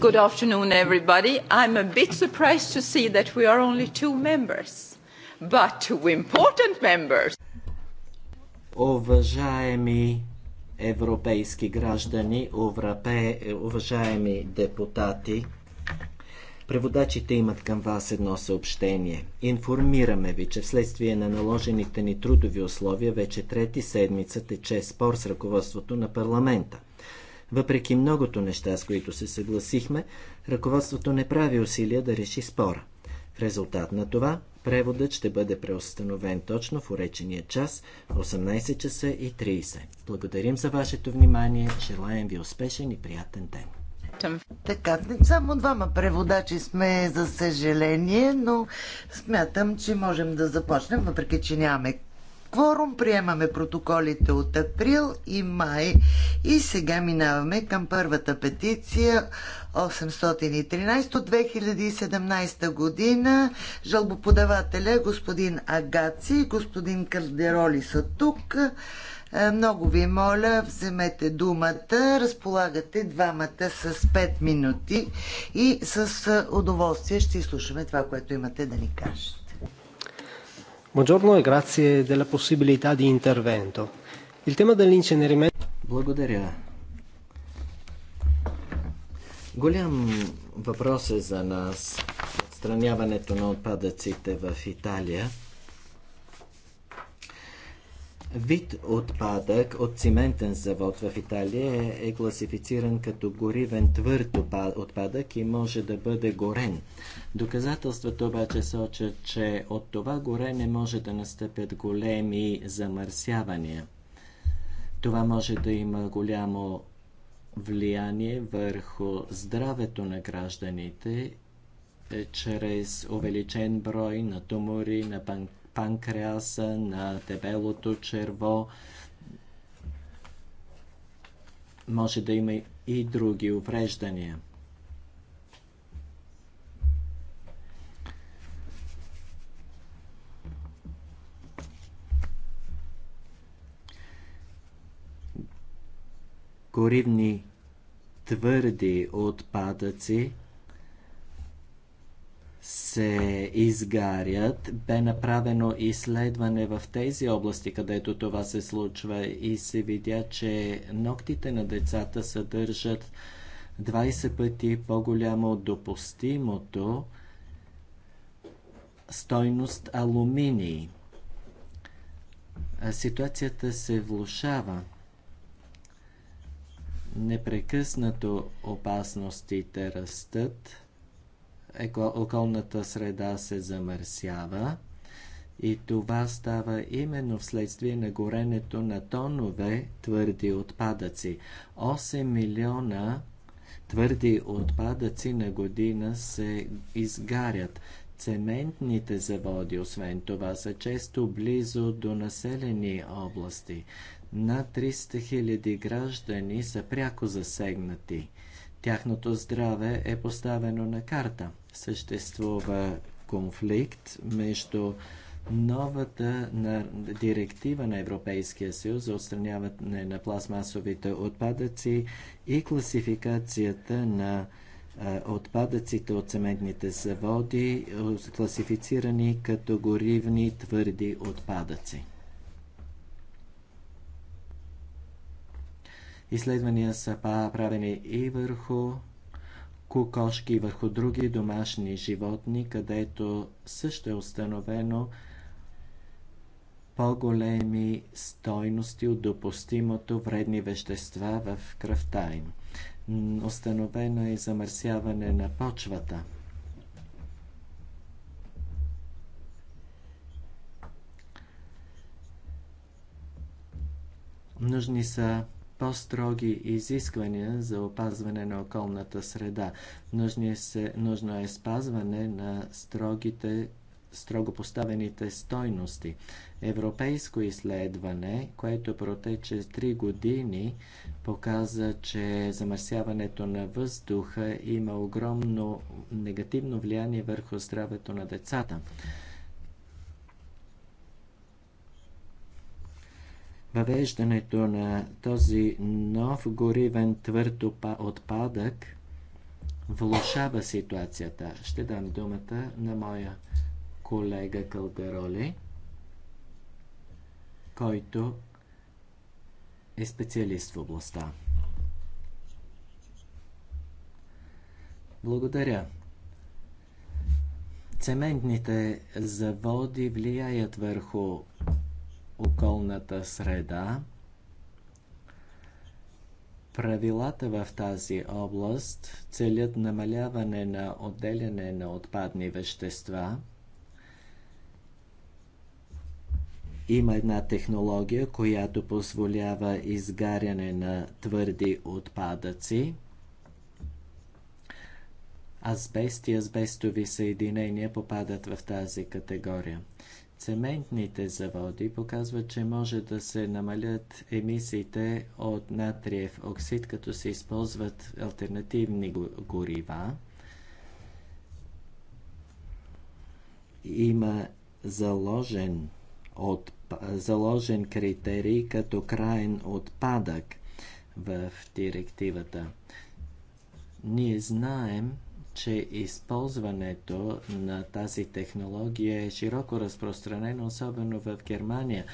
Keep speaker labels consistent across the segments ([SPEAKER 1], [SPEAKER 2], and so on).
[SPEAKER 1] Good afternoon, everybody. I'm a bit surprised to see that we are only two members, but two important members.
[SPEAKER 2] Уважаеми европейски граждани, уважаеми депутати, Преводачите имат към вас едно съобщение. Информираме ви, че вследствие на наложените ни трудови условия вече трети седмица тече спор с ръководството на парламента. Въпреки многото неща, с които се съгласихме, ръководството не прави усилия да реши спора. В резултат на това, преводът ще бъде преустановен точно в уречения час, 18 часа и 30. Благодарим за вашето внимание, желаем ви успешен
[SPEAKER 3] и приятен ден. Така, само двама преводачи сме за съжаление, но смятам, че можем да започнем, въпреки че нямаме кворум. Приемаме протоколите от април и май. И сега минаваме към първата петиция 813 от 2017 година. Жалбоподавателя е господин Агаци и господин Кардероли са е тук. Е, много ви моля, вземете думата, разполагате двамата с 5 минути и с удоволствие ще изслушаме това, което имате да ни кажете.
[SPEAKER 2] Buongiorno e grazie della possibilità di intervento. Il tema dell'incenerimento... Благодаря. Голям въпрос е за нас отстраняването на отпадъците в Италия. Вид отпадък от циментен завод в Италия е класифициран като горивен твърд отпадък и може да бъде горен. Доказателствата обаче сочат, че от това горе не може да настъпят големи замърсявания. Това може да има голямо влияние върху здравето на гражданите е, чрез увеличен брой на тумори, на пан- панкреаса, на дебелото черво. Може да има и други увреждания. горивни твърди отпадъци се изгарят. Бе направено изследване в тези области, където това се случва и се видя, че ногтите на децата съдържат 20 пъти по-голямо от допустимото стойност алуминий. ситуацията се влушава. Непрекъснато опасностите растат, околната среда се замърсява и това става именно вследствие на горенето на тонове твърди отпадъци. 8 милиона твърди отпадъци на година се изгарят. Цементните заводи, освен това, са често близо до населени области. Над 300 000 граждани са пряко засегнати. Тяхното здраве е поставено на карта. Съществува конфликт между новата на директива на Европейския съюз за отстраняване на пластмасовите отпадъци и класификацията на отпадъците от цементните заводи, класифицирани като горивни твърди отпадъци. Изследвания са правени и върху кокошки, и върху други домашни животни, където също е установено по-големи стойности от допустимото вредни вещества в кръвта им. Установено е и замърсяване на почвата. Нужни са по-строги изисквания за опазване на околната среда. Нужни се, нужно е спазване на строгите строго поставените стойности. Европейско изследване, което протече 3 години, показа, че замърсяването на въздуха има огромно негативно влияние върху здравето на децата. Въвеждането на този нов горивен твърд отпадък влушава ситуацията. Ще дам думата на моя колега Калгароли, който е специалист в областта. Благодаря. Цементните заводи влияят върху околната среда. Правилата в тази област целят намаляване на отделяне на отпадни вещества. Има една технология, която позволява изгаряне на твърди отпадъци. Азбест и азбестови съединения попадат в тази категория. Цементните заводи показват, че може да се намалят емисиите от натриев оксид, като се използват альтернативни горива. Има заложен, от, заложен критерий като краен отпадък в директивата. Ние знаем, че използването на тази технология е широко разпространено, особено в Германия.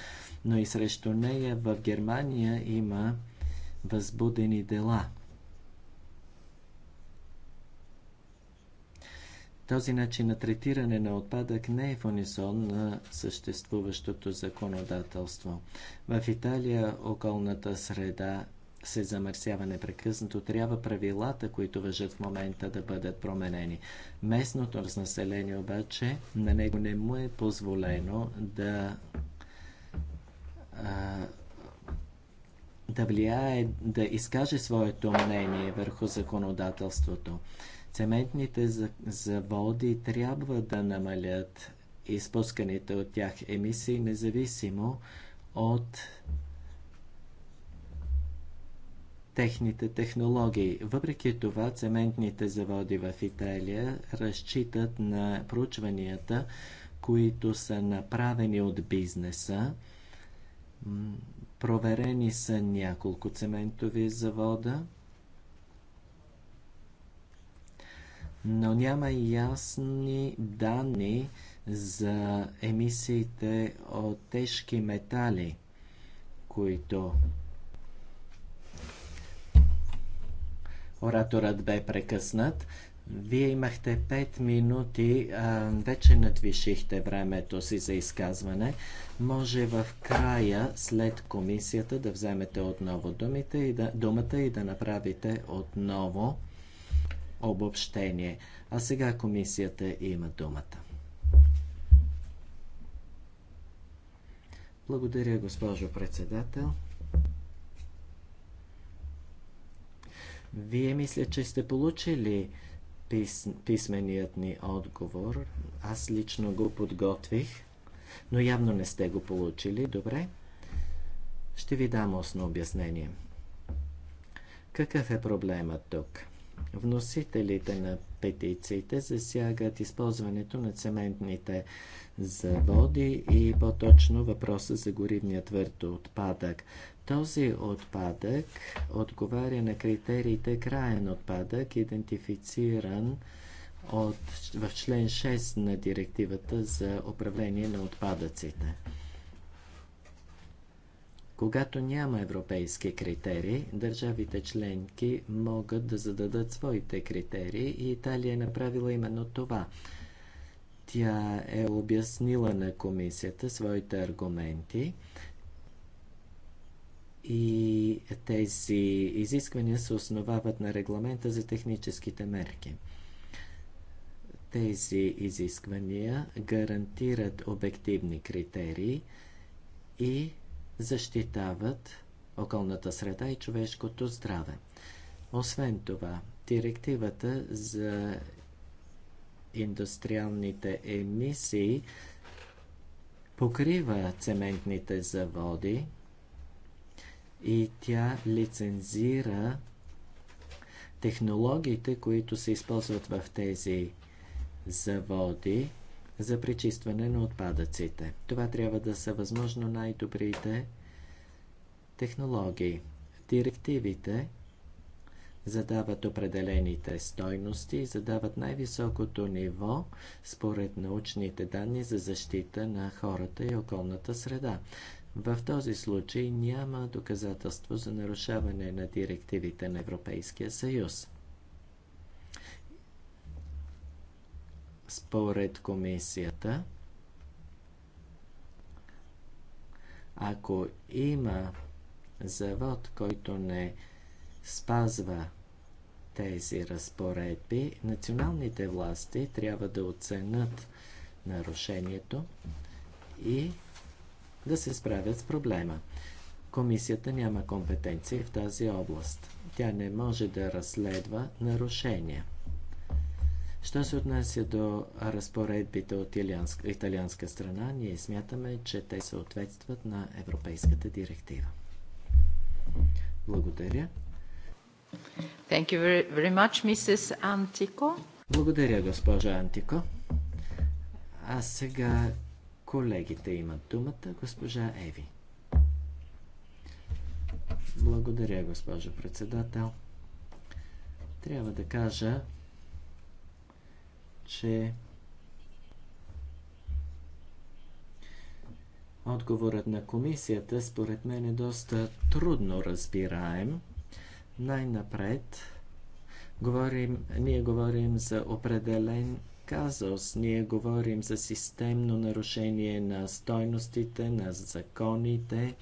[SPEAKER 2] Но и срещу нея в Германия има възбудени дела. Този начин на третиране на отпадък не е в унисон на съществуващото законодателство. В Италия околната среда се замърсява непрекъснато, трябва правилата, които въжат в момента, да бъдат променени. Местното разнаселение, обаче, на него не му е позволено да да влияе, да изкаже своето мнение върху законодателството. Цементните заводи трябва да намалят изпусканите от тях емисии, независимо от техните технологии. Въпреки това, цементните заводи в Италия разчитат на проучванията, които са направени от бизнеса. Проверени са няколко цементови завода, но няма ясни данни за емисиите от тежки метали, които Ораторът бе прекъснат. Вие имахте 5 минути, а, вече надвишихте времето си за изказване. Може в края, след комисията, да вземете отново думите и да, думата и да направите отново обобщение. А сега комисията има думата. Благодаря, госпожо председател. Вие мисля, че сте получили пис... писменият ни отговор. Аз лично го подготвих, но явно не сте го получили. Добре? Ще ви дам основно обяснение. Какъв е проблемът тук? Вносителите на петициите засягат използването на цементните заводи и по-точно въпроса за горивния твърд отпадък. Този отпадък отговаря на критериите краен отпадък, идентифициран от, в член 6 на директивата за управление на отпадъците. Когато няма европейски критерии, държавите членки могат да зададат своите критерии и Италия е направила именно това. Тя е обяснила на комисията своите аргументи – и тези изисквания се основават на регламента за техническите мерки. Тези изисквания гарантират обективни критерии и защитават околната среда и човешкото здраве. Освен това, директивата за индустриалните емисии покрива цементните заводи, и тя лицензира технологиите, които се използват в тези заводи за пречистване на отпадъците. Това трябва да са възможно най-добрите технологии. Директивите задават определените стойности и задават най-високото ниво според научните данни за защита на хората и околната среда. В този случай няма доказателство за нарушаване на директивите на Европейския съюз. Според комисията, ако има завод, който не спазва тези разпоредби, националните власти трябва да оценят нарушението и да се справят с проблема. Комисията няма компетенции в тази област. Тя не може да разследва нарушения. Що се отнася до разпоредбите от италианска, страна, ние смятаме, че те съответстват на Европейската директива. Благодаря.
[SPEAKER 1] Thank you very, very much, Mrs. Antico.
[SPEAKER 2] Благодаря, госпожа Антико. А сега Колегите имат думата. Госпожа Еви. Благодаря, госпожо председател. Трябва да кажа, че Отговорът на комисията според мен е доста трудно разбираем. Най-напред говорим, ние говорим за определен с Ние говорим за системно нарушение на стойностите, на законите.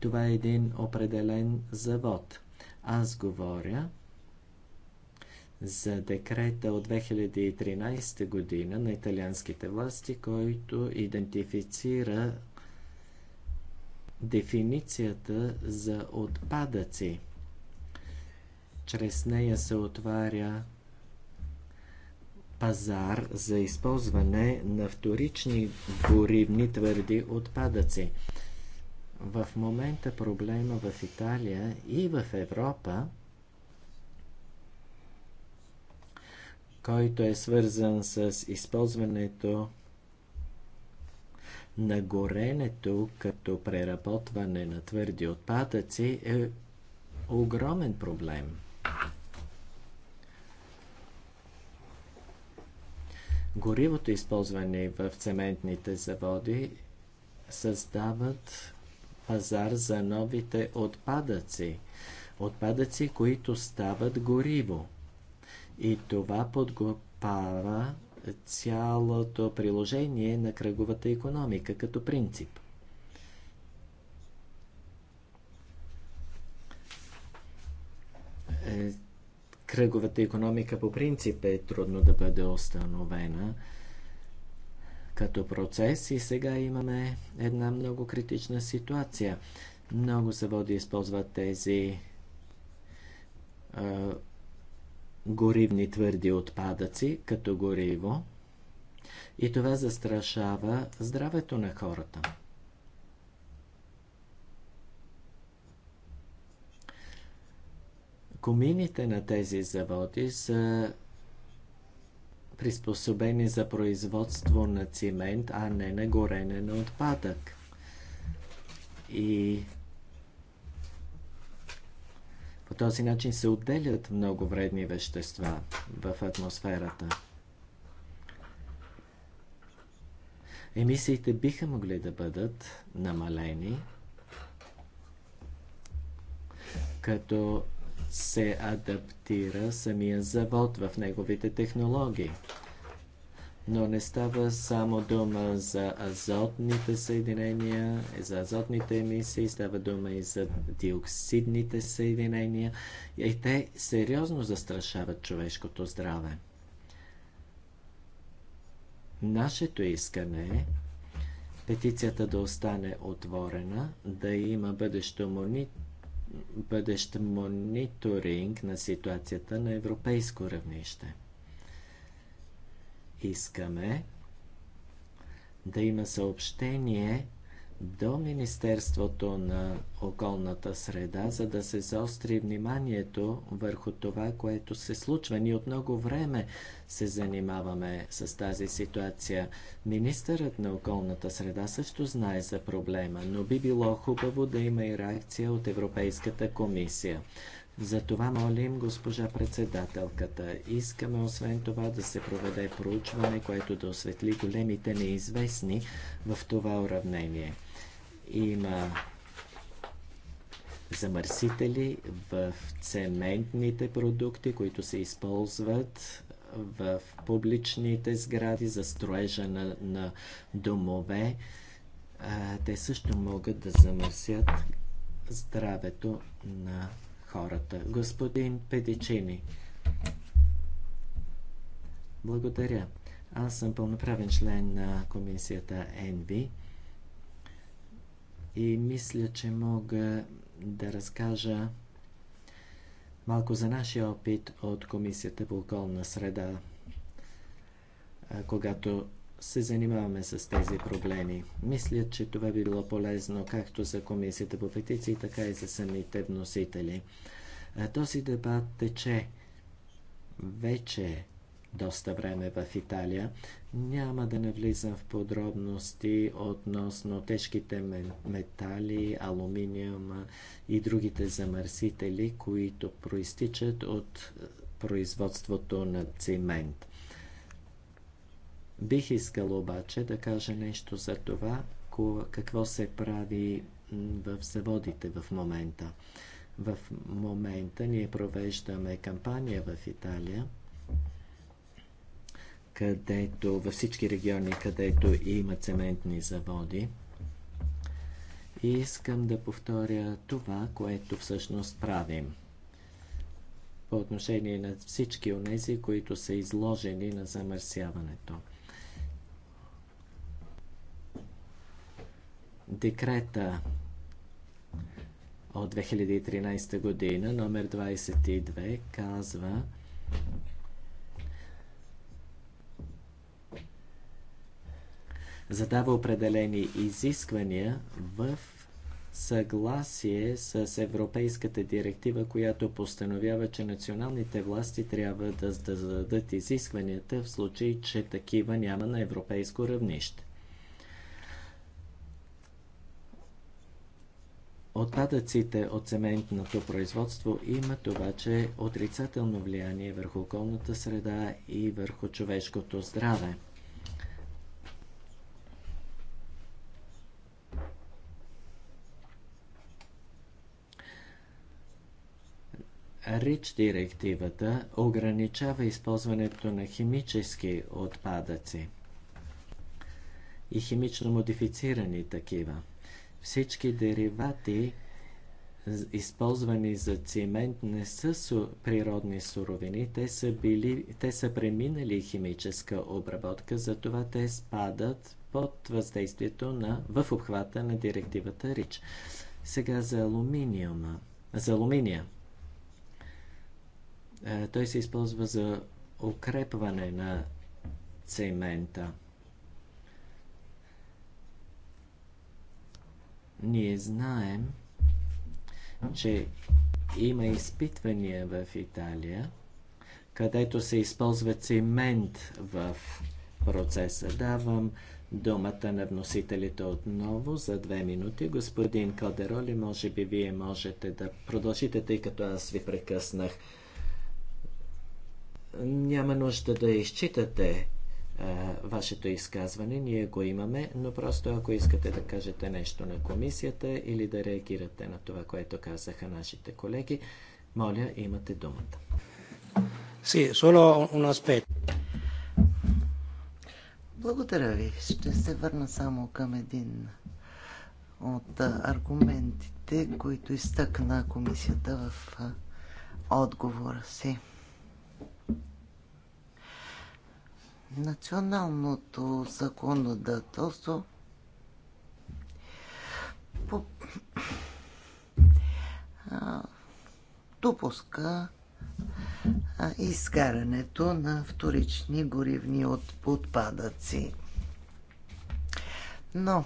[SPEAKER 2] Това е един определен завод. Аз говоря за декрета от 2013 година на италианските власти, който идентифицира дефиницията за отпадъци. Чрез нея се отваря пазар за използване на вторични горивни твърди отпадъци. В момента проблема в Италия и в Европа, който е свързан с използването на горенето като преработване на твърди отпадъци, е огромен проблем. Горивото, използване в цементните заводи, създават пазар за новите отпадъци. Отпадъци, които стават гориво. И това подгопава цялото приложение на кръговата економика като принцип. Е, кръговата економика по принцип е трудно да бъде установена като процес и сега имаме една много критична ситуация. Много заводи използват тези а, горивни твърди отпадъци като гориво и това застрашава здравето на хората. Комините на тези заводи са приспособени за производство на цимент, а не на горене на отпадък. И по този начин се отделят много вредни вещества в атмосферата. Емисиите биха могли да бъдат намалени, като се адаптира самия завод в неговите технологии. Но не става само дума за азотните съединения, за азотните емисии, става дума и за диоксидните съединения. И те сериозно застрашават човешкото здраве. Нашето искане е петицията да остане отворена, да има бъдещо бъдещ мониторинг на ситуацията на европейско равнище. Искаме да има съобщение до Министерството на околната среда, за да се заостри вниманието върху това, което се случва. Ние от много време се занимаваме с тази ситуация. Министърът на околната среда също знае за проблема, но би било хубаво да има и реакция от Европейската комисия. За това молим госпожа председателката. Искаме освен това да се проведе проучване, което да осветли големите неизвестни в това уравнение. Има замърсители в цементните продукти, които се използват в публичните сгради за строежа на, на домове. А, те също могат да замърсят здравето на хората. Господин Педичини, благодаря. Аз съм пълноправен член на комисията ЕНВИ и мисля, че мога да разкажа малко за нашия опит от Комисията по околна среда, когато се занимаваме с тези проблеми. Мисля, че това би било полезно както за Комисията по петиции, така и за самите вносители. Този дебат тече вече доста време в Италия. Няма да навлизам в подробности относно тежките метали, алуминиума и другите замърсители, които проистичат от е, производството на цимент. Бих искал обаче да кажа нещо за това, какво се прави в заводите в момента. В момента ние провеждаме кампания в Италия – където, във всички региони, където има цементни заводи. И искам да повторя това, което всъщност правим по отношение на всички онези, които са изложени на замърсяването. Декрета от 2013 година, номер 22, казва, задава определени изисквания в съгласие с Европейската директива, която постановява, че националните власти трябва да, зададат изискванията в случай, че такива няма на европейско равнище. Отпадъците от цементното производство имат обаче отрицателно влияние върху околната среда и върху човешкото здраве. РИЧ директивата ограничава използването на химически отпадъци и химично модифицирани такива. Всички деривати, използвани за цимент, не са су, природни суровини, те са, били, те са преминали химическа обработка, затова те спадат под въздействието на, в обхвата на директивата РИЧ. Сега за алуминиума. За алуминия. Е, той се използва за укрепване на цемента. Ние знаем, че има изпитвания в Италия, където се използва цемент в процеса. Давам думата на вносителите отново за две минути. Господин Калдероли, може би вие можете да продължите, тъй като аз ви прекъснах. Няма нужда да изчитате е, вашето изказване, ние го имаме, но просто ако искате да кажете нещо на комисията или да реагирате на това, което казаха нашите колеги, моля, имате думата.
[SPEAKER 3] Си, solo un aspetto. Благодаря ви. Ще се върна само към един от аргументите, които изтъкна комисията в отговора си. Националното законодателство по, а, допуска а, изкарането на вторични горивни от, отпадъци. Но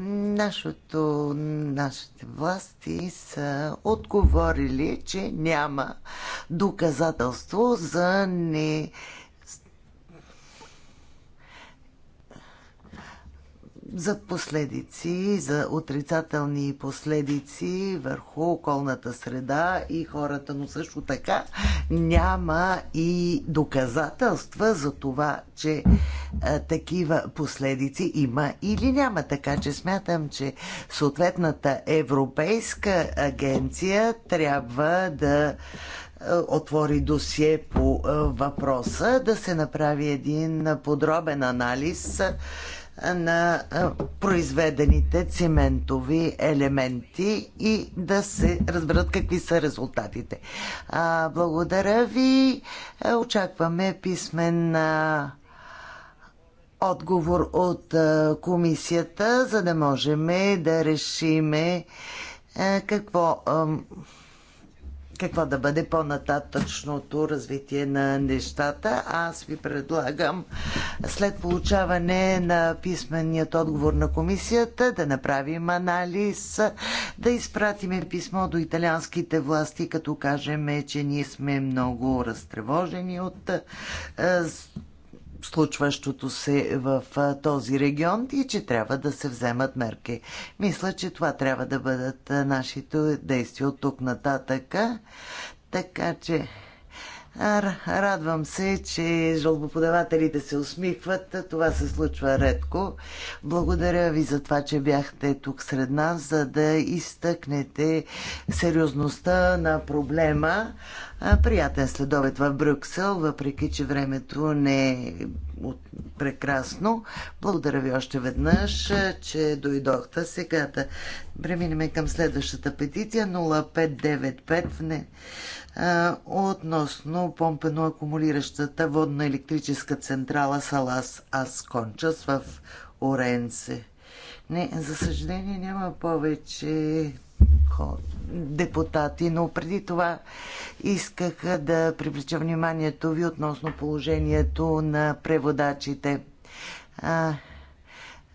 [SPEAKER 3] Нашото, нашите власти са отговорили, че няма доказателство за не за последици, за отрицателни последици върху околната среда и хората, но също така няма и доказателства за това, че а, е, такива последици има или няма. Така че смятам, че съответната Европейска агенция трябва да е, отвори досие по е, въпроса, да се направи един подробен анализ на произведените циментови елементи и да се разберат какви са резултатите. Благодаря ви. Е, очакваме писмен отговор от комисията, за да можем да решиме е, какво какво да бъде по-нататъчното развитие на нещата. Аз ви предлагам след получаване на писменият отговор на комисията да направим анализ, да изпратим писмо до италианските власти, като кажем, че ние сме много разтревожени от е, случващото се в този регион и че трябва да се вземат мерки. Мисля, че това трябва да бъдат нашите действия от тук нататък. Така че Радвам се, че жалбоподавателите се усмихват. Това се случва редко. Благодаря ви за това, че бяхте тук сред нас, за да изтъкнете сериозността на проблема. Приятен следобед в Брюксел, въпреки че времето не е прекрасно. Благодаря ви още веднъж, че дойдохте сега да преминем към следващата петиция 0595 относно помпено-акумулиращата водно-електрическа централа Салас Аскончас в Оренце. Не, за съжаление няма повече депутати, но преди това исках да привлеча вниманието ви относно положението на преводачите. А,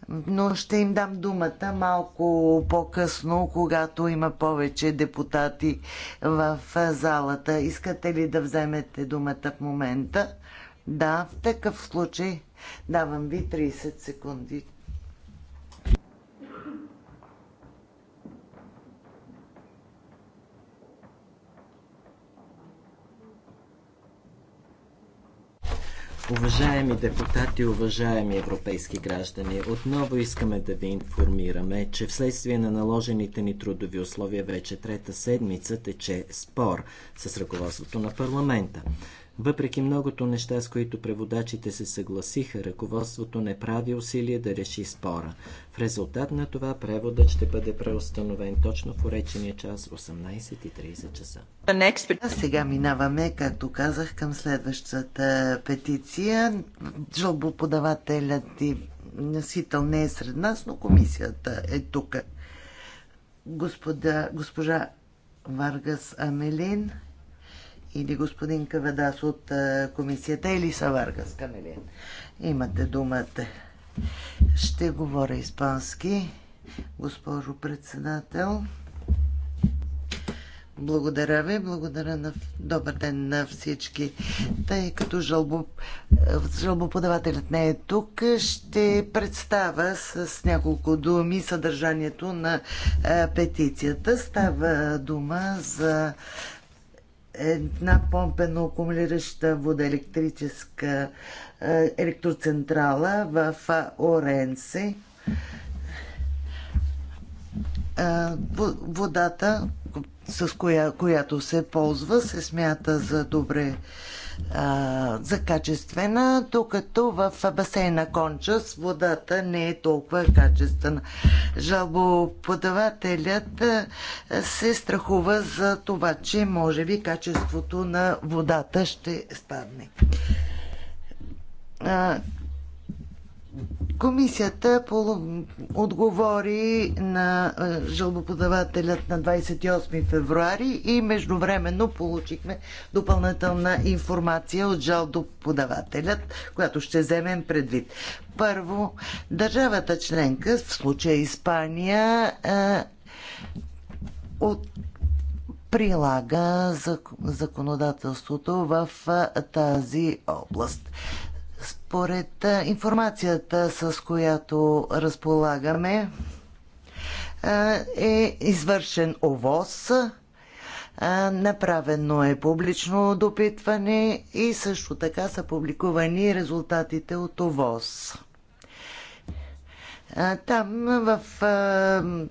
[SPEAKER 3] но ще им дам думата малко по-късно, когато има повече депутати в залата. Искате ли да вземете думата в момента? Да, в такъв случай давам ви 30 секунди.
[SPEAKER 2] Уважаеми депутати, уважаеми европейски граждани, отново искаме да ви информираме, че вследствие на наложените ни трудови условия вече трета седмица тече спор с ръководството на парламента. Въпреки многото неща, с които преводачите се съгласиха, ръководството не прави усилие да реши спора. В резултат на това преводът ще бъде преустановен точно в уречения час 18.30 часа.
[SPEAKER 3] А сега минаваме, както казах, към следващата петиция. Жълбоподавателят и носител не е сред нас, но комисията е тук. Господа, госпожа Варгас Амелин или господин Каведас от е, комисията или Саварга Камелин. Е? Имате думата. Ще говоря испански, госпожо председател. Благодаря ви, благодаря на добър ден на всички. Тъй като жалбоподавателят не е тук, ще представя с няколко думи съдържанието на е, петицията. Става дума за една помпено акумулираща водоелектрическа е, електроцентрала в Оренси. Е, водата с коя, която се ползва, се смята за добре а, за качествена, докато в басейна Конча с водата не е толкова качествена. Жалбоподавателят се страхува за това, че може би качеството на водата ще спадне. Комисията отговори на жалбоподавателят на 28 февруари и междувременно получихме допълнителна информация от жалбоподавателят, която ще вземем предвид. Първо, държавата членка, в случая Испания, от прилага законодателството в тази област. Според информацията, с която разполагаме, е извършен овоз, направено е публично допитване и също така са публикувани резултатите от овоз. Там в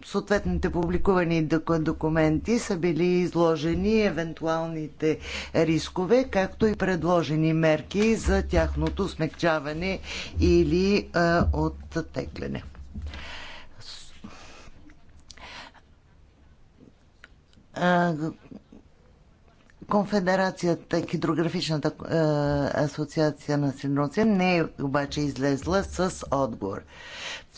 [SPEAKER 3] съответните публикувани документи са били изложени евентуалните рискове, както и предложени мерки за тяхното смягчаване или оттегляне. Конфедерацията, хидрографичната асоциация на Синоци не е обаче излезла с отговор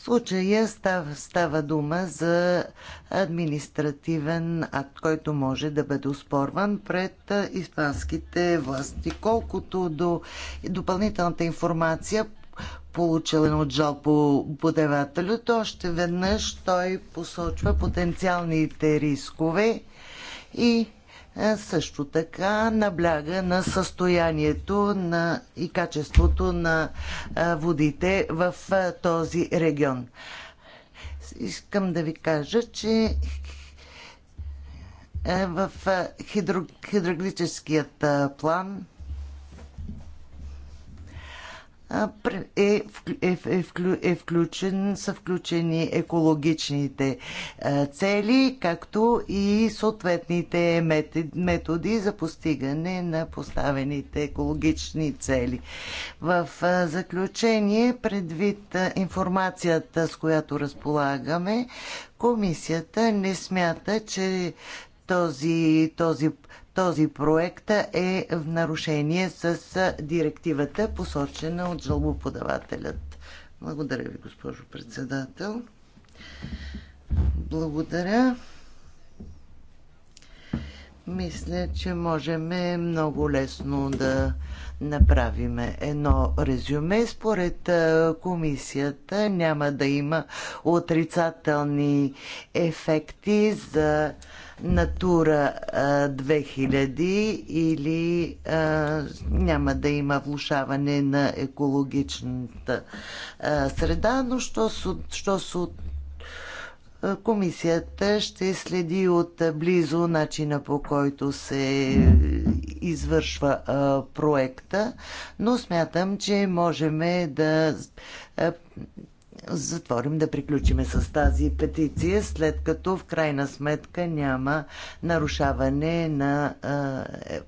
[SPEAKER 3] случая става, става дума за административен акт, който може да бъде успорван пред испанските власти. Колкото до допълнителната информация, получен от подевателю, то още веднъж той посочва потенциалните рискове и е, също така набляга на състоянието на и качеството на е, водите в е, този регион. Искам да ви кажа, че в хидро, хидроглическият план е, е, е, е включен, са включени екологичните цели, както и съответните методи за постигане на поставените екологични цели. В заключение, предвид информацията, с която разполагаме, комисията не смята, че този, този, този проект е в нарушение с директивата, посочена от жалбоподавателят. Благодаря ви, госпожо председател. Благодаря. Мисля, че можем много лесно да направим едно резюме. Според комисията няма да има отрицателни ефекти за Натура 2000 или а, няма да има влушаване на екологичната а, среда, но що се, що се Комисията ще следи от близо начина по който се извършва проекта, но смятам, че можем да затворим, да приключиме с тази петиция, след като в крайна сметка няма нарушаване на е,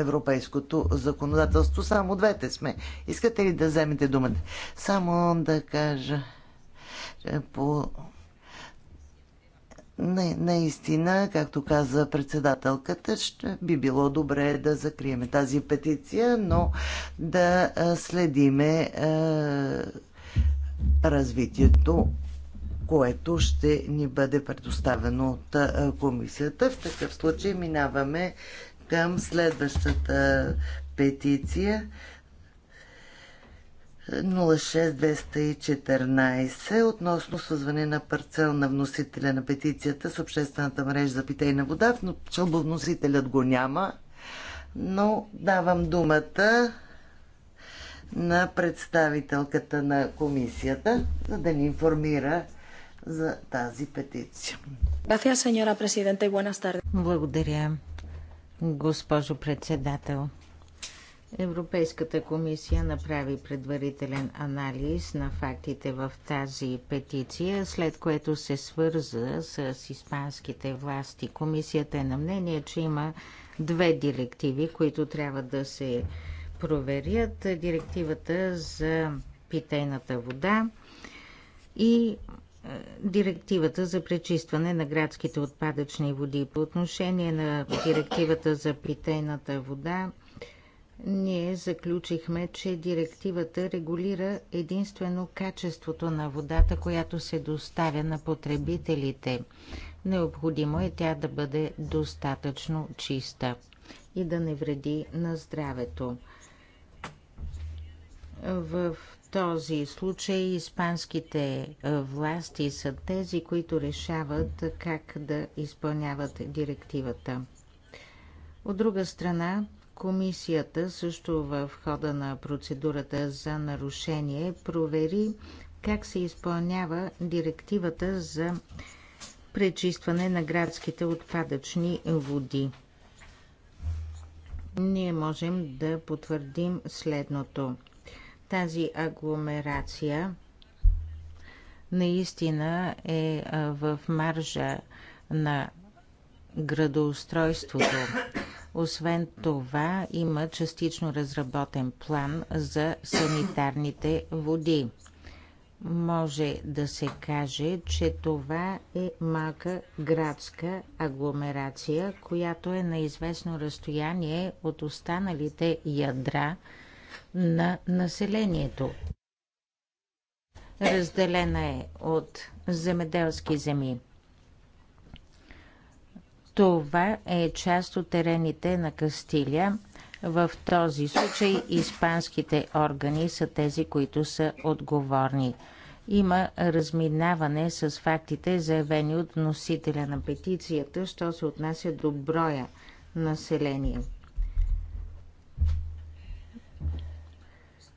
[SPEAKER 3] европейското законодателство. Само двете сме. Искате ли да вземете думата? Само да кажа по не, наистина, както каза председателката, ще би било добре да закриеме тази петиция, но да следиме развитието, което ще ни бъде предоставено от комисията. В такъв случай минаваме към следващата петиция 06214 относно съзване на парцел на вносителя на петицията с обществената мрежа за питейна вода. вносителят го няма, но давам думата на представителката на комисията, за да ни
[SPEAKER 1] информира за тази
[SPEAKER 3] петиция.
[SPEAKER 1] Благодаря, госпожо председател. Европейската комисия направи предварителен анализ на фактите в тази петиция, след което се свърза с испанските власти. Комисията е на мнение, че има две директиви, които трябва да се проверят директивата за питейната вода и е, директивата за пречистване на градските отпадъчни води. По отношение на директивата за питейната вода, ние заключихме, че директивата регулира единствено качеството на водата, която се доставя на потребителите. Необходимо е тя да бъде достатъчно чиста и да не вреди на здравето. В този случай испанските власти са тези, които решават как да изпълняват директивата. От друга страна, комисията също в хода на процедурата за нарушение провери как се изпълнява директивата за пречистване на градските отпадъчни води. Ние можем да потвърдим следното – тази агломерация наистина е в маржа на градоустройството. Освен това, има частично разработен план за санитарните води. Може да се каже, че това е малка градска агломерация, която е на известно разстояние от останалите ядра – на населението. Разделена е от земеделски земи. Това е част от терените на Кастилия. В този случай испанските органи са тези, които са отговорни. Има разминаване с фактите, заявени от носителя на петицията, що се отнася до броя население.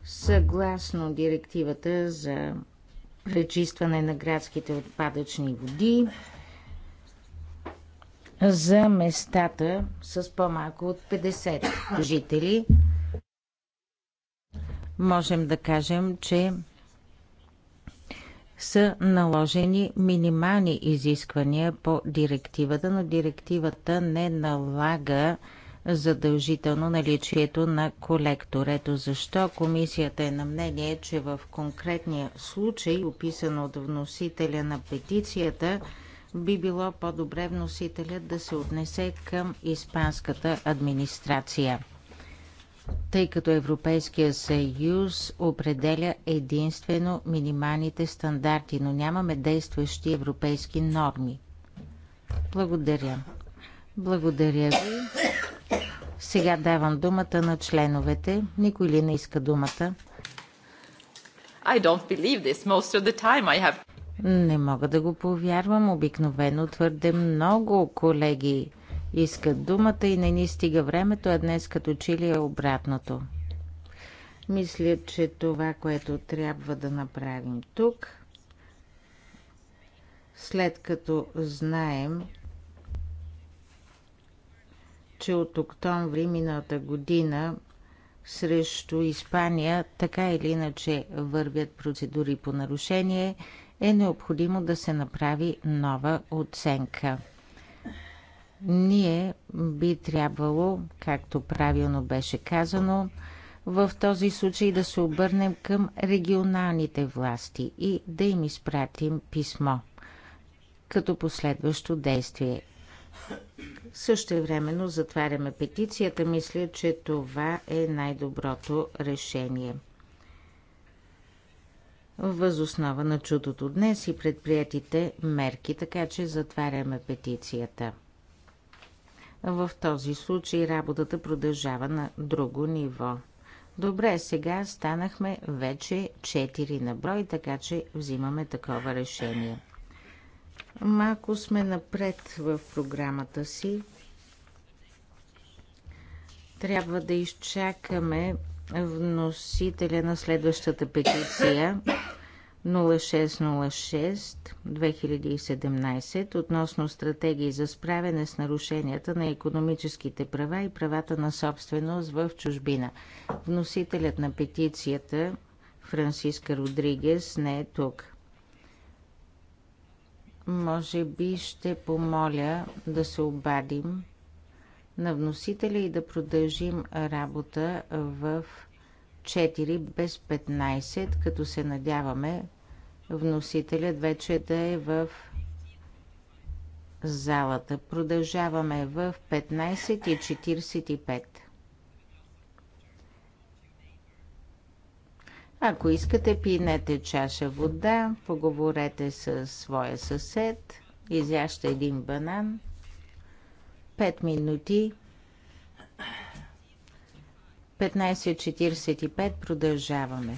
[SPEAKER 1] Съгласно директивата за пречистване на градските отпадъчни води, за местата с по-малко от 50 жители. Можем да кажем, че са наложени минимални изисквания по директивата, но директивата не налага задължително наличието на колектор. Ето защо комисията е на мнение, че в конкретния случай, описан от вносителя на петицията, би било по-добре вносителят да се отнесе към испанската администрация тъй като Европейския съюз определя единствено минималните стандарти, но нямаме действащи европейски норми. Благодаря. Благодаря ви. Сега давам думата на членовете. Никой ли не иска думата? I don't believe this. Most of the time I have... Не мога да го повярвам. Обикновено твърде много колеги искат думата и не ни стига времето, а днес като че ли е обратното. Мисля, че това, което трябва да направим тук, след като знаем, че от октомври миналата година срещу Испания така или иначе вървят процедури по нарушение, е необходимо да се направи нова оценка. Ние би трябвало, както правилно беше казано, в този случай да се обърнем към регионалните власти и да им изпратим писмо като последващо действие. Също е времено затваряме петицията. Мисля, че това е най-доброто решение. Възоснова на чудото днес и предприятите мерки, така че затваряме петицията. В този случай работата продължава на друго ниво. Добре, сега станахме вече 4 на брой, така че взимаме такова решение. Малко сме напред в програмата си. Трябва да изчакаме вносителя на следващата петиция 0606-2017 относно стратегии за справяне с нарушенията на економическите права и правата на собственост в чужбина. Вносителят на петицията Франциска Родригес не е тук. Може би ще помоля да се обадим на вносителя и да продължим работа в 4 без 15, като се надяваме вносителят вече да е в залата. Продължаваме в 15.45. Ако искате, пинете чаша вода, поговорете с своя съсед, изяща един банан, пет минути, 15.45 продължаваме.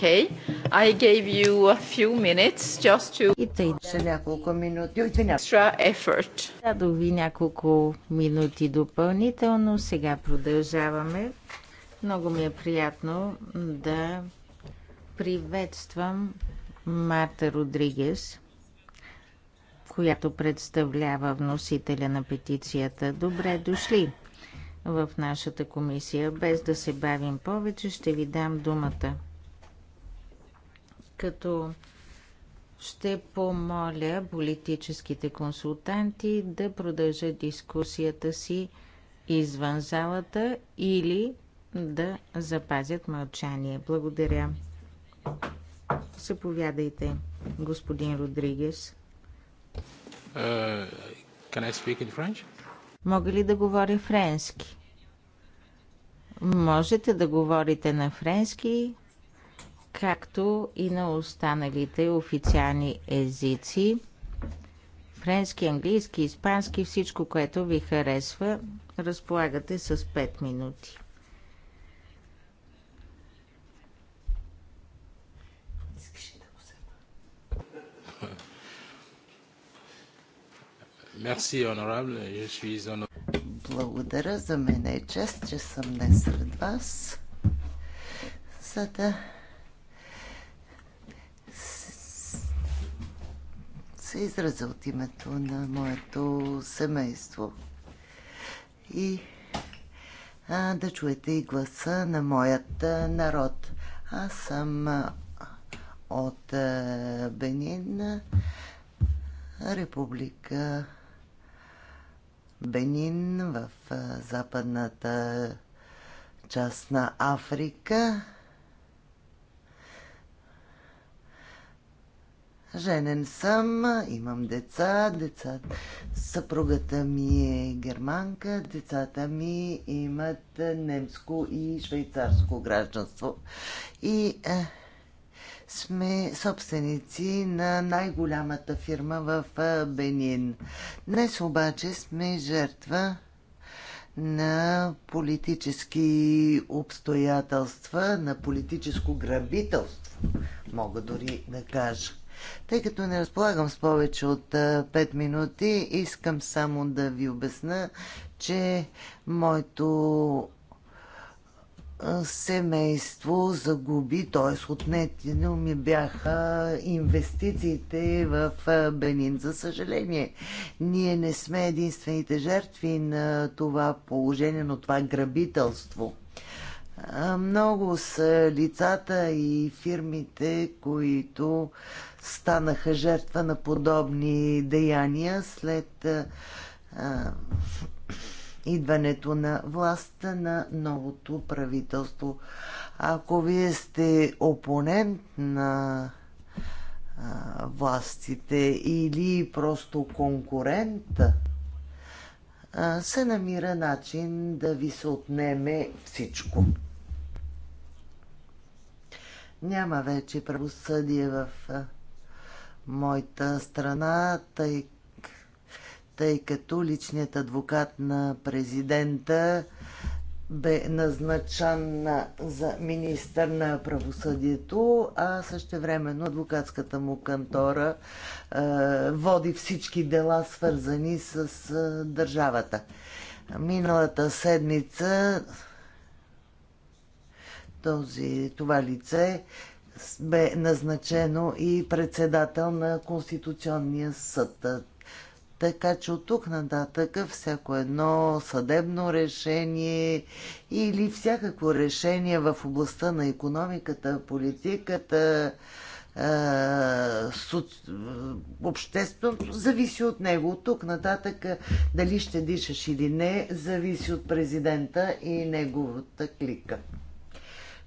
[SPEAKER 1] Okay. I gave you a few minutes just to... Е няколко минути. Extra effort. ви няколко минути допълнително. Сега продължаваме. Много ми е приятно да приветствам Марта Родригес, която представлява вносителя на петицията. Добре дошли в нашата комисия. Без да се бавим повече, ще ви дам думата като ще помоля политическите консултанти да продължат дискусията си извън залата или да запазят мълчание. Благодаря. Заповядайте, господин Родригес. Uh, Мога ли да говоря френски? Можете да говорите на френски, както и на останалите официални езици. Френски, английски, испански, всичко, което ви харесва, разполагате с 5 минути.
[SPEAKER 3] Благодаря, за мен е чест, че съм днес сред вас, за да се изразя от името на моето семейство. И а, да чуете и гласа на моят а, народ. Аз съм а, от а, Бенин, република Бенин в а, западната част на Африка. Женен съм, имам деца, деца. Съпругата ми е германка, децата ми имат немско и швейцарско гражданство. И е, сме собственици на най-голямата фирма в е, Бенин. Днес обаче сме жертва на политически обстоятелства, на политическо грабителство, мога дори да кажа. Тъй като не разполагам с повече от 5 минути, искам само да ви обясна, че моето семейство загуби, т.е. отнети ми бяха инвестициите в Бенин. За съжаление, ние не сме единствените жертви на това положение, но това грабителство – много са лицата и фирмите, които станаха жертва на подобни деяния след идването на властта на новото правителство. Ако вие сте опонент на властите или просто конкурент, се намира начин да ви се отнеме всичко. Няма вече правосъдие в моята страна, тъй, тъй като личният адвокат на президента бе назначан за министър на правосъдието, а времено адвокатската му кантора е, води всички дела, свързани с е, държавата. Миналата седмица този, това лице бе назначено и председател на Конституционния съд. Така че от тук нататък всяко едно съдебно решение или всякакво решение в областта на економиката, политиката, общественото, зависи от него. От тук нататък дали ще дишаш или не, зависи от президента и неговата клика.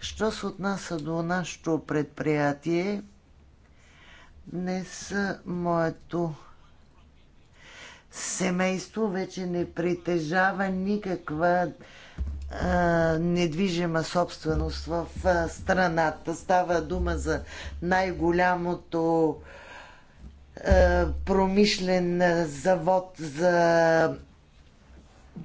[SPEAKER 3] Що се отнася до нашето предприятие, днес моето семейство вече не притежава никаква а, недвижима собственост в а, страната. Става дума за най-голямото промишлен завод за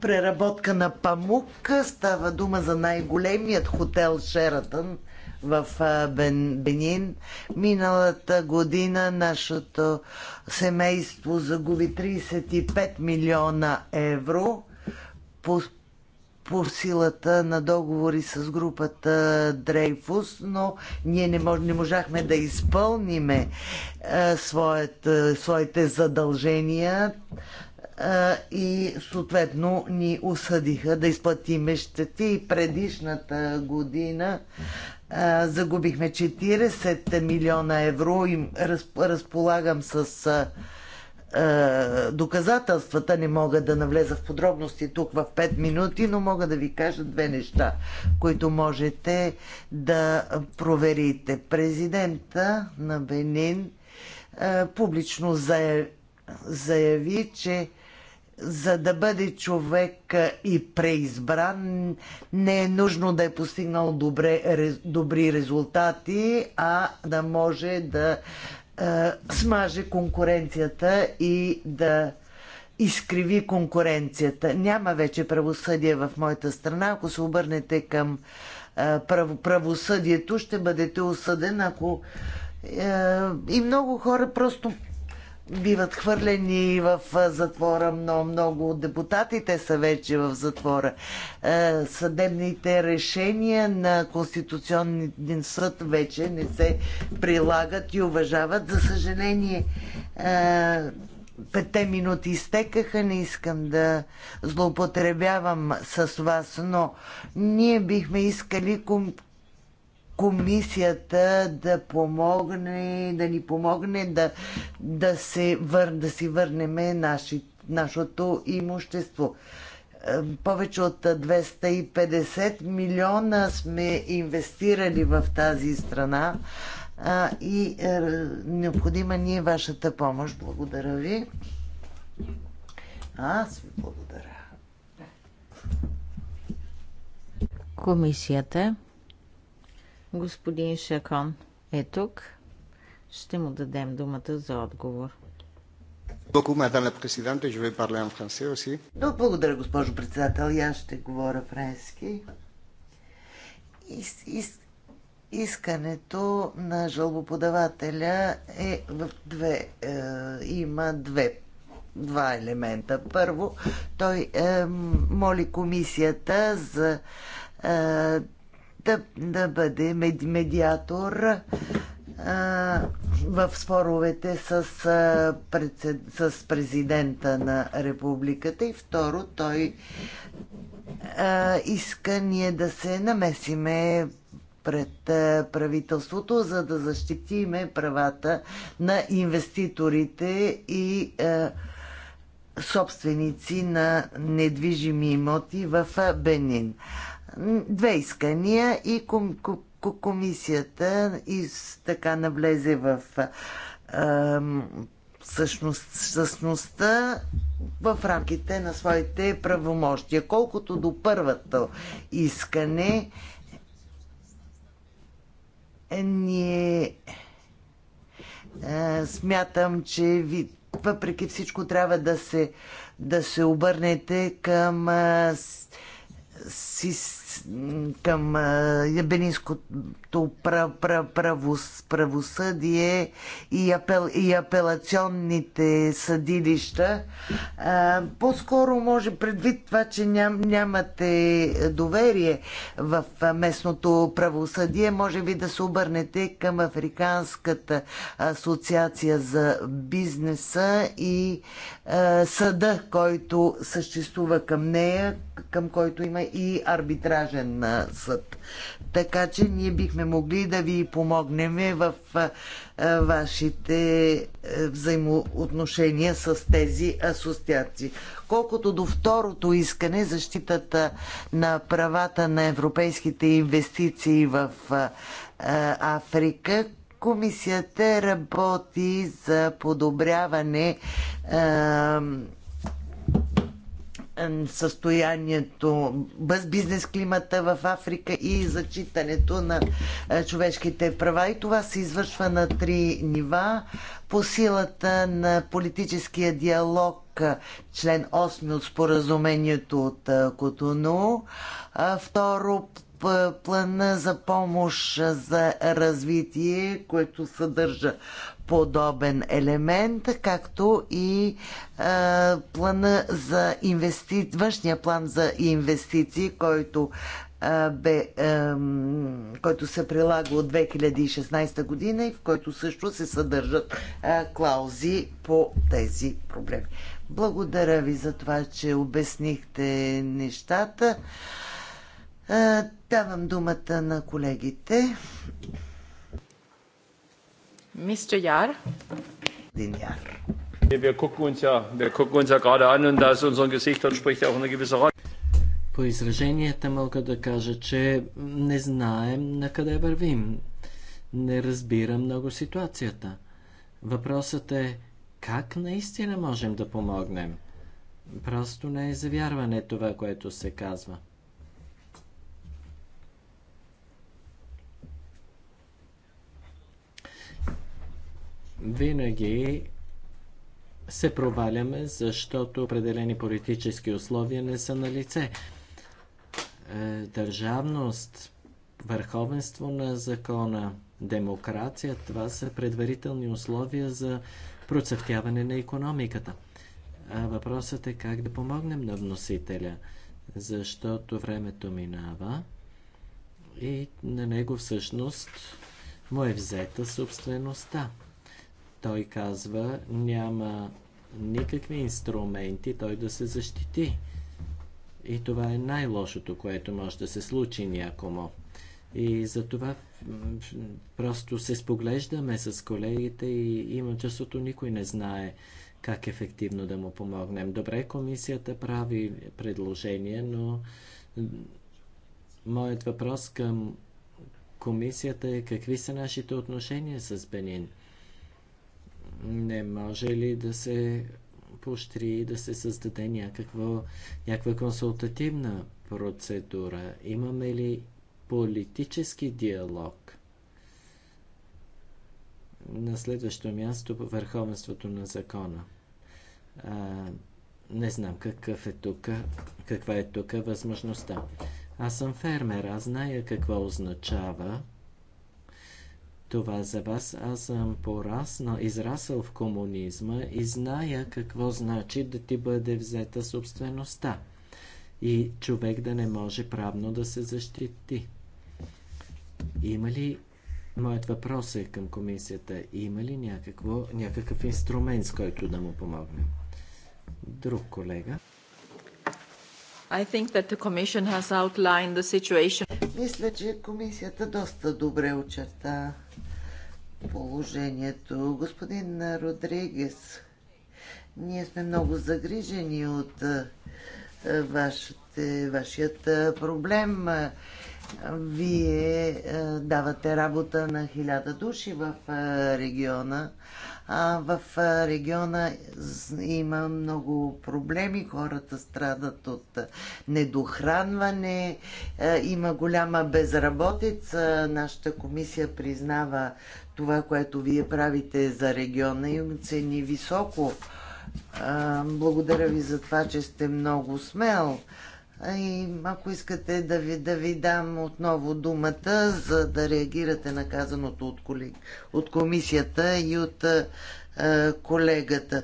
[SPEAKER 3] преработка на памук. Става дума за най-големият хотел Шератън в Бен, Бенин. Миналата година нашето семейство загуби 35 милиона евро по, по силата на договори с групата Дрейфус, но ние не, мож, не можахме да изпълниме своят, своите задължения и съответно ни осъдиха да изплатиме щети. Предишната година а, загубихме 40 милиона евро и разполагам с а, доказателствата. Не мога да навлеза в подробности тук в 5 минути, но мога да ви кажа две неща, които можете да проверите. Президента на Бенин а, публично заяви, заяви, че за да бъде човек и преизбран, не е нужно да е постигнал добре, добри резултати, а да може да е, смаже конкуренцията и да изкриви конкуренцията. Няма вече правосъдие в моята страна. Ако се обърнете към е, правосъдието, ще бъдете осъден, ако и много хора просто биват хвърлени в затвора. Много, много от депутатите са вече в затвора. Е, съдебните решения на Конституционния съд вече не се прилагат и уважават. За съжаление, е, петте минути изтекаха, не искам да злоупотребявам с вас, но ние бихме искали комисията да помогне, да ни помогне да, да, се вър, да си върнем наши, нашето имущество. Е, повече от 250 милиона сме инвестирали в тази страна а, и е, необходима ни е вашата помощ. Благодаря ви.
[SPEAKER 1] Аз ви благодаря. Комисията Господин Шакон е тук. Ще му дадем думата за отговор.
[SPEAKER 3] Благодаря, госпожо председател. аз ще говоря френски. искането на жалбоподавателя е в две. Е, има две два елемента. Първо, той е, моли комисията за е, да, да бъде медиатор а, в споровете с, а, преце, с президента на републиката и второ, той а, иска ние да се намесиме пред правителството, за да защитиме правата на инвеститорите и е, собственици на недвижими имоти в Бенин две искания и ком, ком, комисията из, така навлезе в а, същност, същността в рамките на своите правомощия. Колкото до първото искане, е, ние е, смятам, че ви, въпреки всичко трябва да се, да се обърнете към а, си, към ябенинското правосъдие и, апел, и апелационните съдилища. По-скоро може предвид това, че ням, нямате доверие в местното правосъдие, може би да се обърнете към Африканската асоциация за бизнеса и съда, който съществува към нея, към който има и арбитражен съд. Така че ние бихме могли да ви помогнем в вашите взаимоотношения с тези асоциации. Колкото до второто искане, защитата на правата на европейските инвестиции в Африка, комисията работи за подобряване състоянието, бизнес климата в Африка и зачитането на е, човешките права. И това се извършва на три нива. По силата на политическия диалог, е, член 8 от споразумението от е, Котону. Второ, плана за помощ за развитие, което съдържа подобен елемент, както и е, плана за инвести... външния план за инвестиции, който бе, е, който се прилага от 2016 година и в който също се съдържат е, клаузи по тези проблеми. Благодаря ви за това, че обяснихте нещата. Давам думата на колегите. Mr. Jahr. Den Jahr. Wir gucken uns ja, wir gucken uns ja
[SPEAKER 1] gerade an und aus unseren Gesichtern spricht auch eine gewisse Rolle.
[SPEAKER 2] По израженията мога да кажа, че не знаем на къде вървим. Не разбира много ситуацията. Въпросът е как наистина можем да помогнем. Просто не е завярване това, което се казва. винаги се проваляме, защото определени политически условия не са на лице. Е, държавност, върховенство на закона, демокрация, това са предварителни условия за процъфтяване на економиката. А въпросът е как да помогнем на вносителя, защото времето минава и на него всъщност му е взета собствеността. Той казва, няма никакви инструменти той да се защити. И това е най-лошото, което може да се случи някому. И затова просто се споглеждаме с колегите и имам чувството, никой не знае как ефективно да му помогнем. Добре, комисията прави предложение, но моят въпрос към комисията е какви са нашите отношения с Бенин? Не може ли да се поощри да се създаде някаква, някаква консултативна процедура? Имаме ли политически диалог? На следващо място върховенството на закона. А, не знам какъв е тук, каква е тук възможността. Аз съм фермер, аз зная какво означава това е за вас. Аз съм пораснал, израсъл в комунизма и зная какво значи да ти бъде взета собствеността и човек да не може правно да се защити. Има ли, моят въпрос е към комисията, има ли някакво, някакъв инструмент, с който да му помогне?
[SPEAKER 3] Друг колега.
[SPEAKER 1] I think that the Commission has outlined the situation. Мисля, че комисията доста
[SPEAKER 3] добре очерта положението. Господин Родригес, ние сме много загрижени от вашите, вашият проблем. Вие давате работа на хиляда души в региона, а в региона има много проблеми. Хората страдат от недохранване, има голяма безработица. Нашата комисия признава това, което вие правите за региона и оцени високо. Благодаря ви за това, че сте много смел. И ако искате да ви, да ви дам отново думата, за да реагирате на казаното от, коли, от комисията и от а, колегата.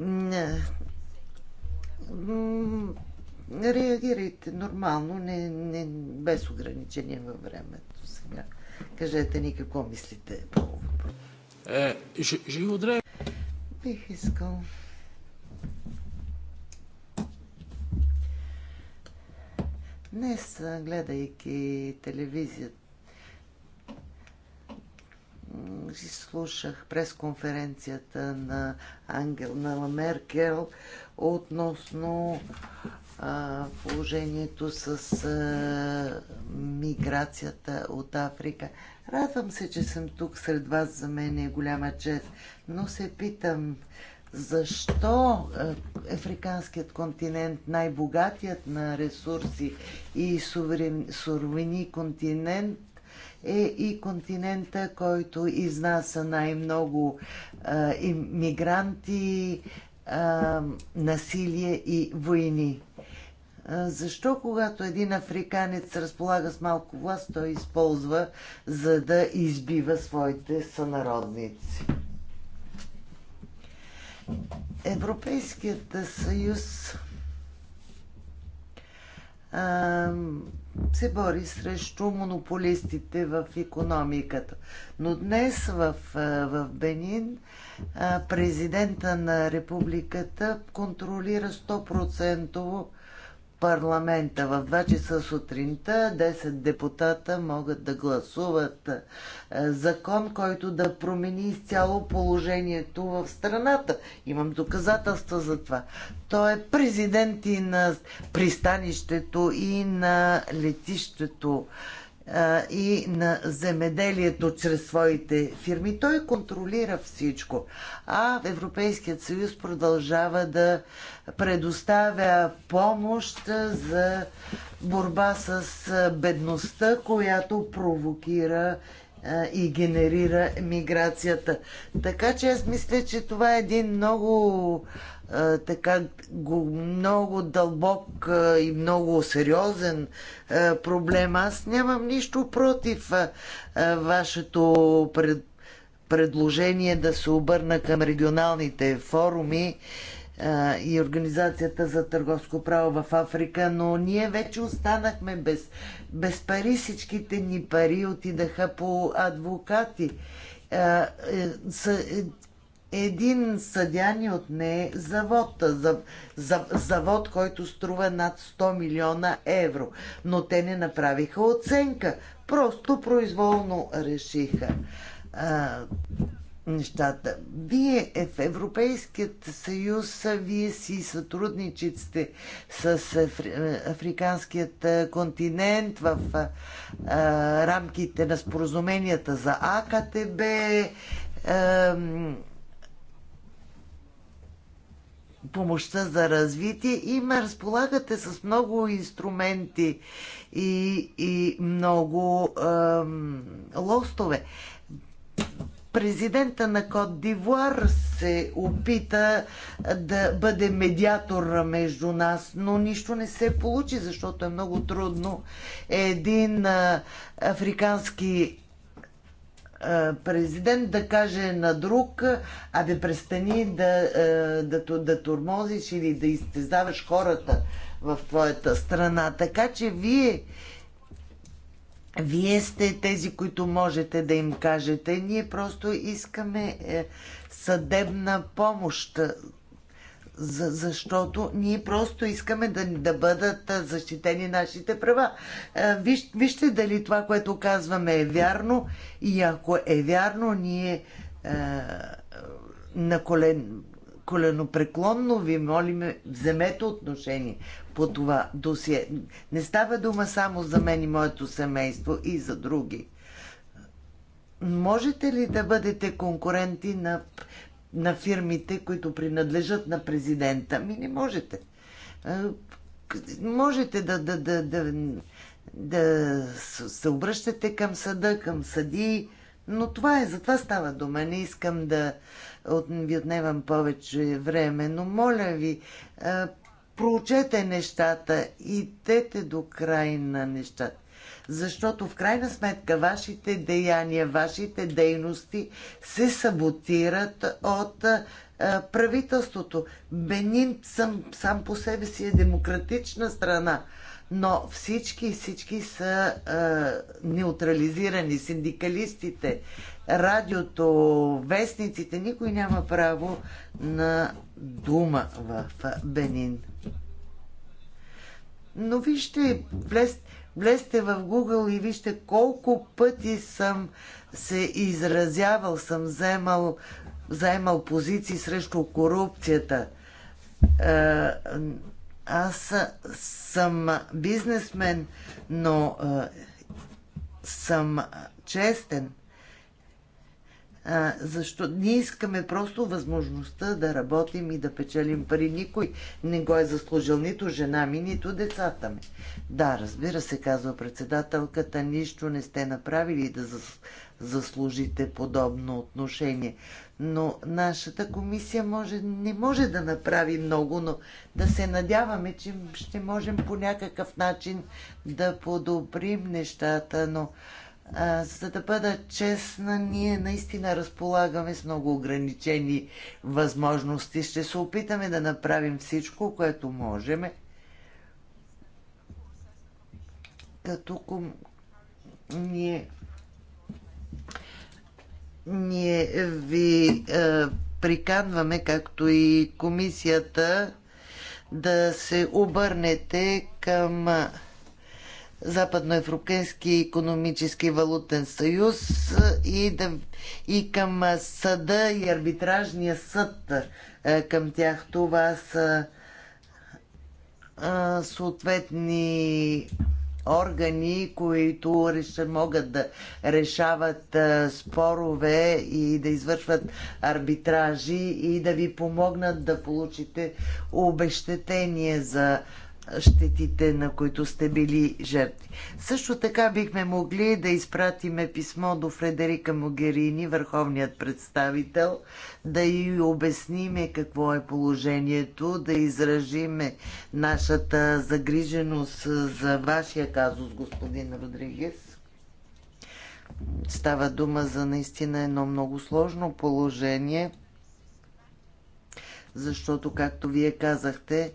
[SPEAKER 3] Не. Реагирайте нормално, не, не, без ограничения във времето сега. Кажете ни какво мислите Е, ще, ще Бих искал. Днес, гледайки телевизия, си слушах пресконференцията на Ангела Меркел относно а, положението с а, миграцията от Африка. Радвам се, че съм тук сред вас. За мен е голяма чест, но се питам защо е, африканският континент, най-богатият на ресурси и суровини континент, е и континента, който изнася най-много е, иммигранти, е, насилие и войни. Защо, когато един африканец разполага с малко власт, той използва, за да избива своите сънародници? Европейският съюз а, се бори срещу монополистите в економиката. Но днес в, в Бенин президента на републиката контролира 100% парламента в 2 часа сутринта 10 депутата могат да гласуват е, закон, който да промени изцяло положението в страната. Имам доказателства за това. Той е президент и на пристанището, и на летището и на земеделието чрез своите фирми. Той контролира всичко. А Европейският съюз продължава да предоставя помощ за борба с бедността, която провокира и генерира миграцията. Така че аз мисля, че това е един много така много дълбок и много сериозен проблем. Аз нямам нищо против вашето пред, предложение да се обърна към регионалните форуми и Организацията за търговско право в Африка, но ние вече останахме без, без пари. Всичките ни пари отидаха по адвокати. Е, е, един съдя ни отне завод, завод, който струва над 100 милиона евро. Но те не направиха оценка, просто произволно решиха нещата. Вие е, в Европейският съюз, вие си сътрудничите с Африканският континент в рамките на споразуменията за АКТБ. помощта за развитие. Има, разполагате с много инструменти и, и много ем, лостове президента на Кот Дивуар се опита да бъде медиатор между нас, но нищо не се получи, защото е много трудно един африкански президент да каже на друг, абе престани да, да, да, да турмозиш или да изтезаваш хората в твоята страна. Така че вие вие сте тези, които можете да им кажете. Ние просто искаме е, съдебна помощ, е, за, защото ние просто искаме да, да бъдат е, защитени нашите права. Виж, вижте дали това, което казваме е вярно и ако е вярно, ние е, на колен, коленопреклонно ви молиме, вземете отношение по това досие. Не става дума само за мен и моето семейство и за други. Можете ли да бъдете конкуренти на, на фирмите, които принадлежат на президента? Ми не можете. Е, можете да, да, да, да, да се обръщате към съда, към съди, но това е, за това става дума. Не искам да от, ви отнемам повече време, но моля ви, е, проучете нещата, идете до край на нещата. Защото в крайна сметка вашите деяния, вашите дейности се саботират от а, правителството. Бенин съм сам по себе си е демократична страна, но всички, всички са а, неутрализирани. Синдикалистите, радиото, вестниците, никой няма право на дума в Бенин. Но вижте, влез, влезте в Google и вижте колко пъти съм се изразявал, съм вземал, заемал позиции срещу корупцията. Е, аз съм бизнесмен, но е, съм честен. А, защо? Ние искаме просто възможността да работим и да печелим пари. Никой не го е заслужил нито жена ми, нито децата ми. Да, разбира се, казва председателката, нищо не сте направили да заслужите подобно отношение. Но нашата комисия може, не може да направи много, но да се надяваме, че ще можем по някакъв начин да подобрим нещата, но за да бъда честна, ние наистина разполагаме с много ограничени възможности. Ще се опитаме да направим всичко, което можем. Като ком... ние ние ви е, приканваме, както и комисията, да се обърнете към Западноевропейски економически валутен съюз и, да, и към съда и арбитражния съд е, към тях. Това са а, е, съответни органи, които реша, могат да решават а, е, спорове и да извършват арбитражи и да ви помогнат да получите обещетение за щетите, на които сте били жертви. Също така бихме могли да изпратиме писмо до Фредерика Могерини, върховният представител, да й обясниме какво е положението, да изражиме нашата загриженост за вашия казус, господин Родригес. Става дума за наистина едно много сложно положение, защото, както вие казахте,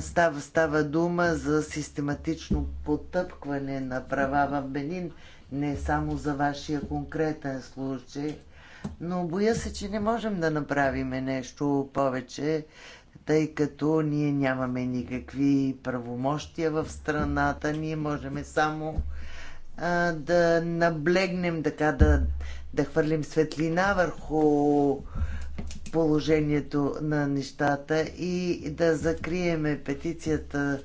[SPEAKER 3] Става, става дума за систематично потъпкване на права в Бенин, не само за вашия конкретен случай, но боя се, че не можем да направиме нещо повече, тъй като ние нямаме никакви правомощия в страната, ние можем само а, да наблегнем, така да, да хвърлим светлина върху положението на нещата и да закриеме петицията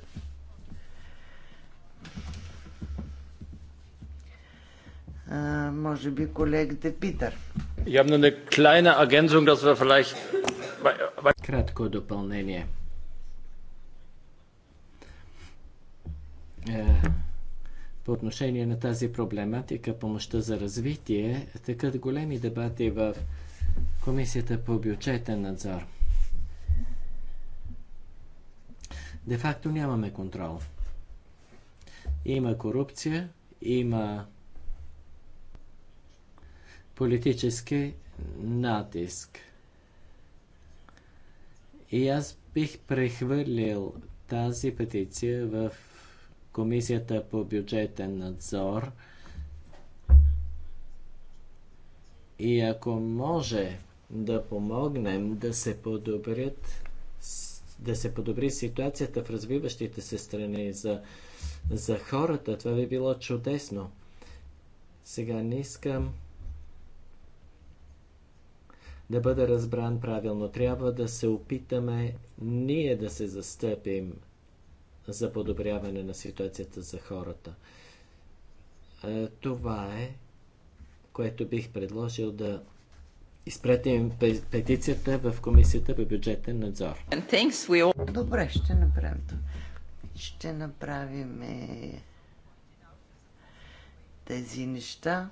[SPEAKER 3] може би колегите Питър.
[SPEAKER 2] Кратко допълнение. Е, по отношение на тази проблематика, помощта за развитие, такът големи дебати в Комисията по бюджетен надзор. Де факто нямаме контрол. Има корупция, има политически натиск. И аз бих прехвърлил тази петиция в Комисията по бюджетен надзор. И ако може да помогнем да се подобрят да се подобри ситуацията в развиващите се страни за, за хората. Това би било чудесно. Сега не искам да бъда разбран правилно. Трябва да се опитаме ние да се застъпим за подобряване на ситуацията за хората. Е, това е, което бих предложил да им петицията в комисията по бюджетен надзор.
[SPEAKER 3] Добре, ще направим това. Ще направим е, тези неща,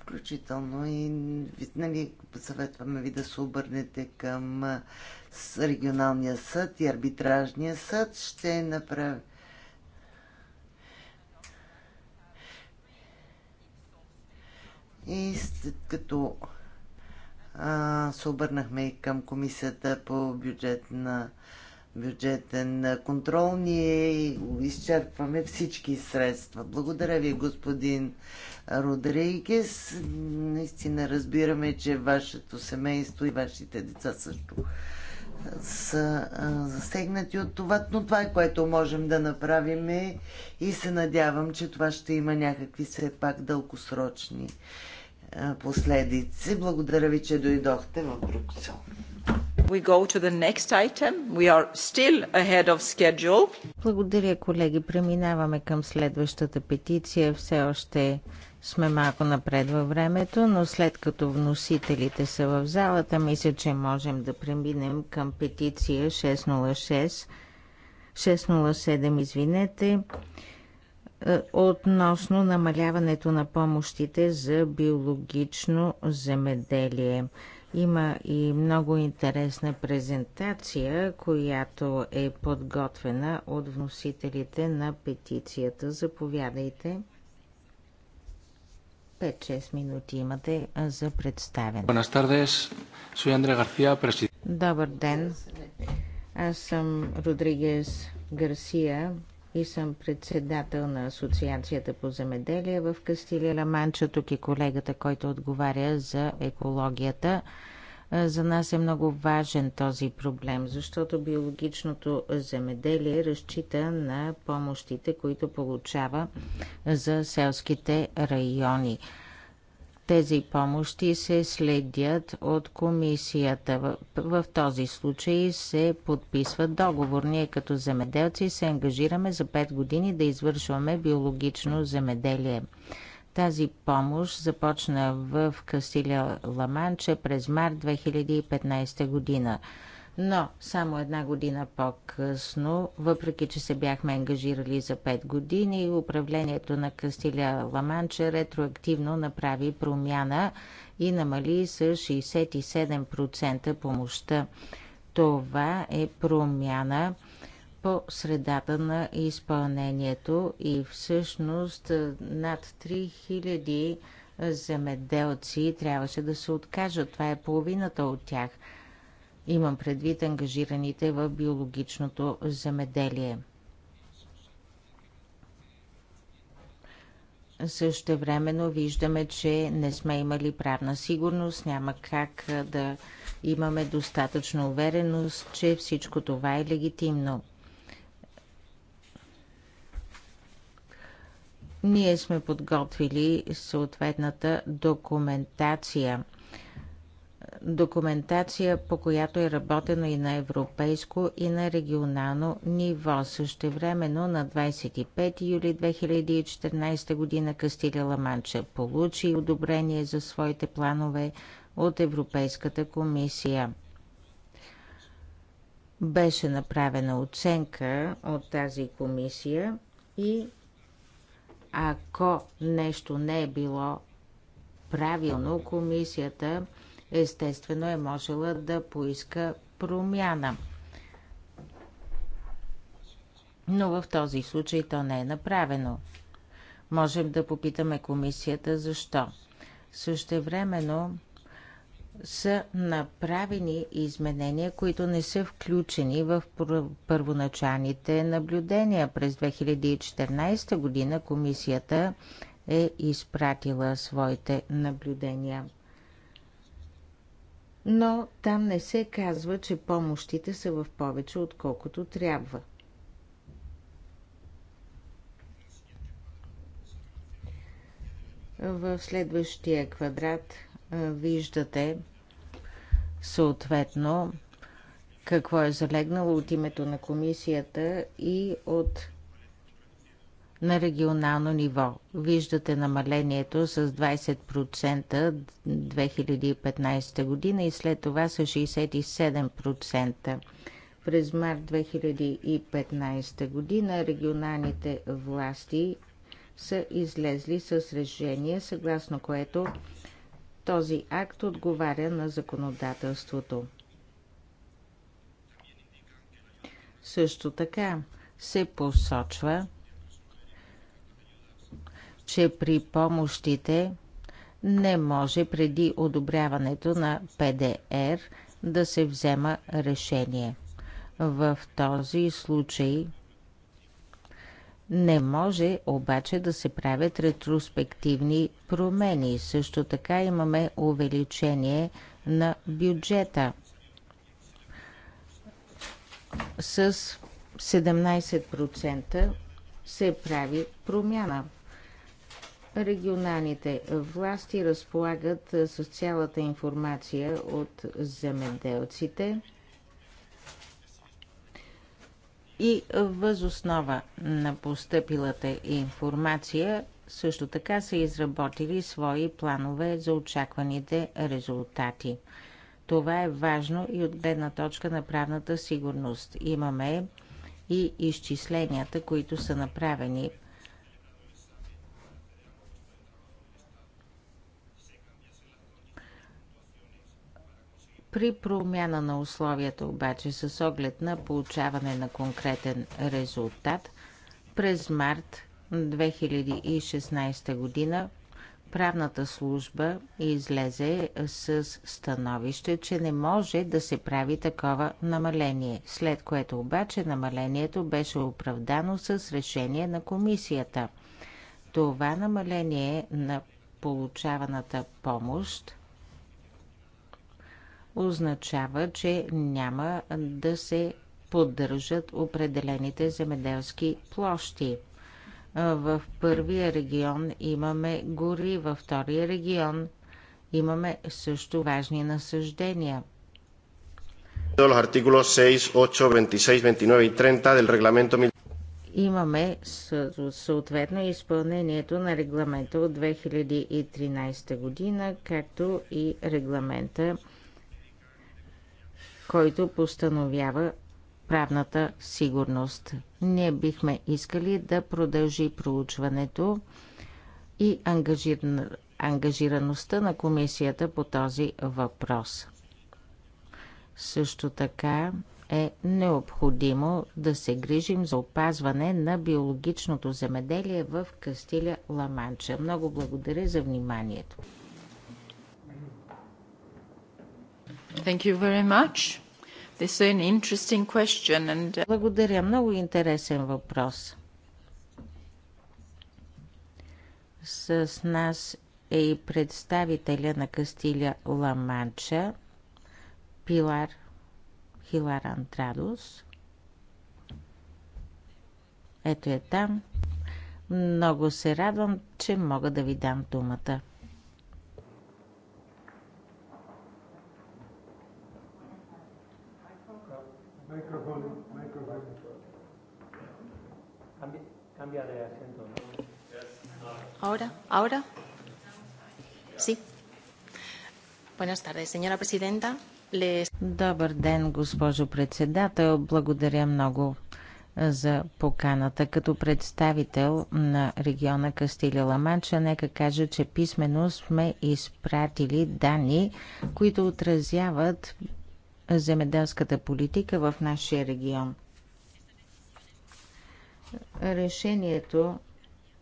[SPEAKER 3] включително и нали, съветваме ви да се обърнете към регионалния съд и арбитражния съд. Ще направим И след като а, се обърнахме и към комисията по бюджет на бюджетен контрол, ние изчерпваме всички средства. Благодаря ви, господин Родригес. Наистина разбираме, че вашето семейство и вашите деца също са засегнати от това, но това е което можем да направим и се надявам, че това ще има някакви все пак дългосрочни последици. Благодаря ви, че
[SPEAKER 1] дойдохте в Бруксел. We go to the next item. We are still ahead of schedule. Благодаря, колеги. Преминаваме към следващата петиция. Все още сме малко напред във времето, но след като вносителите са в залата, мисля, че можем да преминем към петиция 606 607, извинете, е, относно намаляването на помощите за биологично земеделие. Има и много интересна презентация, която е подготвена от вносителите на петицията. Заповядайте. 5-6 минути имате за представяне. Добър ден. Аз съм Родригес Гарсия, и съм председател на Асоциацията по земеделие в Кастилия Ламанча. Тук е колегата, който отговаря за екологията. За нас е много важен този проблем, защото биологичното земеделие разчита на помощите, които получава за селските райони. Тези помощи се следят от комисията. В, в този случай се подписва договор. Ние като земеделци се ангажираме за 5 години да извършваме биологично земеделие. Тази помощ започна в Кастилия Ламанче през март 2015 година. Но само една година по-късно, въпреки че се бяхме ангажирали за 5 години, управлението на Кастиля Ламанча ретроактивно направи промяна и намали с 67% помощта. Това е промяна по средата на изпълнението и всъщност над 3000 земеделци трябваше да се откажат. Това е половината от тях – Имам предвид ангажираните в биологичното земеделие. Също времено виждаме, че не сме имали правна сигурност, няма как да имаме достатъчно увереност, че всичко това е легитимно. Ние сме подготвили съответната документация – документация, по която е работено и на европейско и на регионално ниво. Същевременно на 25 юли 2014 година Кастилия Ламанча получи одобрение за своите планове от Европейската комисия. Беше направена оценка от тази комисия и ако нещо не е било правилно, комисията естествено е можела да поиска промяна. Но в този случай то не е направено. Можем да попитаме комисията защо. Същевременно са направени изменения, които не са включени в първоначалните наблюдения. През 2014 година комисията е изпратила своите наблюдения но там не се казва, че помощите са в повече, отколкото трябва. В следващия квадрат виждате съответно какво е залегнало от името на комисията и от на регионално ниво. Виждате намалението с 20% 2015 година и след това с 67%. През март 2015 година регионалните власти са излезли с решение, съгласно което този акт отговаря на законодателството. Също така се посочва, че при помощите не може преди одобряването на ПДР да се взема решение. В този случай не може обаче да се правят ретроспективни промени. Също така имаме увеличение на бюджета с 17% се прави промяна Регионалните власти разполагат с цялата информация от земеделците и възоснова на постъпилата информация също така са изработили свои планове за очакваните резултати. Това е важно и от гледна точка на правната сигурност. Имаме и изчисленията, които са направени – При промяна на условията обаче с оглед на получаване на конкретен резултат, през март 2016 година правната служба излезе с становище, че не може да се прави такова намаление, след което обаче намалението беше оправдано с решение на комисията. Това намаление на получаваната помощ означава, че няма да се поддържат определените земеделски площи. В първия регион имаме гори, във втория регион имаме също важни насъждения.
[SPEAKER 2] 6, 8, 26, 29 и 30 del
[SPEAKER 1] имаме съответно изпълнението на регламента от 2013 година, както и регламента който постановява правната сигурност. Ние бихме искали да продължи проучването и ангажир... ангажираността на комисията по този въпрос. Също така е необходимо да се грижим за опазване на биологичното земеделие в Кастиля Ламанча. Много благодаря за вниманието. Thank you very much. This is an interesting question and... Uh, Благодаря. Много интересен въпрос. С нас е и представителя на Кастиля Ламанча, Пилар Хилар Антрадос. Ето е там. Много се радвам, че мога да ви дам думата.
[SPEAKER 4] Cambia, de asiento, Ahora,
[SPEAKER 1] ahora. Sí. Buenas tardes, señora presidenta. Les... Добър ден, госпожо председател. Благодаря много за поканата. Като представител на региона Кастили Ламанча, нека кажа, че писменно сме изпратили данни, които отразяват земеделската политика в нашия регион. Решението,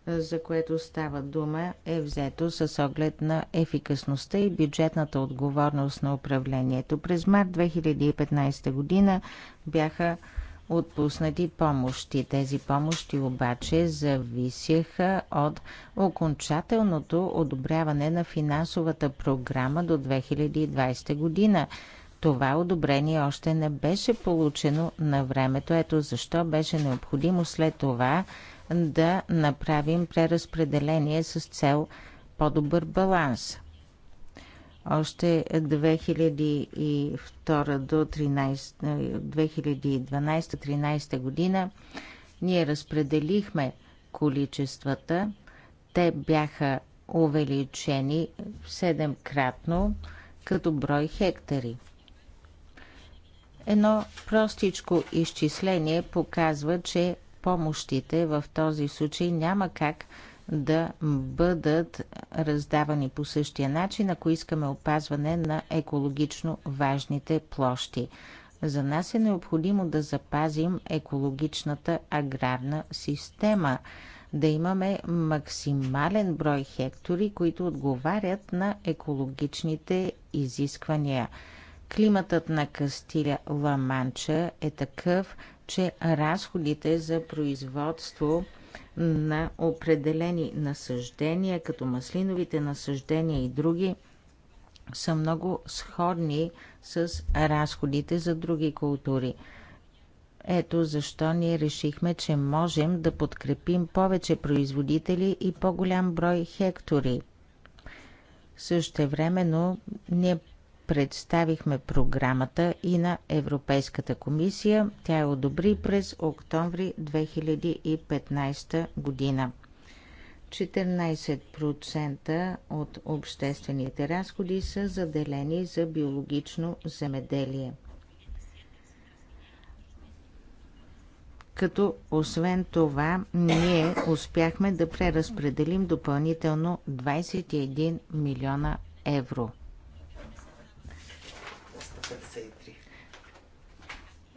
[SPEAKER 1] за което става дума, е взето с оглед на ефикасността и бюджетната отговорност на управлението. През март 2015 година бяха отпуснати помощи. Тези помощи обаче зависяха от окончателното одобряване на финансовата програма до 2020 година. Това одобрение още не беше получено на времето. Ето защо беше необходимо след това да направим преразпределение с цел по-добър баланс. Още 2002 до 2012-13 година ние разпределихме количествата. Те бяха увеличени 7-кратно като брой хектари. Едно простичко изчисление показва, че помощите в този случай няма как да бъдат раздавани по същия начин, ако искаме опазване на екологично важните площи. За нас е необходимо да запазим екологичната аграрна система, да имаме максимален брой хектори, които отговарят на екологичните изисквания – Климатът на Кастиля Ла-Манча е такъв, че разходите за производство на определени насъждения, като маслиновите насъждения и други, са много сходни с разходите за други култури. Ето защо ние решихме, че можем да подкрепим повече производители и по-голям брой хектори. Същевременно ние представихме програмата и на Европейската комисия. Тя я одобри през октомври 2015 година. 14% от обществените разходи са заделени за биологично земеделие. Като освен това, ние успяхме да преразпределим допълнително 21 милиона евро –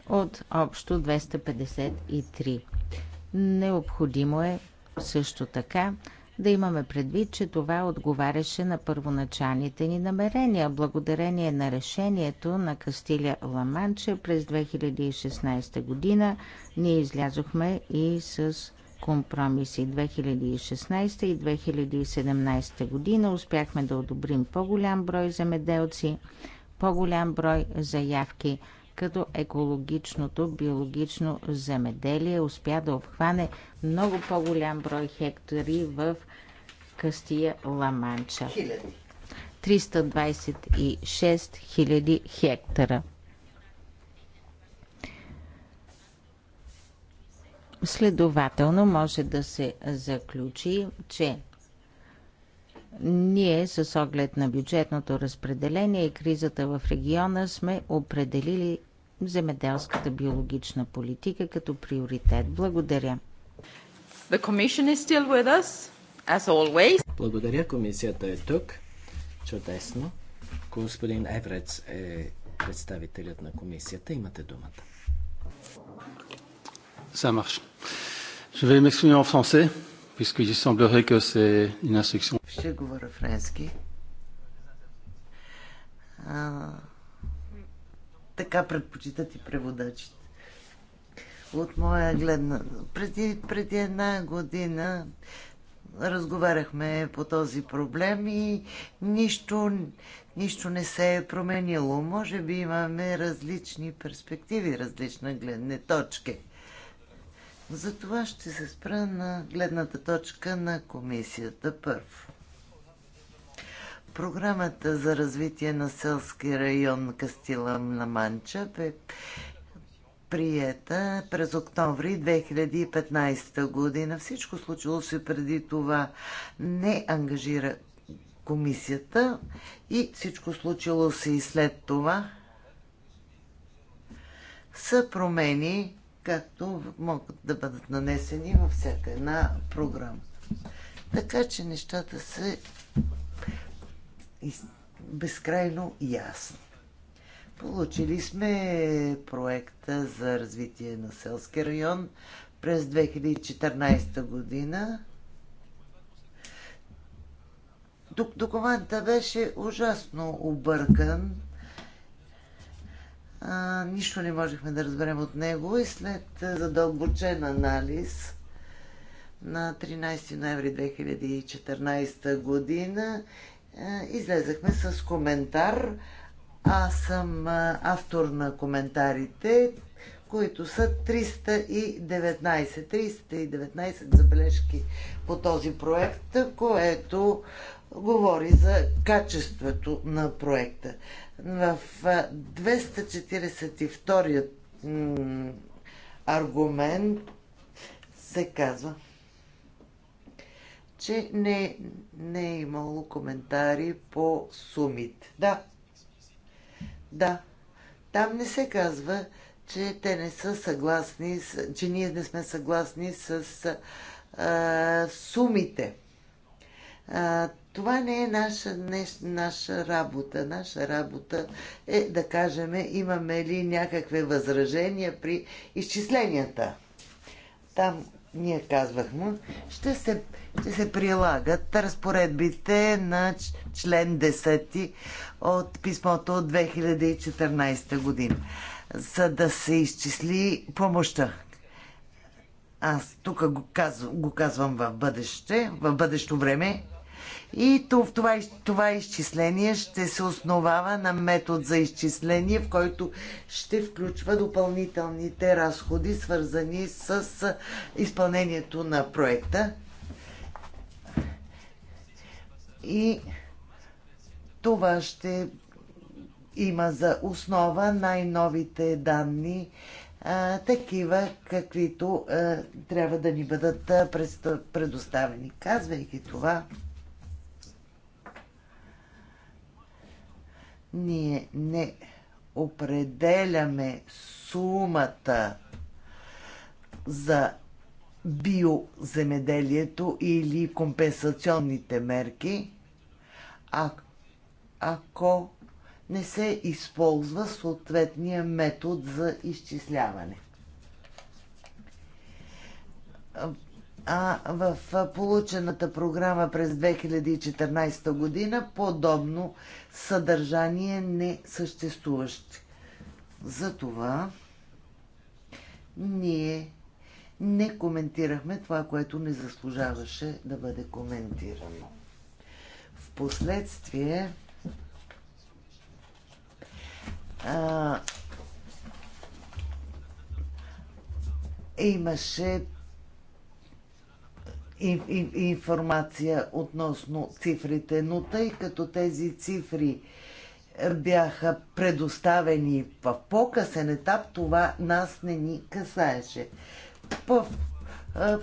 [SPEAKER 1] от общо 253. Необходимо е също така да имаме предвид, че това отговаряше на първоначалните ни намерения, благодарение на решението на Кастиля Ламанче през 2016 година. Ние излязохме и с компромиси 2016 и 2017 година. Успяхме да одобрим по-голям брой земеделци, по-голям брой заявки – като екологичното биологично земеделие успя да обхване много по-голям брой хектари в Кастия Ламанча. 326 000 хектара. Следователно може да се заключи, че ние с оглед на бюджетното разпределение и кризата в региона сме определили земеделската биологична политика като приоритет. Благодаря. The commission is still with us, as always.
[SPEAKER 2] Благодаря, комисията е тук. Чудесно. Господин Еврец е представителят на комисията. Имате думата. Ça
[SPEAKER 4] marche. Je vais m'exprimer en français, semblerait que c'est une instruction.
[SPEAKER 3] Ще говоря френски така предпочитат и преводачите. От моя гледна... Преди, преди една година разговаряхме по този проблем и нищо, нищо не се е променило. Може би имаме различни перспективи, различна гледни точки. Затова ще се спра на гледната точка на комисията първо. Програмата за развитие на селски район Кастила на Манча бе приета през октомври 2015 година. Всичко случило се преди това не ангажира комисията и всичко случило се и след това са промени, както могат да бъдат нанесени във всяка една програма. Така че нещата се безкрайно ясни. Получили сме проекта за развитие на селски район през 2014 година. Документа беше ужасно объркан. А, нищо не можехме да разберем от него и след задълбочен анализ на 13 ноември 2014 година е, излезахме с коментар. Аз съм е, автор на коментарите, които са 319. 319 забележки по този проект, което говори за качеството на проекта. В 242 е, аргумент се казва – че не, не е имало коментари по сумите. Да. Да. Там не се казва, че те не са съгласни, че ние не сме съгласни с а, сумите. А, това не е наша, не, наша работа. Наша работа е да кажем, имаме ли някакви възражения при изчисленията. Там ние казвахме, ще се, ще се прилагат разпоредбите на член 10 от писмото от 2014 година, за да се изчисли помощта. Аз тук го казвам, го казвам в бъдеще, в бъдещо време, и това, това изчисление ще се основава на метод за изчисление, в който ще включва допълнителните разходи, свързани с изпълнението на проекта. И това ще има за основа най-новите данни, такива каквито трябва да ни бъдат предоставени. Казвайки това, Ние не определяме сумата за биоземеделието или компенсационните мерки, а, ако не се използва съответния метод за изчисляване а в получената програма през 2014 година подобно съдържание не съществуващи. Затова ние не коментирахме това, което не заслужаваше да бъде коментирано. В последствие а, имаше информация относно цифрите, но тъй като тези цифри бяха предоставени в по-късен етап, това нас не ни касаеше. В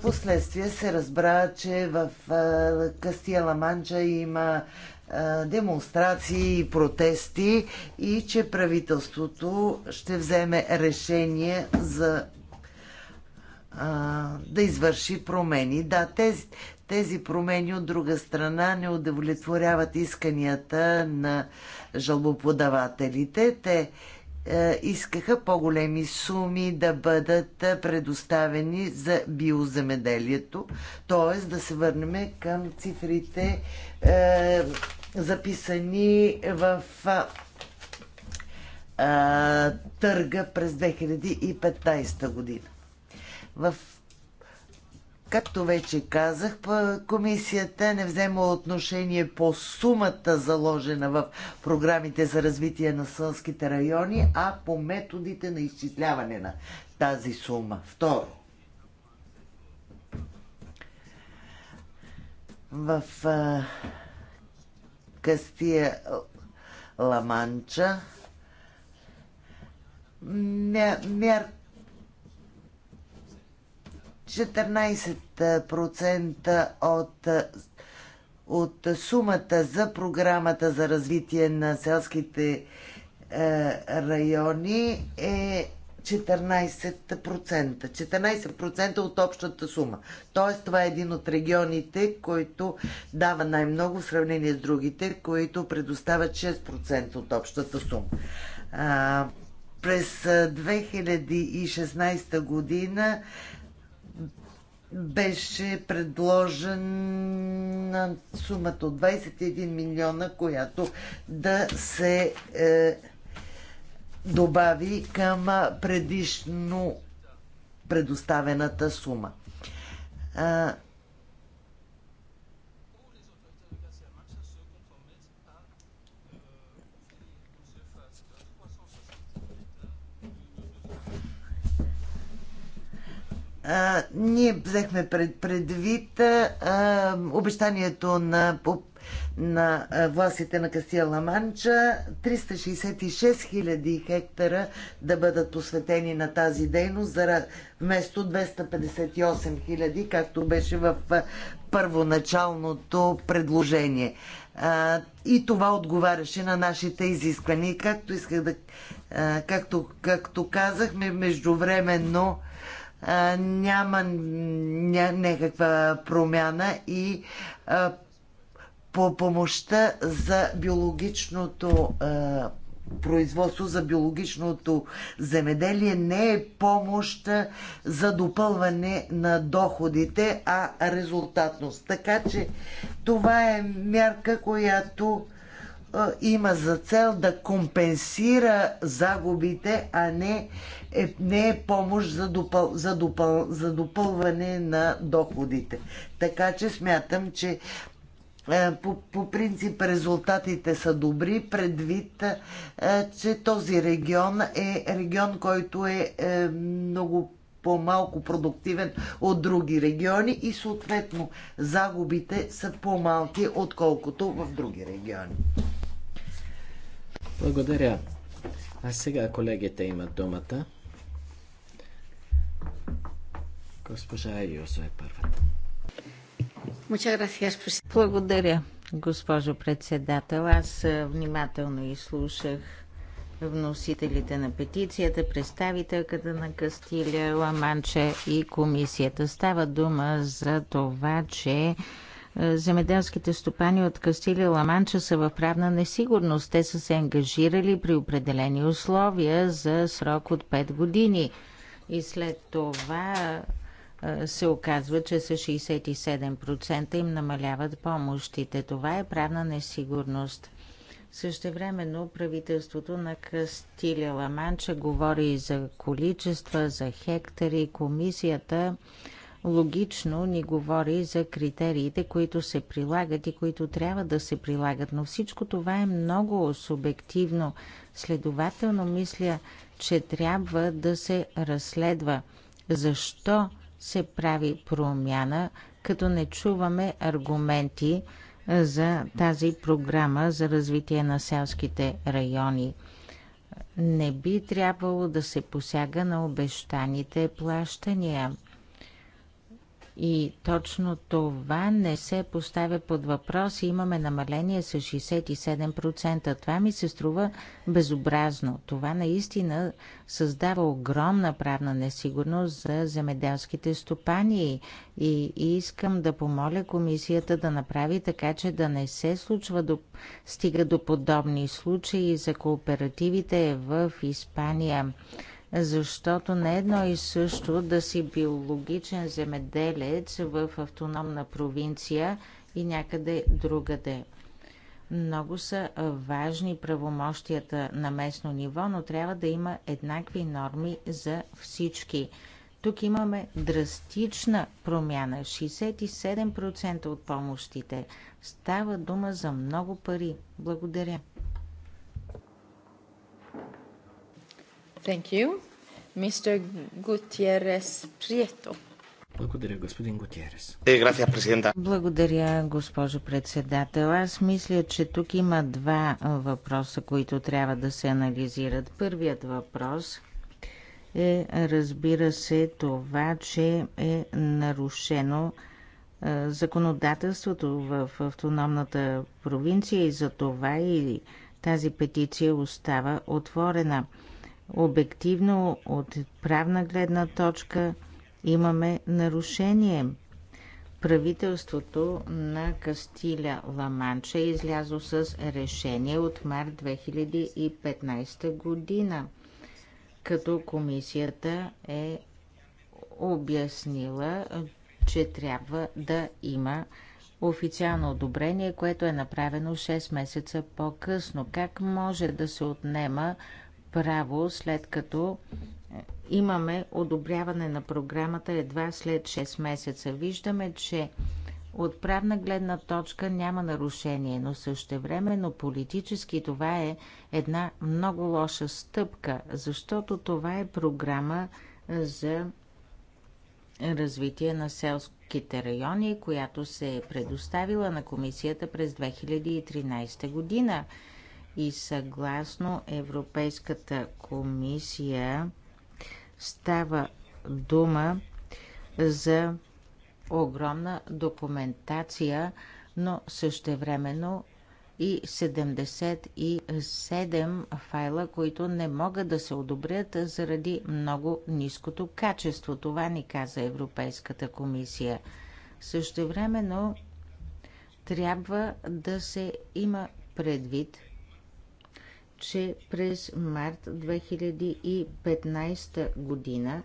[SPEAKER 3] последствие се разбра, че в Кастия Ламанча има демонстрации и протести и че правителството ще вземе решение за да извърши промени. Да, тези, тези промени от друга страна не удовлетворяват исканията на жалбоподавателите. Те е, искаха по-големи суми да бъдат е, предоставени за биоземеделието, т.е. да се върнем към цифрите е, записани в е, е търга през 2015 година. В Както вече казах, комисията не взема отношение по сумата заложена в програмите за развитие на сълските райони, а по методите на изчисляване на тази сума. Второ, в а, Кастия Ламанча мер, 14% от, от сумата за програмата за развитие на селските е, райони е 14%. 14% от общата сума. Тоест, това е един от регионите, който дава най-много в сравнение с другите, които предоставят 6% от общата сума. А, през 2016 година беше предложена сумата от 21 милиона, която да се е, добави към предишно предоставената сума. А, а, ние взехме пред, предвид а, обещанието на, на властите на Кастия Манча 366 хиляди хектара да бъдат посветени на тази дейност за, вместо 258 хиляди, както беше в първоначалното предложение. А, и това отговаряше на нашите изисквания. Както исках да. А, както, както казахме, междувременно няма някаква промяна и по помощта за биологичното производство за биологичното земеделие не е помощ за допълване на доходите, а резултатност. Така че това е мярка, която има за цел да компенсира загубите, а не е, не е помощ за, допъл, за, допъл, за допълване на доходите. Така че смятам, че е, по, по принцип резултатите са добри, предвид, е, че този регион е регион, който е, е много по-малко продуктивен от други региони и съответно загубите са по-малки, отколкото в други региони. Благодаря.
[SPEAKER 2] А сега колегите имат думата. Госпожа Айосо е първата.
[SPEAKER 1] Благодаря, госпожо председател. Аз е, внимателно изслушах вносителите на петицията, представителката на Кастилия, Ламанче и комисията. Става дума за това, че е, земеделските стопани от Кастилия Ламанча са в правна несигурност. Те са се ангажирали при определени условия за срок от 5 години. И след това се оказва, че с 67% им намаляват помощите. Това е правна несигурност. Същевременно правителството на Кастиля Ламанча говори за количества, за хектари. Комисията логично ни говори за критериите, които се прилагат и които трябва да се прилагат. Но всичко това е много субективно. Следователно мисля, че трябва да се разследва защо се прави промяна, като не чуваме аргументи за тази програма за развитие на селските райони. Не би трябвало да се посяга на обещаните плащания. И точно това не се поставя под въпрос. Имаме намаление с 67%. Това ми се струва безобразно. Това наистина създава огромна правна несигурност за земеделските стопани. И искам да помоля комисията да направи така, че да не се случва до... стига до подобни случаи за кооперативите в Испания защото не е едно и също да си биологичен земеделец в автономна провинция и някъде другаде. Много са важни правомощията на местно ниво, но трябва да има еднакви норми за всички. Тук имаме драстична промяна. 67% от помощите. Става дума за много пари. Благодаря. Thank you. Mr. Gutierrez Prieto.
[SPEAKER 2] Благодаря, господин Готиерес. Е,
[SPEAKER 1] Благодаря, госпожо председател. Аз мисля, че тук има два въпроса, които трябва да се анализират. Първият въпрос е, разбира се, това, че е нарушено законодателството в автономната провинция и за това и тази петиция остава отворена обективно от правна гледна точка имаме нарушение. Правителството на Кастиля Ламанча е излязо с решение от март 2015 година, като комисията е обяснила, че трябва да има официално одобрение, което е направено 6 месеца по-късно. Как може да се отнема право, след като е, имаме одобряване на програмата едва след 6 месеца. Виждаме, че от правна гледна точка няма нарушение, но също но политически това е една много лоша стъпка, защото това е програма е, за развитие на селските райони, която се е предоставила на комисията през 2013 година и съгласно Европейската комисия става дума за огромна документация, но същевременно и 77 файла, които не могат да се одобрят заради много ниското качество. Това ни каза Европейската комисия. Същевременно трябва да се има предвид, че през март 2015 година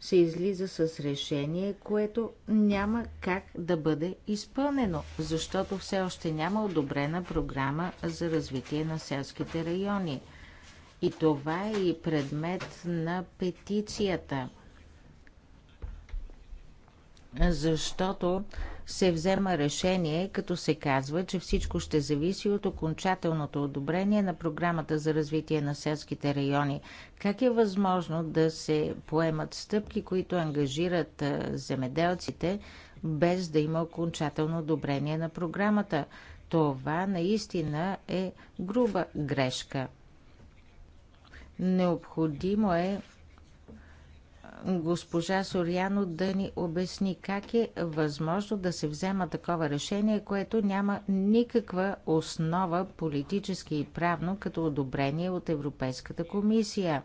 [SPEAKER 1] се излиза с решение, което няма как да бъде изпълнено, защото все още няма одобрена програма за развитие на селските райони. И това е и предмет на петицията – защото се взема решение, като се казва, че всичко ще зависи от окончателното одобрение на програмата за развитие на селските райони. Как е възможно да се поемат стъпки, които ангажират земеделците, без да има окончателно одобрение на програмата? Това наистина е груба грешка. Необходимо е госпожа Соряно да ни обясни как е възможно да се взема такова решение, което няма никаква основа политически и правно като одобрение от Европейската комисия.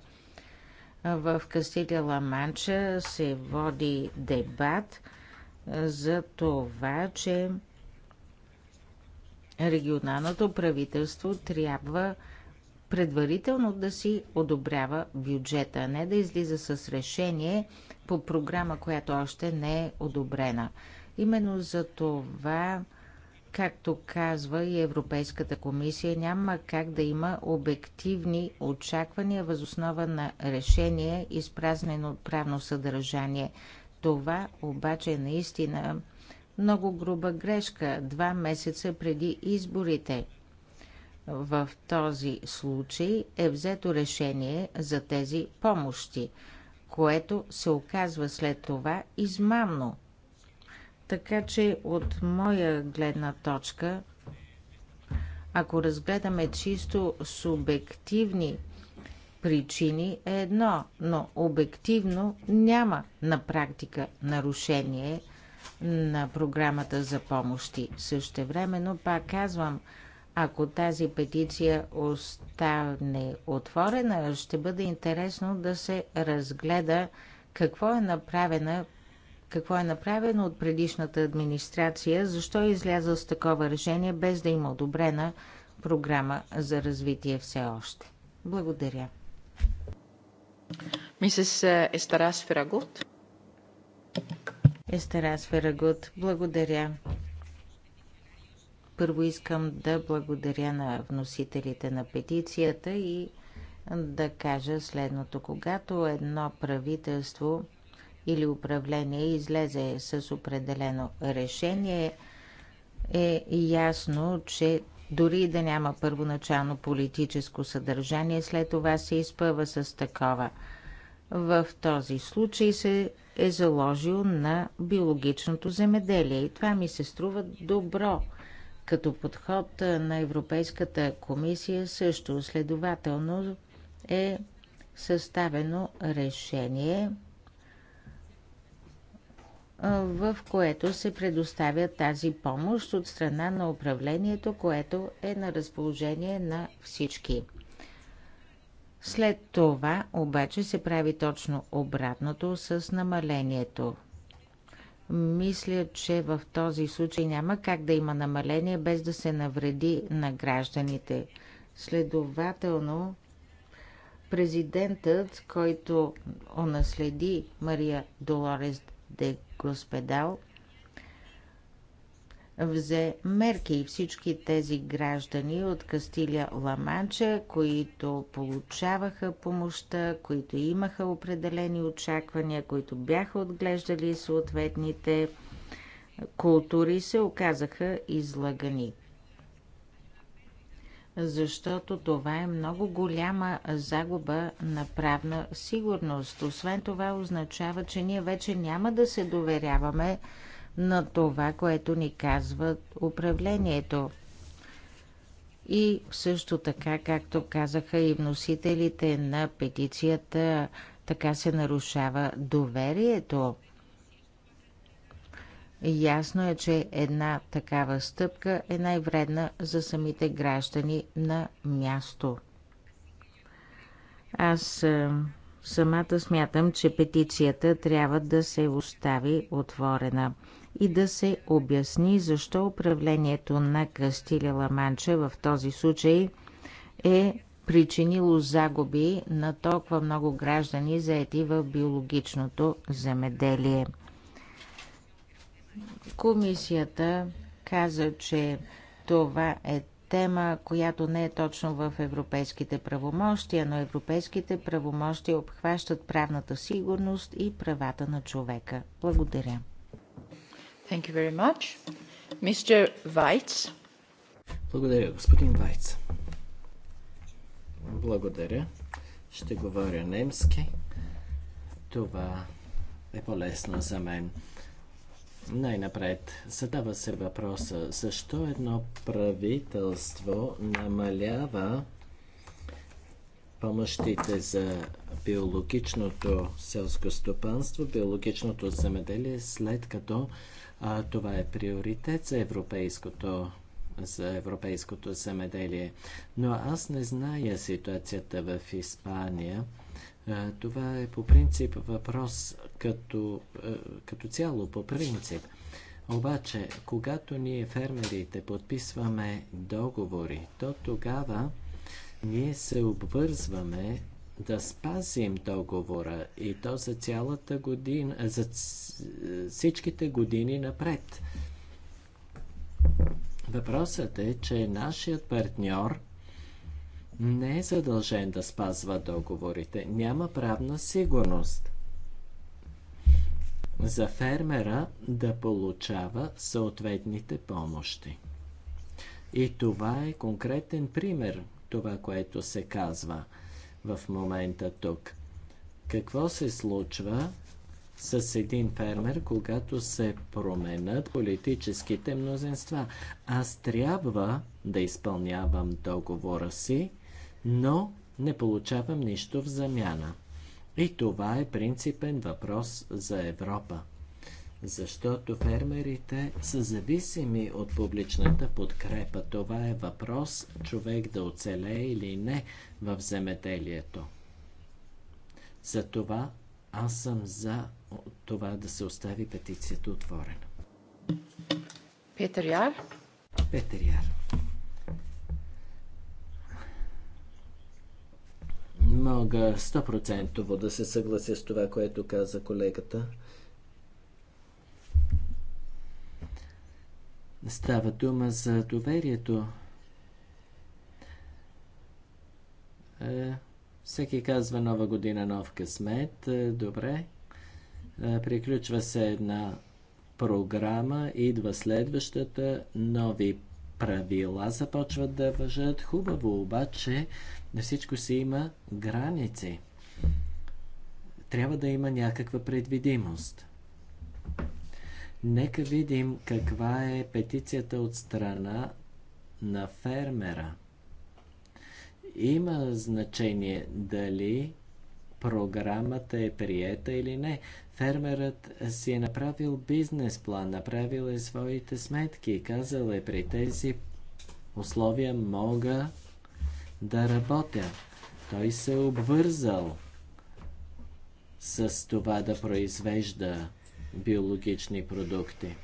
[SPEAKER 1] В Кастилия Ламанча се води дебат за това, че регионалното правителство трябва да предварително да си одобрява бюджета, а не да излиза с решение по програма, която още не е одобрена. Именно за това, както казва и Европейската комисия, няма как да има обективни очаквания възоснова на решение, изпразнено от правно съдържание. Това обаче е наистина много груба грешка два месеца преди изборите – в този случай е взето решение за тези помощи, което се оказва след това измамно. Така че от моя гледна точка, ако разгледаме чисто субективни причини е едно, но обективно няма на практика нарушение на програмата за помощи. времено, пак казвам, ако тази петиция остане отворена, ще бъде интересно да се разгледа какво е направена какво е направено от предишната администрация, защо е изляза с такова решение, без да има одобрена програма за развитие все още. Благодаря. Мисис е, Естерас Ферагут. Естерас Ферагут, благодаря. Първо искам да благодаря на вносителите на петицията и да кажа следното. Когато едно правителство или управление излезе с определено решение, е ясно, че дори да няма първоначално политическо съдържание, след това се изпъва с такова. В този случай се е заложил на биологичното земеделие и това ми се струва добро – като подход на Европейската комисия също следователно е съставено решение, в което се предоставя тази помощ от страна на управлението, което е на разположение на всички. След това обаче се прави точно обратното с намалението – мисля, че в този случай няма как да има намаление без да се навреди на гражданите. Следователно, президентът, който онаследи Мария Долорес де Госпедал, взе мерки и всички тези граждани от Кастилия Ламанча, които получаваха помощта, които имаха определени очаквания, които бяха отглеждали съответните култури, се оказаха излагани. Защото това е много голяма загуба на правна сигурност. Освен това означава, че ние вече няма да се доверяваме на това, което ни казва управлението. И също така, както казаха и вносителите на петицията, така се нарушава доверието. Ясно е, че една такава стъпка е най-вредна за самите граждани на място. Аз е, самата смятам, че петицията трябва да се остави отворена и да се обясни защо управлението на Кастилия Ламанча в този случай е причинило загуби на толкова много граждани, заети в биологичното земеделие. Комисията каза, че това е тема, която не е точно в европейските правомощия, но европейските правомощия обхващат правната сигурност и правата на човека. Благодаря. Благодаря,
[SPEAKER 2] господин Вайц. Благодаря. Ще говоря немски. Това е по-лесно за мен. Най-напред задава се въпроса, защо едно правителство намалява помощите за биологичното селско стопанство, биологичното земеделие, след като а, това е приоритет за европейското за европейското земеделие. Но аз не зная ситуацията в Испания. това е по принцип въпрос като, като цяло, по принцип. Обаче, когато ние фермерите подписваме договори, то тогава ние се обвързваме да спазим договора и то за цялата година, за всичките години напред. Въпросът е, че нашият партньор не е задължен да спазва договорите. Няма правна сигурност за фермера да получава съответните помощи. И това е конкретен пример, това, което се казва – в момента тук. Какво се случва с един фермер, когато се променят политическите мнозинства? Аз трябва да изпълнявам договора си, но не получавам нищо в замяна. И това е принципен въпрос за Европа защото фермерите са зависими от публичната подкрепа. Това е въпрос човек да оцелее или не в земеделието. Затова аз съм за това да се остави петицията отворена. Петър Яр? Петър Яр. Мога 100% да се съглася с това, което каза колегата. Става дума за доверието. Е, всеки казва нова година, нов късмет. Е, добре. Е, приключва се една програма, идва следващата, нови правила започват да въжат. Хубаво, обаче на всичко си има граници. Трябва да има някаква предвидимост. Нека видим каква е петицията от страна на фермера. Има значение дали програмата е приета или не. Фермерът си е направил бизнес план, направил е своите сметки и казал е при тези условия мога да работя. Той се е обвързал с това да произвежда биологични продукти.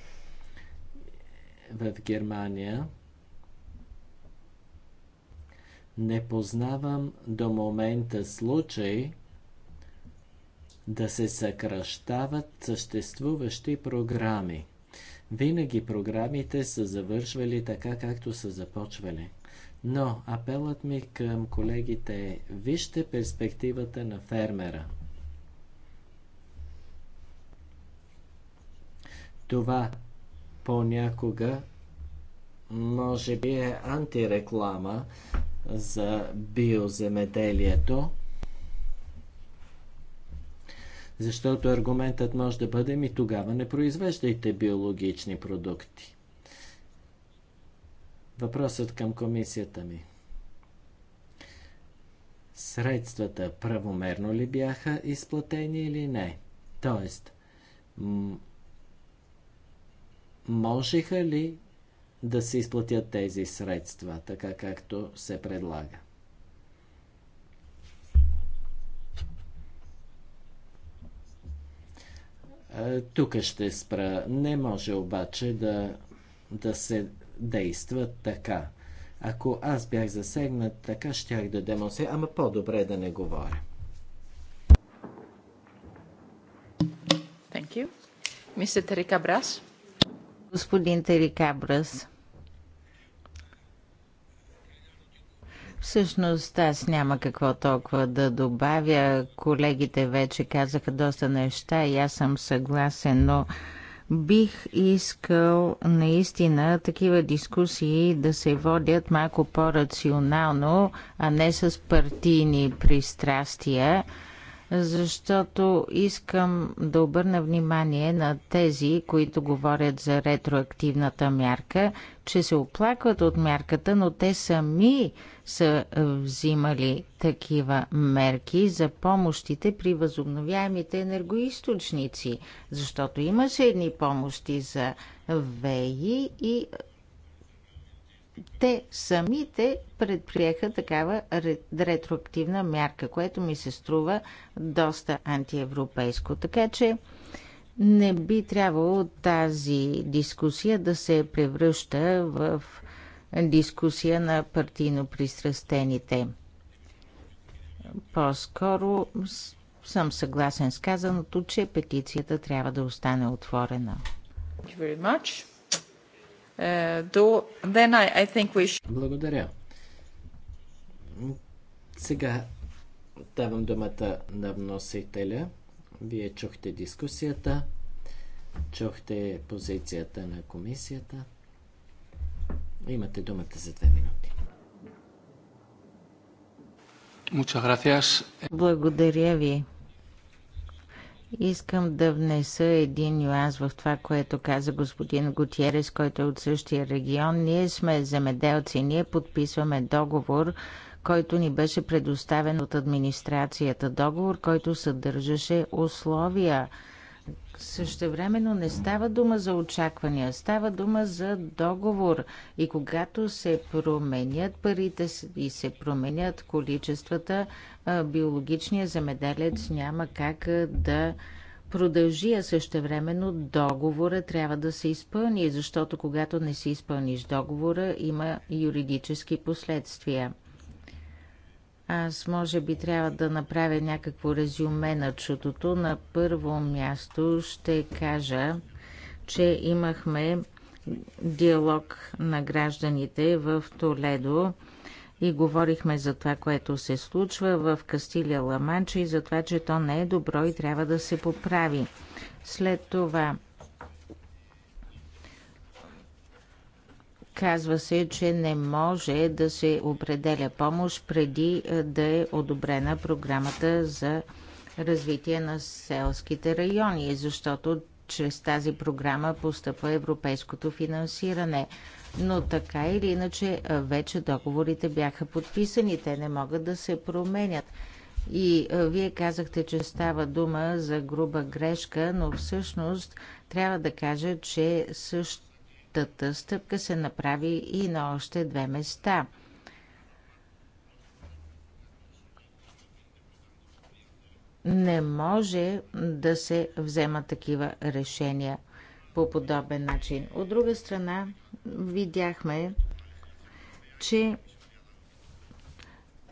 [SPEAKER 2] В Германия не познавам до момента случай да се съкръщават съществуващи програми. Винаги програмите са завършвали така, както са започвали. Но апелът ми към колегите е вижте перспективата на фермера. Това понякога може би е антиреклама за биоземеделието, защото аргументът може да бъде ми тогава не произвеждайте биологични продукти. Въпросът към комисията ми. Средствата правомерно ли бяха изплатени или не? Тоест, можеха ли да се изплатят тези средства, така както се предлага? Е, тук ще спра. Не може обаче да, да се действа така. Ако аз бях засегнат, така щях да демонстрирам, ама по-добре е да не говоря.
[SPEAKER 1] Thank you. Mr. Terika Brás. Господин Терикабрас. Всъщност аз няма какво толкова да добавя. Колегите вече казаха доста неща и аз съм съгласен, но бих искал наистина такива дискусии да се водят малко по-рационално, а не с партийни пристрастия защото искам да обърна внимание на тези, които говорят за ретроактивната мярка, че се оплакват от мярката, но те сами са взимали такива мерки за помощите при възобновяемите енергоисточници, защото имаше едни помощи за ВЕИ и те самите предприеха такава ретроактивна мярка, което ми се струва доста антиевропейско. Така че не би трябвало тази дискусия да се превръща в дискусия на партийно пристрастените. По-скоро съм съгласен с казаното, че петицията трябва да остане отворена. Thank you very much. Е,
[SPEAKER 2] Благодаря. Сега давам думата на вносителя. Вие чухте дискусията, чухте позицията на комисията. Имате думата за две минути.
[SPEAKER 1] Благодаря ви. Искам да внеса един нюанс в това, което каза господин Гутиерес, който е от същия регион. Ние сме земеделци, ние подписваме договор, който ни беше предоставен от администрацията. Договор, който съдържаше условия Същевременно не става дума за очаквания, става дума за договор. И когато се променят парите и се променят количествата, биологичният замеделец няма как да продължи, а същевременно договора трябва да се изпълни, защото когато не си изпълниш договора, има юридически последствия. Аз може би трябва да направя някакво резюме на чутото. На първо място ще кажа, че имахме диалог на гражданите в Толедо и говорихме за това, което се случва в Кастилия Ламанча и за това, че то не е добро и трябва да се поправи. След това Казва се, че не може да се определя помощ преди е, да е одобрена програмата за развитие на селските райони, защото чрез тази програма постъпва европейското финансиране. Но така или иначе, е, вече договорите бяха подписани, те не могат да се променят. И е, вие казахте, че става дума за груба грешка, но всъщност трябва да кажа, че също Тата стъпка се направи и на още две места. Не може да се вземат такива решения по подобен начин. От друга страна, видяхме, че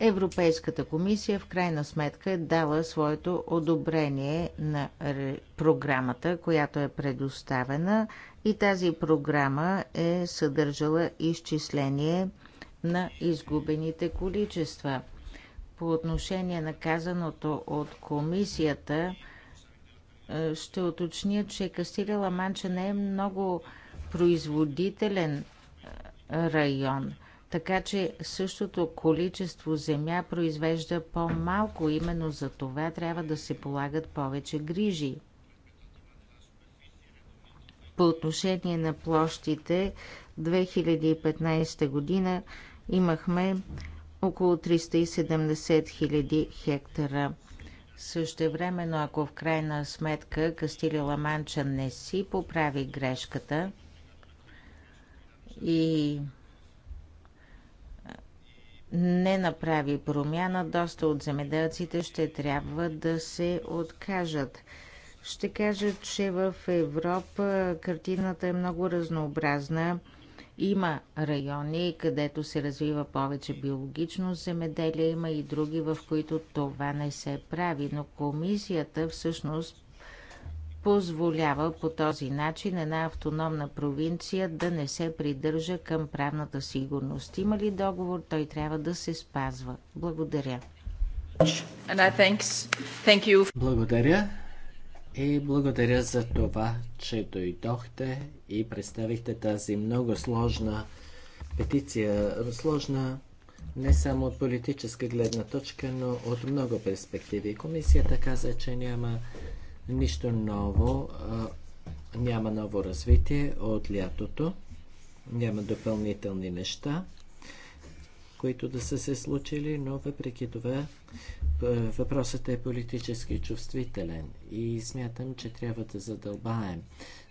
[SPEAKER 1] Европейската комисия в крайна сметка е дала своето одобрение на програмата, която е предоставена и тази програма е съдържала изчисление на изгубените количества. По отношение на казаното от комисията, е, ще уточня, че Кастилия Ламанча не е много производителен е, район. Така че същото количество земя произвежда по-малко, именно за това трябва да се полагат повече грижи. По отношение на площите, 2015 година имахме около 370 000 хектара. Същевременно, ако в крайна сметка Кастили Ламанча не си поправи грешката и не направи промяна, доста от земеделците ще трябва да се откажат. Ще кажа, че в Европа картината е много разнообразна. Има райони, където се развива повече биологично земеделие, има и други, в които това не се прави, но комисията всъщност позволява по този начин една автономна провинция да не се придържа към правната сигурност. Има ли договор, той трябва да се спазва. Благодаря.
[SPEAKER 2] благодаря и благодаря за това, че дойдохте и представихте тази много сложна петиция. Сложна не само от политическа гледна точка, но от много перспективи. Комисията каза, че няма Нищо ново, няма ново развитие от лятото, няма допълнителни неща, които да са се случили, но въпреки това въпросът е политически чувствителен и смятам, че трябва да задълбаем.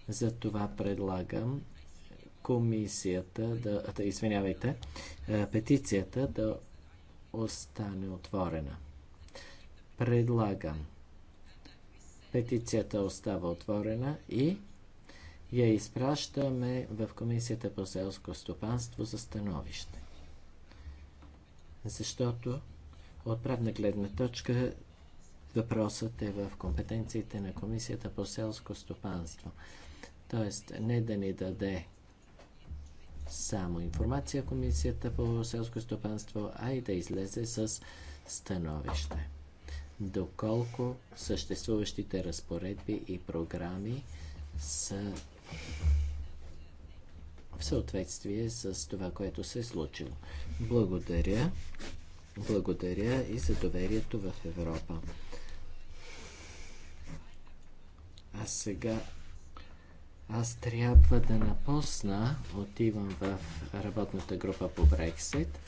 [SPEAKER 2] Затова предлагам комисията, да, да извинявайте, петицията да остане отворена. Предлагам Петицията остава отворена и я изпращаме в Комисията по селско стопанство за становище. Защото от правна гледна точка въпросът е в компетенциите на Комисията по селско стопанство. Тоест, не да ни даде само информация Комисията по селско стопанство, а и да излезе с становище доколко съществуващите разпоредби и програми са в съответствие с това, което се е случило. Благодаря. Благодаря и за доверието в Европа. А сега аз трябва да напусна. Отивам в работната група по Брексит.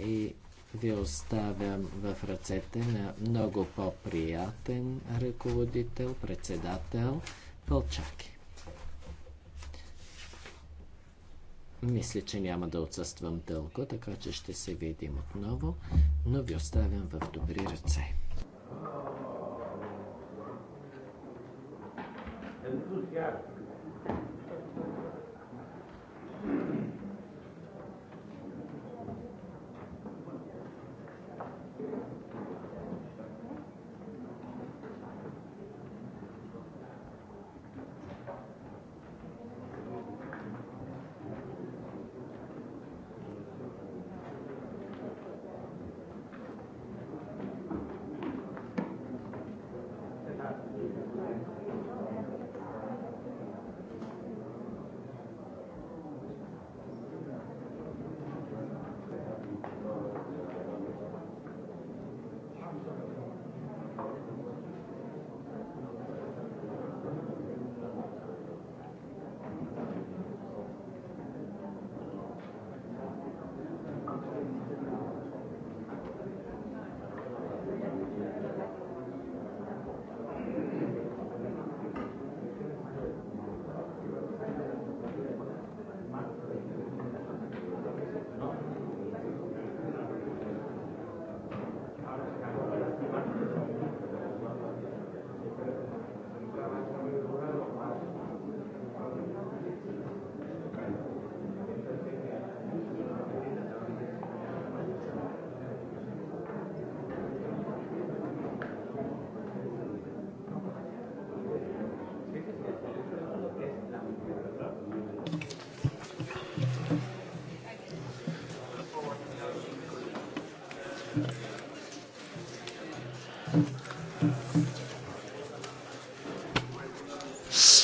[SPEAKER 2] И ви оставям в ръцете на много по-приятен ръководител, председател Пълчаки. Мисля, че няма да отсъствам дълго, така че ще се видим отново, но ви оставям в добри ръце.
[SPEAKER 4] Enthusiastic.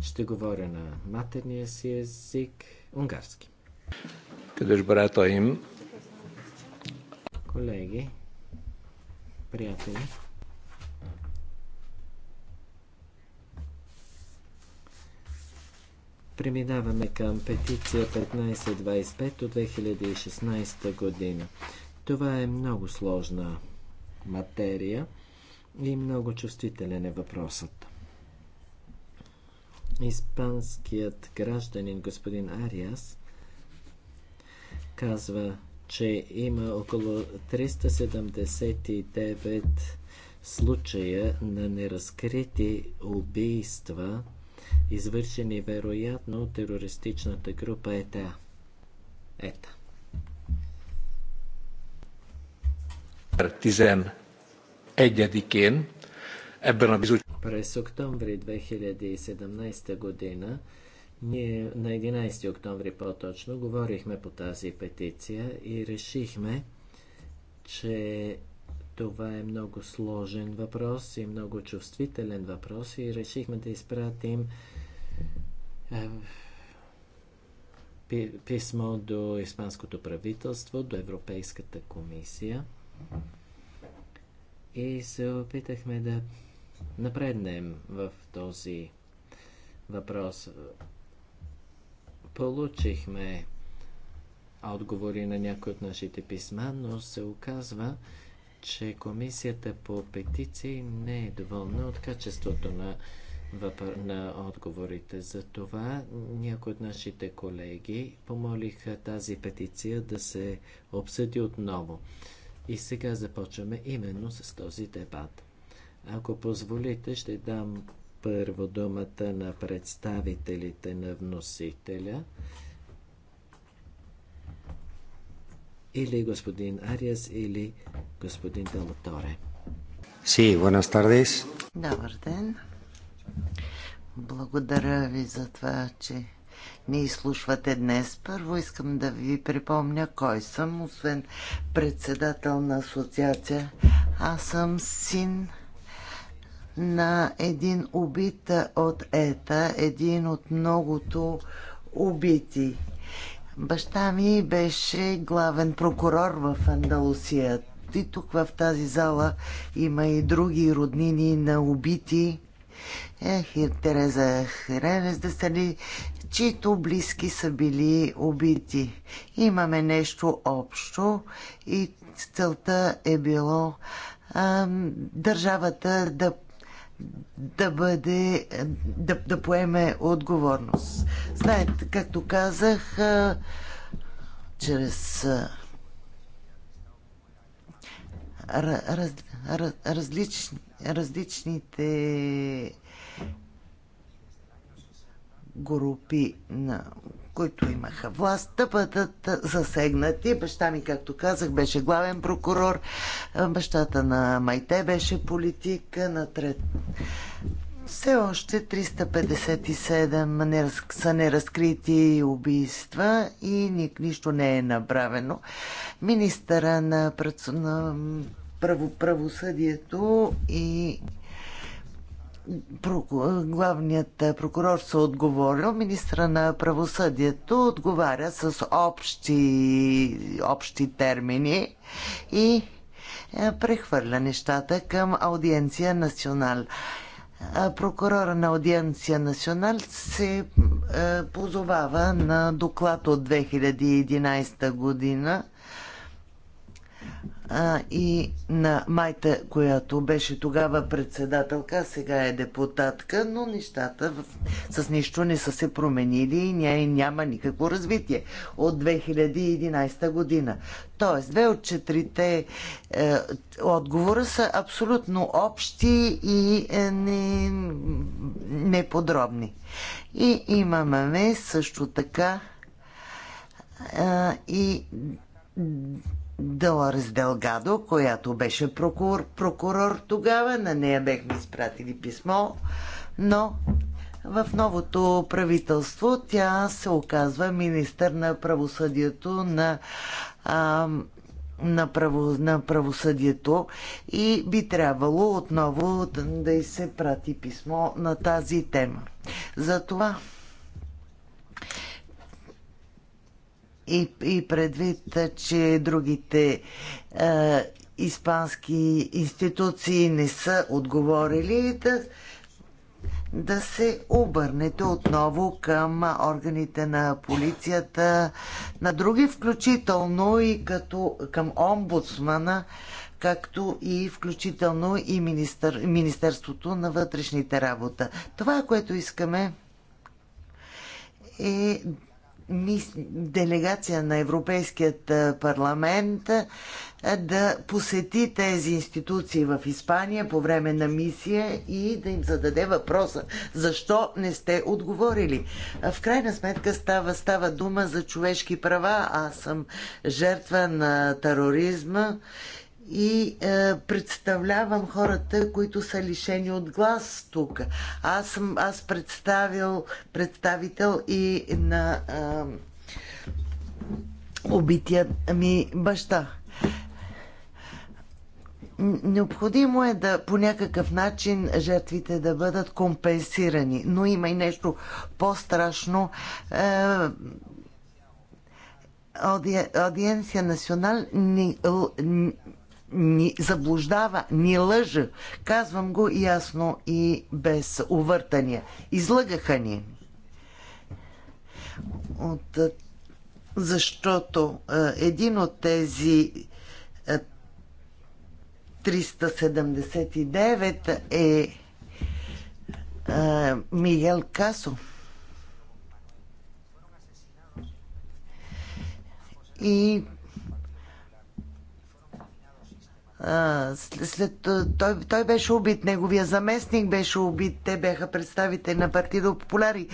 [SPEAKER 2] Ще говоря на матерния си език унгарски. Къдеш брата им? Колеги, приятели, Преминаваме към петиция 1525 от 2016 година. Това е много сложна материя и много чувствителен е въпросът. Испанският гражданин господин Ариас казва, че има около 379 случая на неразкрити убийства, извършени вероятно от терористичната група ЕТА. ЕТА. Tizen egyedikén ebben a bizottságban през октомври 2017 година, ние на 11 октомври по-точно, говорихме по тази петиция и решихме, че това е много сложен въпрос и много чувствителен въпрос и решихме да изпратим е, писмо до Испанското правителство, до Европейската комисия и се опитахме да напреднем в този въпрос. Получихме отговори на някои от нашите писма, но се оказва, че комисията по петиции не е доволна от качеството на, въпър... на отговорите. За това някои от нашите колеги помолиха тази петиция да се обсъди отново. И сега започваме именно с този дебат. Ако позволите, ще дам първо думата на представителите на вносителя. Или господин Ариас, или господин Делаторе.
[SPEAKER 3] Си, buenas tardes. Добър ден. Благодаря ви за това, че ни изслушвате днес. Първо искам да ви припомня кой съм, освен председател на асоциация. Аз съм син на един убит от ета, един от многото убити. Баща ми беше главен прокурор в Андалусия. И тук в тази зала има и други роднини на убити. Ех, и Тереза Херенес да са ли, чието близки са били убити. Имаме нещо общо и целта е било а, държавата да да бъде, е, да, да поеме отговорност. Знаете, както казах, е, чрез е, раз, раз, различни, различните групи на които имаха власт, да бъдат засегнати. Баща ми, както казах, беше главен прокурор, бащата на Майте беше политик, на трет... Все още 357 са неразкрити убийства и ни, нищо не е направено. Министъра на, право, правосъдието и главният прокурор се отговорил, министра на правосъдието отговаря с общи, общи термини и е, прехвърля нещата към аудиенция национал. Прокурора на аудиенция национал се е, позовава на доклад от 2011 година а, и на Майта, която беше тогава председателка, сега е депутатка, но нещата в... с нищо не са се променили и ня... няма никакво развитие от 2011 година. Тоест, две от четирите е, отговора са абсолютно общи и е, не, неподробни. И имаме също така е, и Долорес Делгадо, която беше прокурор, прокурор тогава. На нея бехме изпратили писмо, но в новото правителство тя се оказва министър на правосъдието на, а, на, право, на правосъдието и би трябвало отново да, да и се прати писмо на тази тема. Затова и, и предвид, че другите е, испански институции не са отговорили да, да се обърнете отново към органите на полицията, на други включително и като към омбудсмана, както и включително и министър, Министерството на вътрешните работа. Това, което искаме е делегация на Европейският парламент да посети тези институции в Испания по време на мисия и да им зададе въпроса защо не сте отговорили. В крайна сметка става, става дума за човешки права. Аз съм жертва на тероризма и е, представлявам хората, които са лишени от глас тук. Аз съм аз представил представител и на е, убития ми баща. Необходимо е да по някакъв начин жертвите да бъдат компенсирани, но има и нещо по-страшно. Е, Аудиенция Национал ни заблуждава, ни лъжа. Казвам го ясно и без увъртания. Излъгаха ни. От, защото един от тези 379 е Мигел Касо. И след, той, той беше убит, неговия заместник беше убит, те бяха представители на партида Популяри.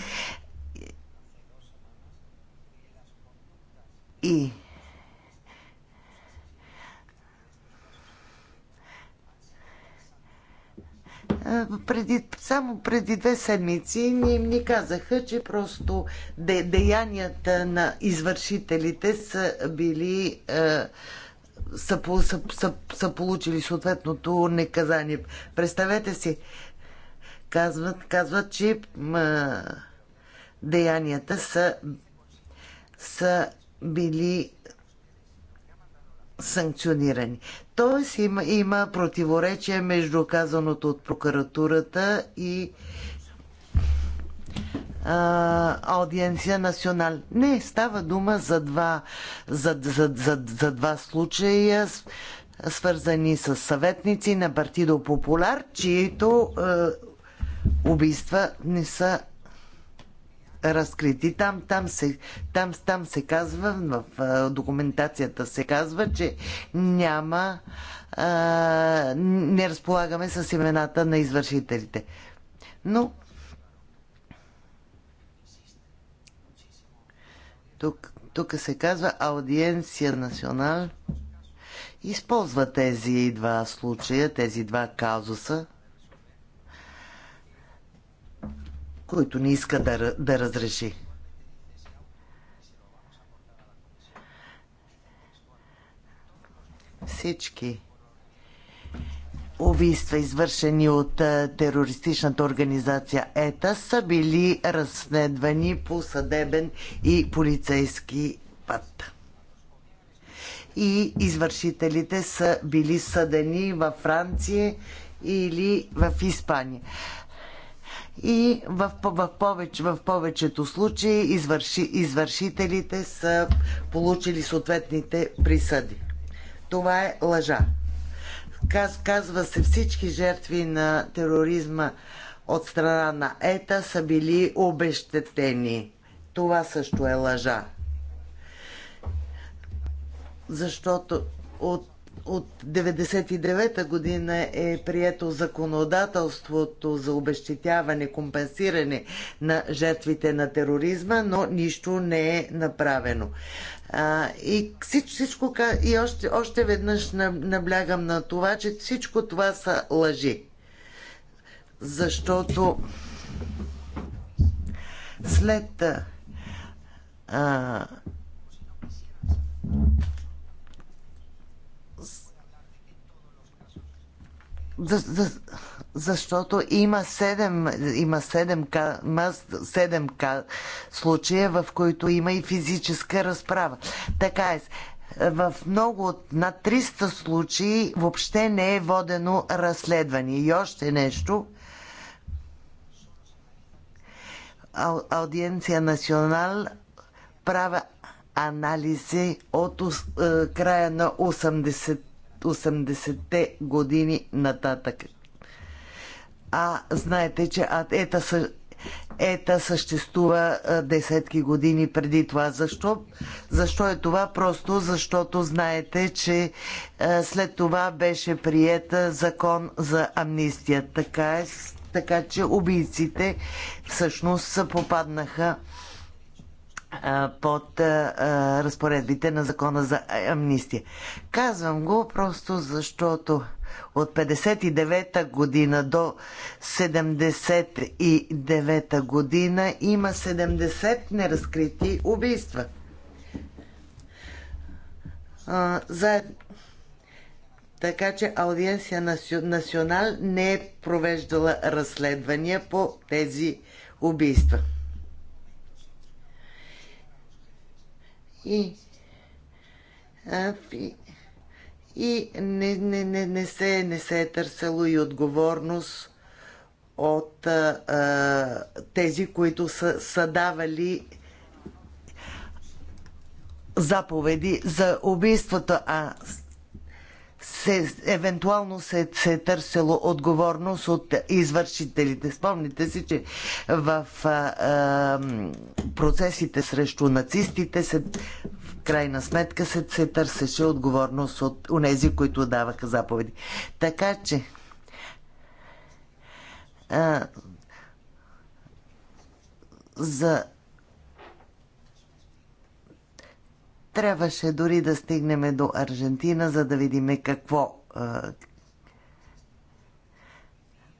[SPEAKER 3] И преди, само преди две седмици ни, ни казаха, че просто де, деянията на извършителите са били е, са, са, са, са получили съответното наказание. Представете си, казват, казват че ма, деянията са, са били санкционирани. Тоест има, има противоречие между казаното от прокуратурата и аудиенция национал. Не, става дума за два, за, за, за, за два случая, свързани с съветници на Партидо Популяр, чието е, убийства не са разкрити. Там, там, се, там, там се казва, в документацията се казва, че няма, е, не разполагаме с имената на извършителите. Но Тук, тук се казва аудиенция национал. Използва тези два случая, тези два казуса, които не иска да, да разреши. Всички убийства, извършени от терористичната организация ЕТА, са били разследвани по съдебен и полицейски път. И извършителите са били съдени във Франция или в Испания. И в, в, повече, в повечето случаи извърши, извършителите са получили съответните присъди. Това е лъжа. Каз, казва се всички жертви на тероризма от страна на ЕТА са били обещетени. Това също е лъжа. Защото от от 1999 година е прието законодателството за обещетяване, компенсиране на жертвите на тероризма, но нищо не е направено. А, и всичко, и още, още веднъж наблягам на това, че всичко това са лъжи. Защото след а, За, за, защото има 7, има 7, седем ка, случая, в които има и физическа разправа. Така е. В много от на 300 случаи въобще не е водено разследване. И още нещо. Аудиенция Национал правя анализи от е, края на 80 80-те години нататък. А знаете, че ета, ета съществува десетки години преди това. Защо? Защо е това? Просто защото знаете, че след това беше приета закон за амнистия. Така е, така че убийците всъщност попаднаха под разпоредбите на закона за амнистия. Казвам го просто защото от 59-та година до 79-та година има 70 неразкрити убийства. За... Така че Аудиенция Национал не е провеждала разследвания по тези убийства. и, и не, не, не, не, се, не се е търсело и отговорност от а, а, тези, които са, са давали заповеди за убийствата, а се, евентуално се, се е търсило отговорност от извършителите. Спомните си, че в а, а, процесите срещу нацистите се, в крайна сметка се, се търсеше отговорност от тези, които даваха заповеди. Така че а, за Трябваше дори да стигнем до Аржентина, за да видим какво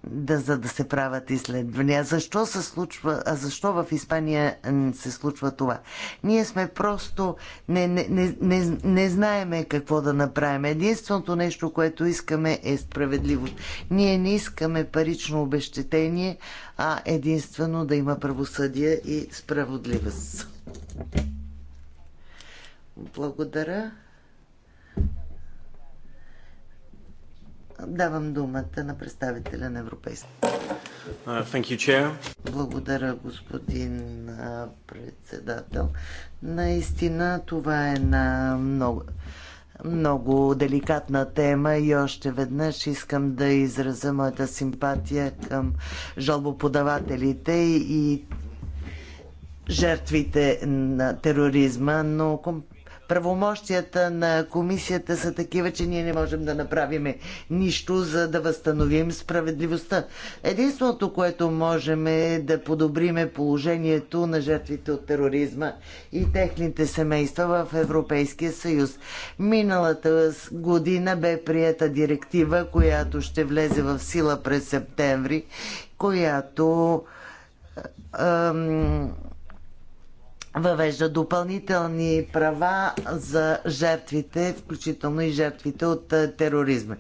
[SPEAKER 3] да, за да се правят изследвания. Защо се случва, а защо в Испания се случва това? Ние сме просто не, не, не, не, не знаеме какво да направим. Единственото нещо, което искаме е справедливост. Ние не искаме парично обещетение, а единствено да има правосъдие и справедливост. Благодаря. Давам думата на представителя на Европейския.
[SPEAKER 1] Uh,
[SPEAKER 3] Благодаря, господин председател. Наистина това е на много, много деликатна тема и още веднъж искам да изразя моята симпатия към жалбоподавателите и жертвите на тероризма, но правомощията на комисията са такива, че ние не можем да направим нищо, за да възстановим справедливостта. Единственото, което можем е да подобриме положението на жертвите от тероризма и техните семейства в Европейския съюз. Миналата година бе приета директива, която ще влезе в сила през септември, която въвежда допълнителни права за жертвите, включително и жертвите от е, тероризма.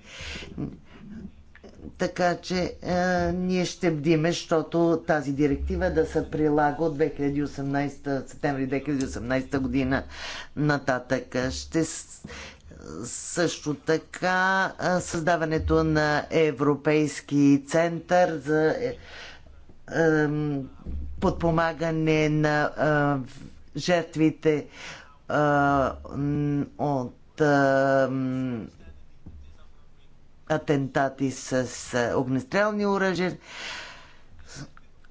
[SPEAKER 3] Така че е, ние ще бдиме, защото тази директива да се прилага от 2018, септември 2018 година нататък. Ще също така е, създаването на Европейски център за е, е, подпомагане на а, жертвите а, от а, атентати с огнестрелни оръжия.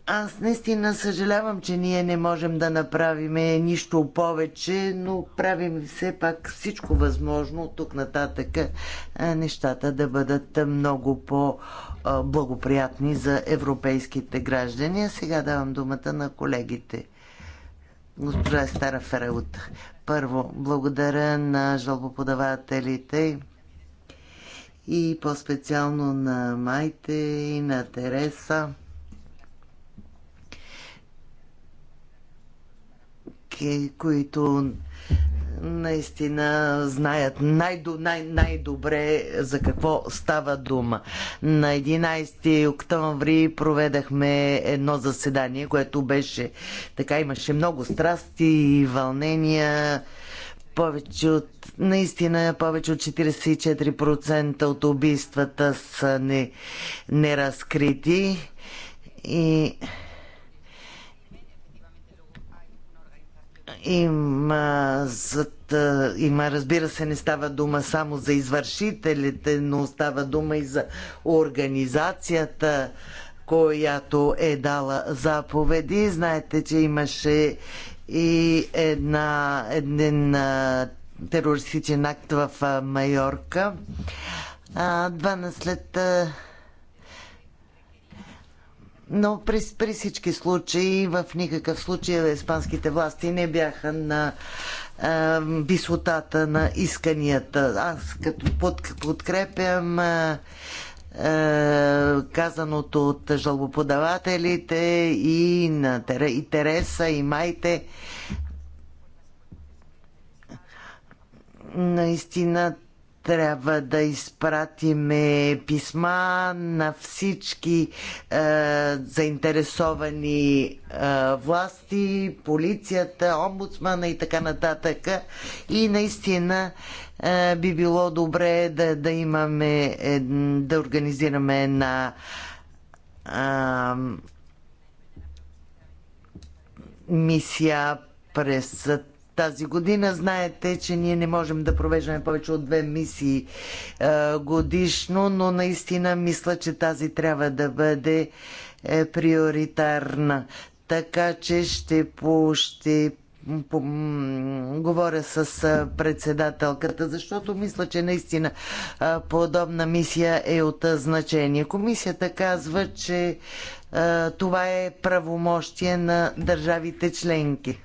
[SPEAKER 3] Аз наистина съжалявам, че ние не можем да направим нищо повече, но правим все пак всичко възможно от тук нататък нещата да бъдат много по-благоприятни за европейските граждани. А сега давам думата на колегите. Госпожа Стара Фераут. Първо, благодаря на жалбоподавателите и по-специално на Майте и на Тереса членки, които наистина знаят най-до, най- най най добре за какво става дума. На 11 октомври проведахме едно заседание, което беше така, имаше много страсти и вълнения. Повече от, наистина, повече от 44% от убийствата са не, неразкрити. И Има, зад, има, разбира се, не става дума само за извършителите, но става дума и за организацията, която е дала заповеди. Знаете, че имаше и една, един терористичен акт в Майорка. А, два след но при, при всички случаи, в никакъв случай, испанските власти не бяха на а, висотата на исканията. Аз като под, подкрепям а, казаното от жалбоподавателите и, на, и Тереса, и майте. Наистина трябва да изпратиме писма на всички е, заинтересовани е, власти, полицията, омбудсмана и така нататък. И наистина е, би било добре да, да имаме, е, да организираме една. Е, мисия през тази година. Знаете, че ние не можем да провеждаме повече от две мисии а, е, годишно, но наистина мисля, че тази трябва да бъде е, приоритарна. Така че ще, по, ще по, говоря с е, председателката, защото мисля, че наистина е, подобна мисия е от значение. Комисията казва, че това е правомощие на държавите членки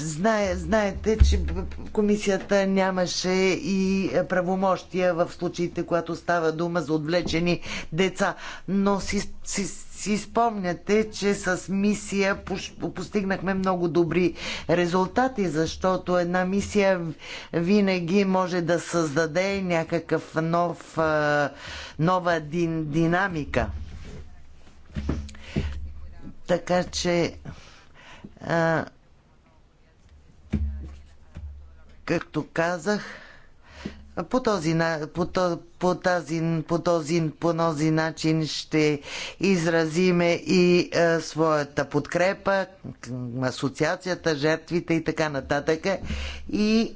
[SPEAKER 3] знаете, че комисията нямаше и правомощия в случаите, когато става дума за отвлечени деца. Но си, си, си спомняте, че с мисия постигнахме много добри резултати, защото една мисия винаги може да създаде някакъв нов, нова дин, динамика. Така че а, както казах, по този, по, по, по, тази, по, този, по този начин ще изразиме и а, своята подкрепа асоциацията, жертвите и така нататък. И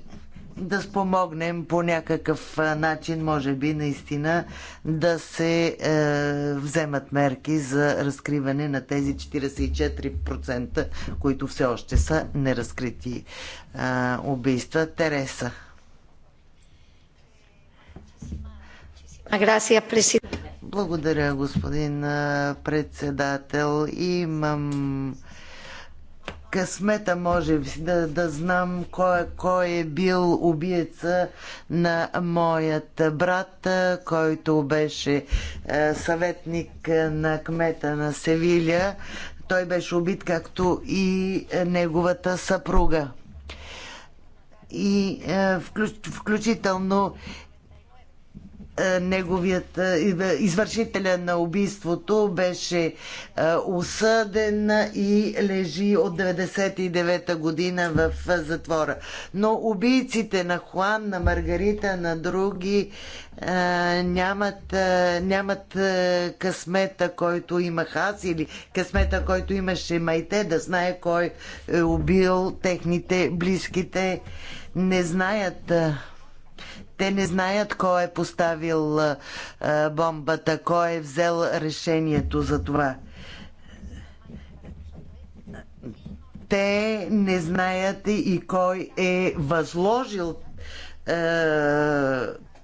[SPEAKER 3] да спомогнем по някакъв начин, може би наистина, да се е, вземат мерки за разкриване на тези 44%, които все още са неразкрити е, убийства. Тереса. Благодаря, господин е, председател. Имам късмета, може да, да знам кой, кой е бил убиеца на моят брат, който беше съветник на кмета на Севиля. Той беше убит, както и неговата съпруга. И включително е, неговият е, извършителя на убийството беше е, осъден и лежи от 99-та година в затвора. Но убийците на Хуан, на Маргарита, на други нямат, нямат късмета, който имах аз или късмета, който имаше Майте, да знае кой е убил техните близките. Не знаят те не знаят кой е поставил бомбата, кой е взел решението за това. Те не знаят и кой е възложил е,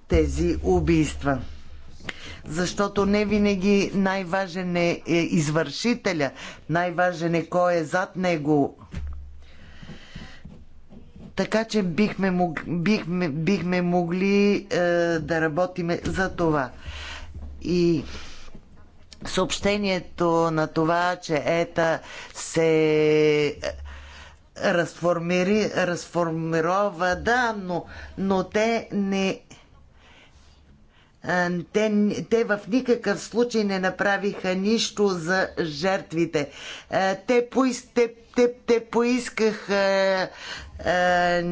[SPEAKER 3] тези убийства защото не винаги най-важен е, е извършителя, най-важен е кой е зад него. Така че бихме, мог, бихме, бихме могли е, да работиме за това. И съобщението на това, че ета се е, разформири, разформирова, да, но, но те не е, те, те в никакъв случай не направиха нищо за жертвите. Е, те, поис, те, те, те поискаха е,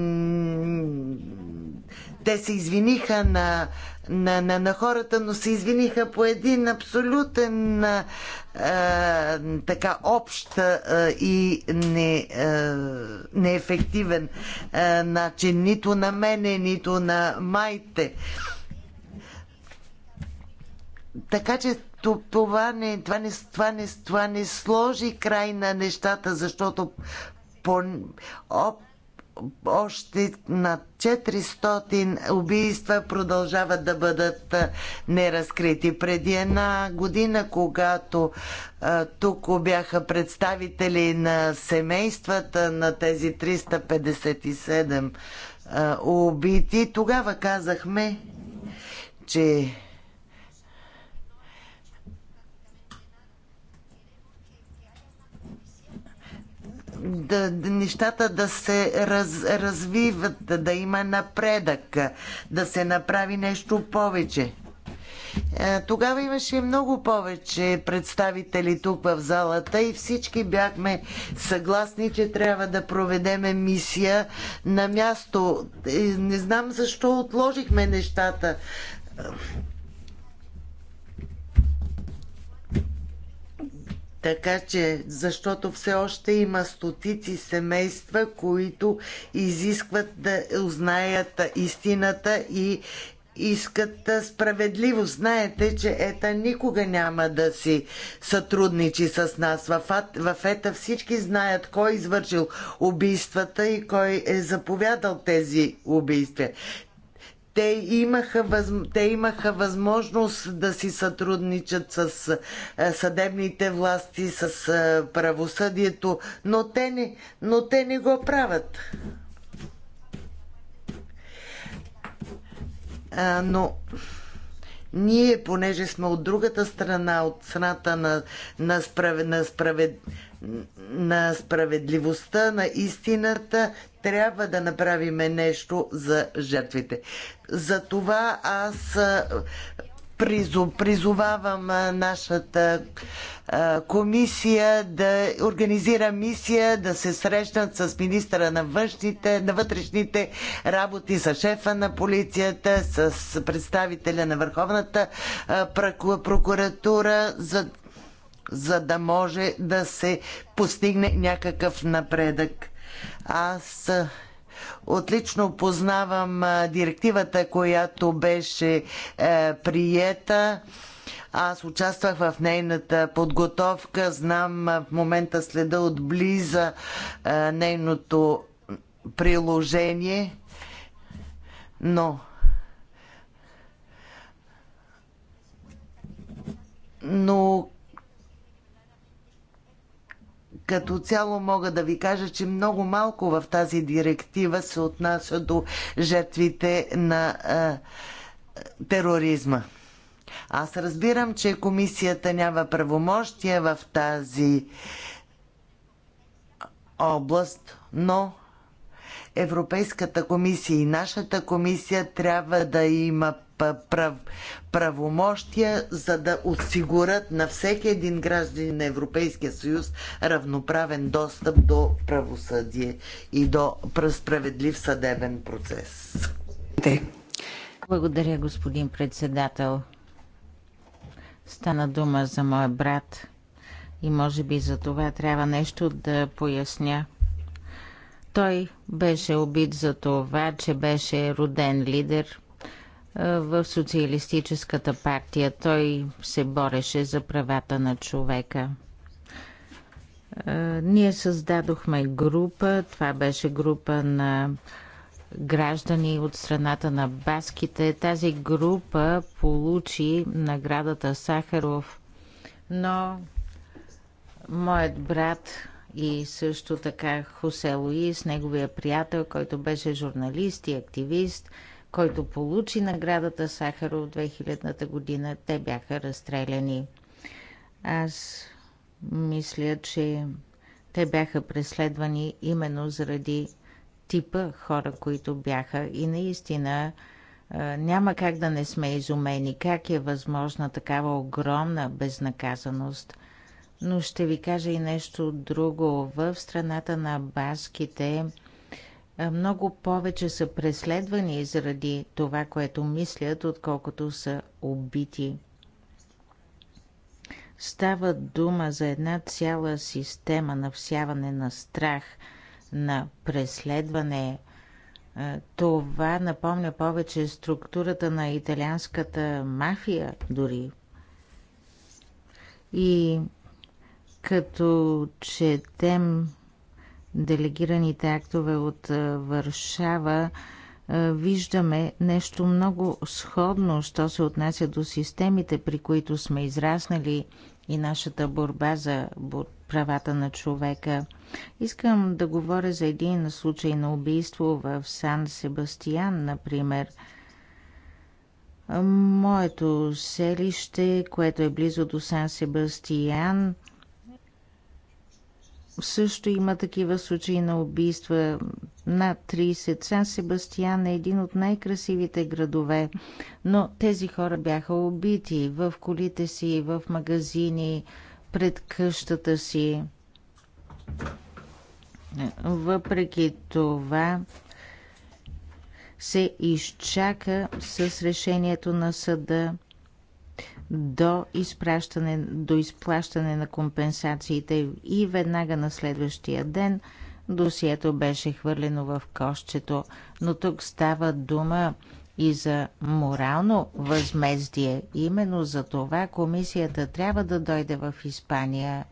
[SPEAKER 3] те се извиниха на, на, на, на хората, но се извиниха по един абсолютен а, е, така общ а, е, и не, а, неефективен а, начин нито на мене, нито на майте. Така че това не, това, не, това, не, това не сложи край на нещата, защото по, още над 400 убийства продължават да бъдат неразкрити. Преди една година, когато тук бяха представители на семействата на тези 357 убити, тогава казахме, че да, нещата да се раз, развиват, да, да има напредък, да се направи нещо повече. Е, тогава имаше много повече представители тук в залата и всички бяхме съгласни, че трябва да проведеме мисия на място. Е, не знам защо отложихме нещата. Така че, защото все още има стотици семейства, които изискват да узнаят истината и искат справедливост. Знаете, че ета никога няма да си сътрудничи с нас. В ета всички знаят кой е извършил убийствата и кой е заповядал тези убийства те имаха, въз... те имаха възможност да си сътрудничат с е, съдебните власти, с е, правосъдието, но те не, но те не го правят. А, но ние, понеже сме от другата страна, от страната на, на, справ... на, справед, на справедливостта, на истината, трябва да направиме нещо за жертвите. Затова аз призовавам нашата комисия да организира мисия, да се срещнат с министра на външните, на вътрешните работи, с шефа на полицията, с представителя на Върховната прокуратура, за за да може да се постигне някакъв напредък. Аз отлично познавам директивата, която беше е, приета. Аз участвах в нейната подготовка, знам в момента следа отблиза е, нейното приложение, но но като цяло мога да ви кажа, че много малко в тази директива се отнася до жертвите на а, тероризма. Аз разбирам, че комисията няма правомощия в тази област, но Европейската комисия и нашата комисия трябва да има прав, правомощия, за да осигурят на всеки един гражданин на Европейския съюз равноправен достъп до правосъдие и до справедлив съдебен процес.
[SPEAKER 1] Благодаря, господин председател. Стана дума за моя брат и може би за това трябва нещо да поясня. Той беше убит за това, че беше роден лидер в Социалистическата партия. Той се бореше за правата на човека. Ние създадохме група, това беше група на граждани от страната на баските. Тази група получи наградата Сахаров, но моят брат и също така Хосе Луис, неговия приятел, който беше журналист и активист, който получи наградата Сахаров 2000-та година. Те бяха разстреляни. Аз мисля, че те бяха преследвани именно заради типа хора, които бяха. И наистина няма как да не сме изумени. Как е възможна такава огромна безнаказаност – но ще ви кажа и нещо друго. В страната на баските много повече са преследвани заради това, което мислят, отколкото са убити. Става дума за една цяла система на всяване на страх, на преследване. Това напомня повече структурата на италианската мафия дори. И като четем делегираните актове от Варшава, виждаме нещо много сходно, що се отнася до системите, при които сме израснали и нашата борба за правата на човека. Искам да говоря за един случай на убийство в Сан Себастиян, например. Моето селище, което е близо до Сан Себастиян, също има такива случаи на убийства над 30. Сан Себастиан е един от най-красивите градове, но тези хора бяха убити в колите си, в магазини, пред къщата си. Въпреки това се изчака с решението на съда до, изпращане, до изплащане на компенсациите и веднага на следващия ден досието беше хвърлено в кощето. Но тук става дума и за морално възмездие. Именно за това комисията трябва да дойде в Испания.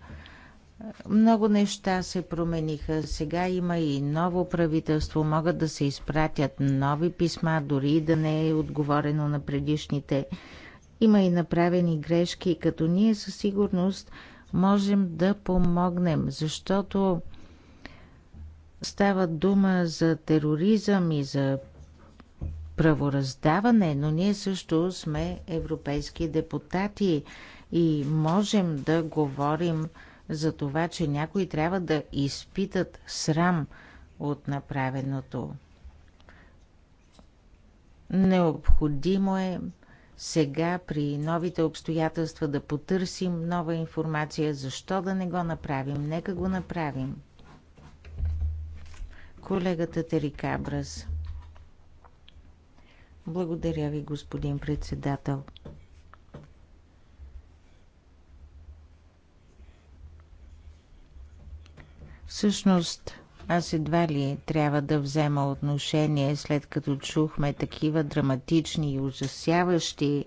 [SPEAKER 1] Много неща се промениха. Сега има и ново правителство. Могат да се изпратят нови писма, дори да не е отговорено на предишните. Има и направени грешки, като ние със сигурност можем да помогнем, защото става дума за тероризъм и за правораздаване, но ние също сме европейски депутати и можем да говорим за това, че някои трябва да изпитат срам от направеното. Необходимо е сега при новите обстоятелства да потърсим нова информация. Защо да не го направим? Нека го направим. Колегата Терикабрас. Благодаря ви, господин председател. Всъщност, аз едва ли трябва да взема отношение, след като чухме такива драматични и ужасяващи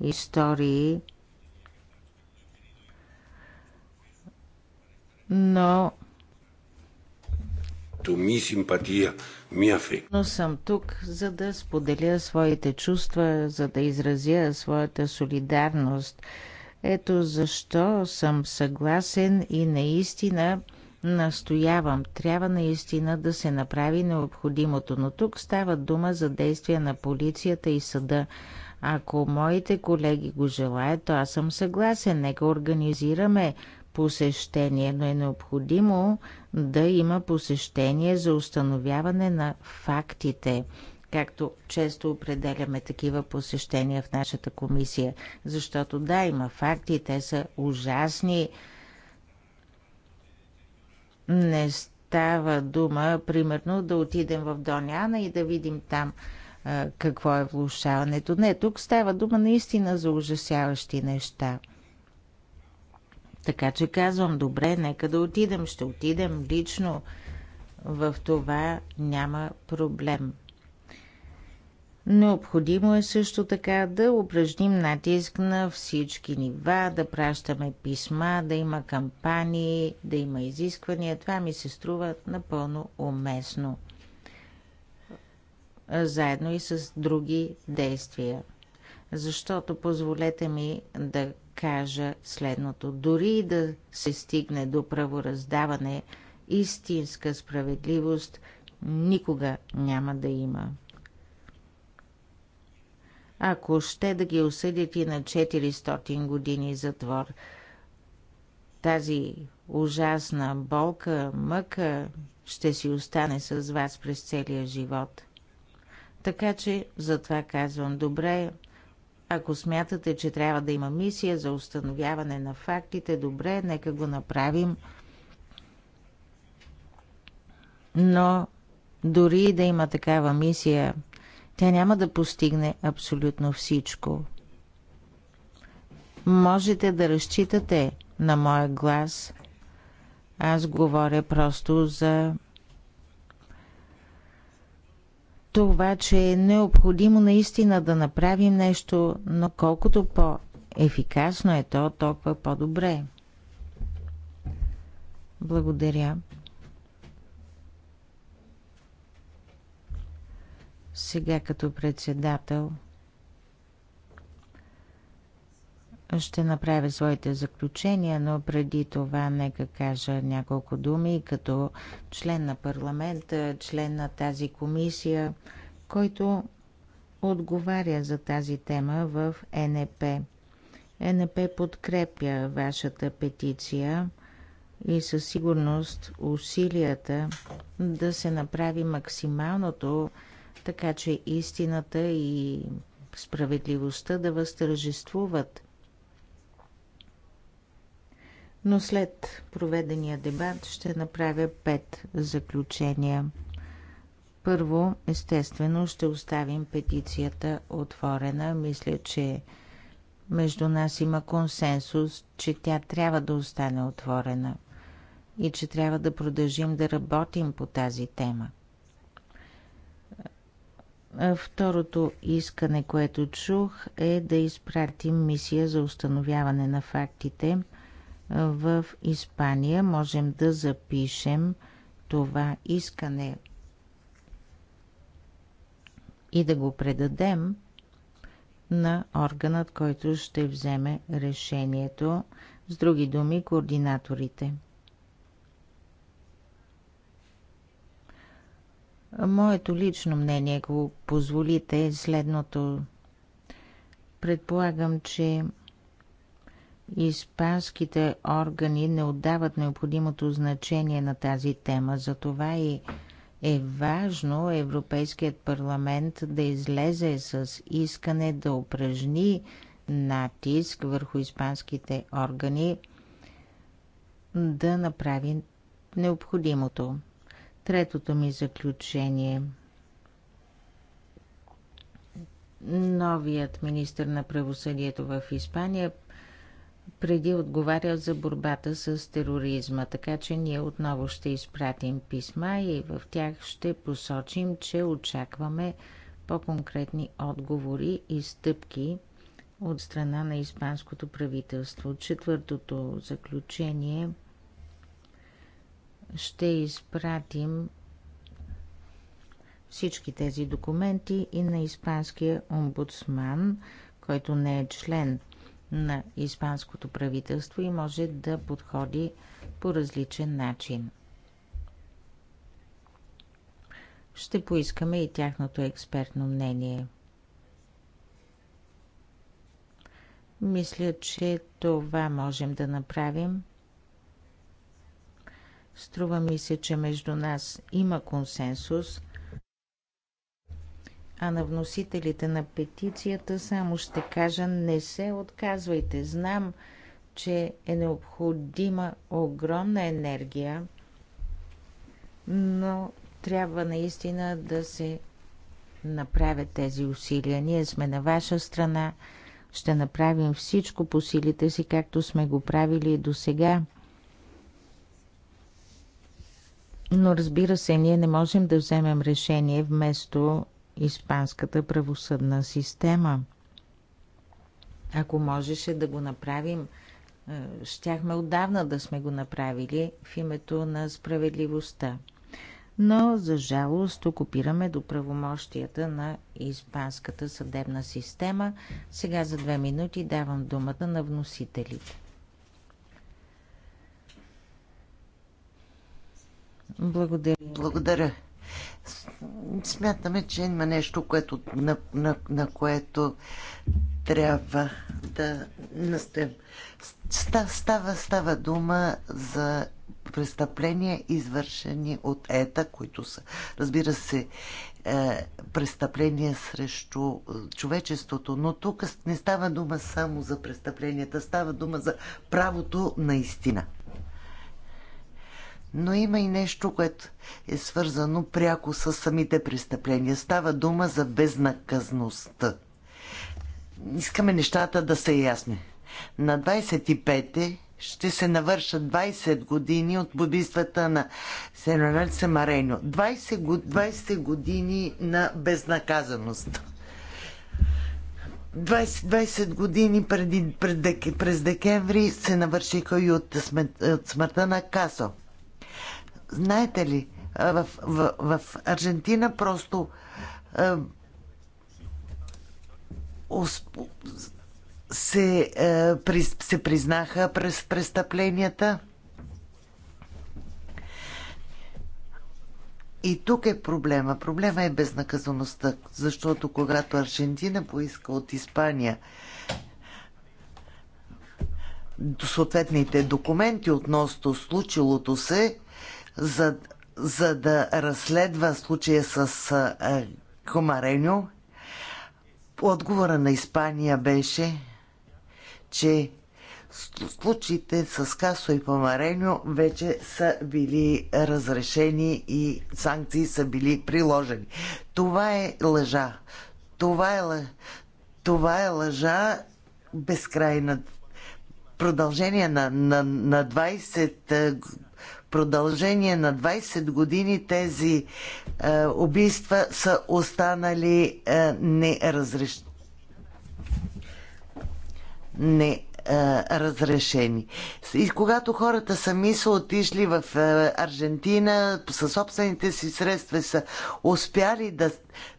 [SPEAKER 1] истории, но...
[SPEAKER 4] Ту ми симпатия, ми афект.
[SPEAKER 1] Но съм тук, за да споделя своите чувства, за да изразя своята солидарност. Ето защо съм съгласен и наистина Настоявам, трябва наистина да се направи необходимото, но тук става дума за действия на полицията и съда. Ако моите колеги го желаят, то аз съм съгласен. Нека организираме посещение, но е необходимо да има посещение за установяване на фактите, както често определяме такива посещения в нашата комисия. Защото да, има факти, те са ужасни не става дума, примерно, да отидем в Доняна и да видим там а, какво е влушаването. Не, тук става дума наистина за ужасяващи неща. Така че казвам, добре, нека да отидем. Ще отидем лично. В това няма проблем. Необходимо е също така да упражним натиск на всички нива, да пращаме писма, да има кампании, да има изисквания. Това ми се струва напълно уместно. Заедно и с други действия. Защото позволете ми да кажа следното. Дори да се стигне до правораздаване, истинска справедливост никога няма да има ако ще да ги осъдят и на 400 години затвор. Тази ужасна болка, мъка ще си остане с вас през целия живот. Така че, затова казвам, добре, ако смятате, че трябва да има мисия за установяване на фактите, добре, нека го направим. Но дори да има такава мисия, тя няма да постигне абсолютно всичко. Можете да разчитате на моя глас. Аз говоря просто за това, че е необходимо наистина да направим нещо, но колкото по-ефикасно е то, толкова по-добре. Благодаря. Сега като председател ще направя своите заключения, но преди това нека кажа няколко думи като член на парламента, член на тази комисия, който отговаря за тази тема в НП. НП подкрепя вашата петиция и със сигурност усилията да се направи максималното така че истината и справедливостта да възтържествуват. Но след проведения дебат ще направя пет заключения. Първо, естествено, ще оставим петицията отворена. Мисля, че между нас има консенсус, че тя трябва да остане отворена и че трябва да продължим да работим по тази тема. Второто искане, което чух е да изпратим мисия за установяване на фактите в Испания. Можем да запишем това искане и да го предадем на органът, който ще вземе решението. С други думи, координаторите – Моето лично мнение, ако позволите, е следното. Предполагам, че испанските органи не отдават необходимото значение на тази тема. Затова и е важно Европейският парламент да излезе с искане да упражни натиск върху испанските органи да направи необходимото. Третото ми заключение. Новият министр на правосъдието в Испания преди отговаря за борбата с тероризма, така че ние отново ще изпратим писма и в тях ще посочим, че очакваме по-конкретни отговори и стъпки от страна на испанското правителство. Четвъртото заключение ще изпратим всички тези документи и на испанския омбудсман, който не е член на испанското правителство и може да подходи по различен начин. Ще поискаме и тяхното експертно мнение. Мисля, че това можем да направим Струва ми се, че между нас има консенсус, а на вносителите на петицията само ще кажа не се отказвайте. Знам, че е необходима огромна енергия, но трябва наистина да се направят тези усилия. Ние сме на ваша страна, ще направим всичко по силите си, както сме го правили и до сега. Но разбира се, ние не можем да вземем решение вместо испанската правосъдна система. Ако можеше да го направим, е, щяхме отдавна да сме го направили в името на справедливостта. Но, за жалост, окупираме до правомощията на испанската съдебна система. Сега за две минути давам думата на вносителите. Благодаря.
[SPEAKER 3] Благодаря. Смятаме, че има нещо, което, на, на, на което трябва да настем. Става, става дума за престъпления, извършени от ета, които са, разбира се, е, престъпления срещу е, човечеството. Но тук не става дума само за престъпленията, става дума за правото на истина. Но има и нещо, което е свързано пряко с самите престъпления. Става дума за безнаказността. Искаме нещата да са ясни. На 25-те ще се навършат 20 години от убийствата на Сенонел Семарено. 20, 20 години на безнаказаност. 20, 20 години преди, пред, през декември се навършиха и от, смет, от смъртта на Касо знаете ли, в, в, в Аржентина просто е, се, е, при, се признаха през престъпленията. И тук е проблема. Проблема е безнаказаността, защото когато Аржентина поиска от Испания съответните документи относно случилото се, за, за да разследва случая с а, Комареньо. Отговора на Испания беше, че случаите с Касо и Помареньо вече са били разрешени и санкции са били приложени. Това е лъжа. Това е, това е лъжа безкрайна. Продължение на, на, на 20 продължение на 20 години тези е, убийства са останали е, неразрешени. Не е, разрешени. И когато хората сами са отишли в е, Аржентина, със собствените си средства са успяли да,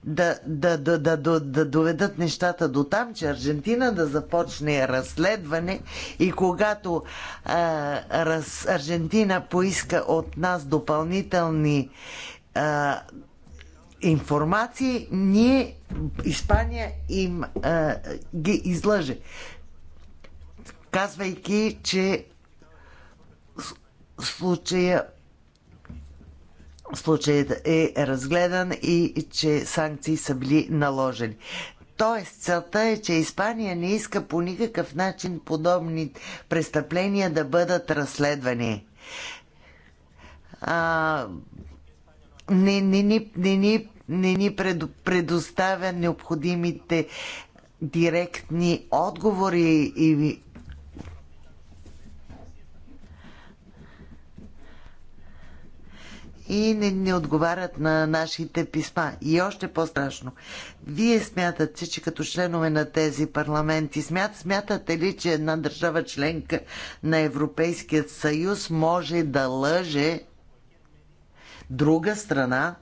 [SPEAKER 3] да, да, да, да, да, да доведат нещата до там, че Аржентина да започне разследване и когато а, е, раз, Аржентина поиска от нас допълнителни а, информации, ние Испания им а, ги излъже казвайки, че случая случаят е разгледан и че санкции са били наложени. Тоест, целта е, че Испания не иска по никакъв начин подобни престъпления да бъдат разследвани. А, не, не, не, не, не, не ни предоставя необходимите директни отговори и и не, не отговарят на нашите писма. И още по-страшно. Вие смятате, че като членове на тези парламенти, смят, смятате ли, че една държава членка на Европейският съюз може да лъже друга страна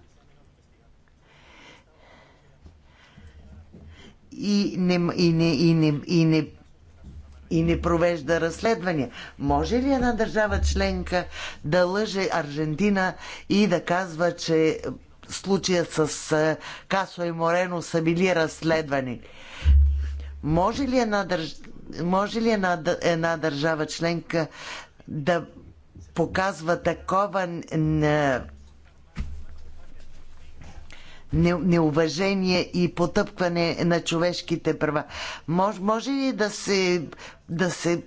[SPEAKER 3] и не, и не, и не, и не и не провежда разследвания. Може ли една държава членка да лъже Аржентина и да казва, че случая с Касо и Морено са били разследвани? Може ли една, държ... Може ли една, една държава членка да показва такова неуважение и потъпкване на човешките права. Може, може ли да се, да се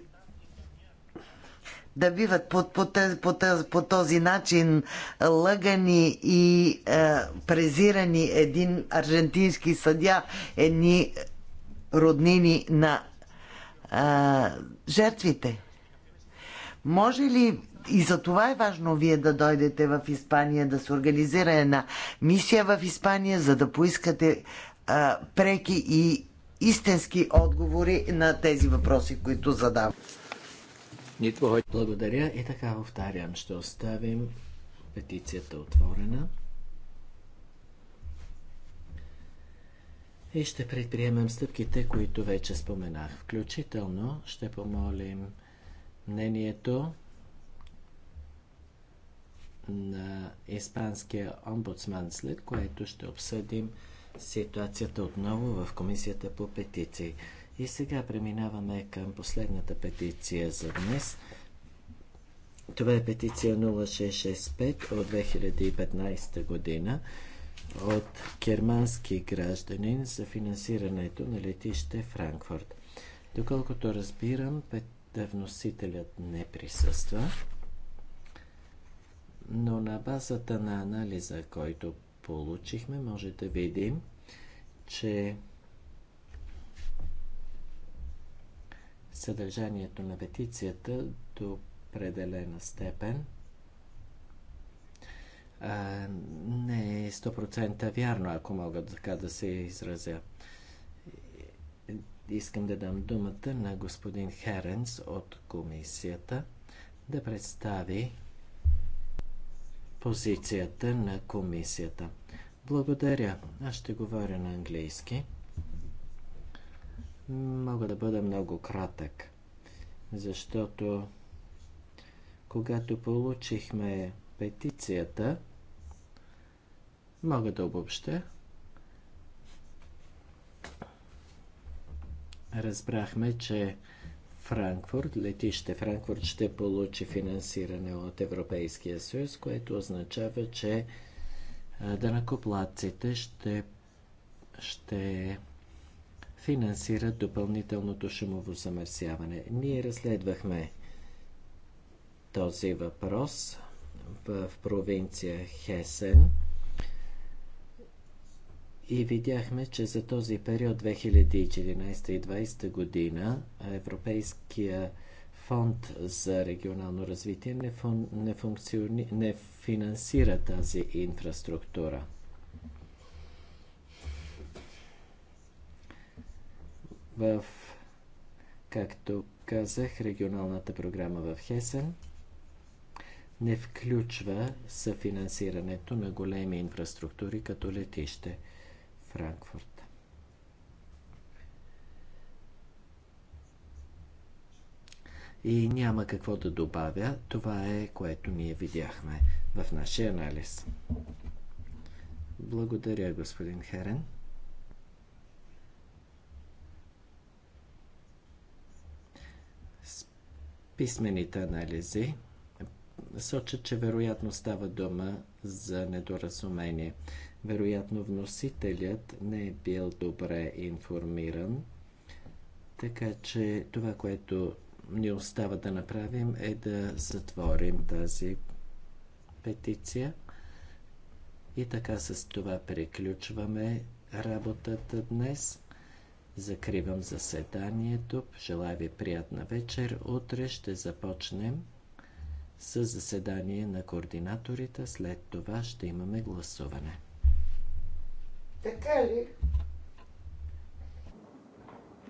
[SPEAKER 3] да биват по, по, по, по, по този начин лъгани и е, презирани един аржентински съдя, едни роднини на е, жертвите? Може ли и за това е важно вие да дойдете в Испания, да се организира една мисия в Испания, за да поискате а, преки и истински отговори на тези въпроси, които задавам. Благодаря и така повтарям, ще оставим петицията отворена.
[SPEAKER 2] И ще предприемем стъпките, които вече споменах. Включително ще помолим мнението на Испанския омбудсман, след което ще обсъдим ситуацията отново в Комисията по петиции. И сега преминаваме към последната петиция за днес. Това е петиция 0665 от 2015 година от германски гражданин за финансирането на летище Франкфурт. Доколкото разбирам, пет... вносителят не присъства но на базата на анализа, който получихме, може да видим, че съдържанието на петицията до определена степен а, не е 100% вярно, ако мога така да се изразя. Искам да дам думата на господин Херенс от комисията да представи позицията на комисията. Благодаря. Аз ще говоря на английски. Мога да бъда много кратък, защото когато получихме петицията, мога да обобща. Разбрахме, че Франкфурт, летище Франкфурт ще получи финансиране от Европейския съюз, което означава, че данакоплатците ще, ще финансират допълнителното шумово замърсяване. Ние разследвахме този въпрос в провинция Хесен – и видяхме, че за този период 2014 и 2020 година Европейския фонд за регионално развитие не, фун, не, функциони, не финансира тази инфраструктура. В, както казах, регионалната програма в Хесен не включва съфинансирането на големи инфраструктури като летище – Франкфурт. И няма какво да добавя. Това е което ние видяхме в нашия анализ. Благодаря, господин Херен. писмените анализи сочат, че вероятно става дума за недоразумение. Вероятно вносителят не е бил добре информиран, така че това, което ни остава да направим е да затворим тази петиция. И така с това приключваме работата днес. Закривам заседанието. Желая ви приятна вечер. Утре ще започнем с заседание на координаторите. След това ще имаме гласуване.
[SPEAKER 3] Така ли?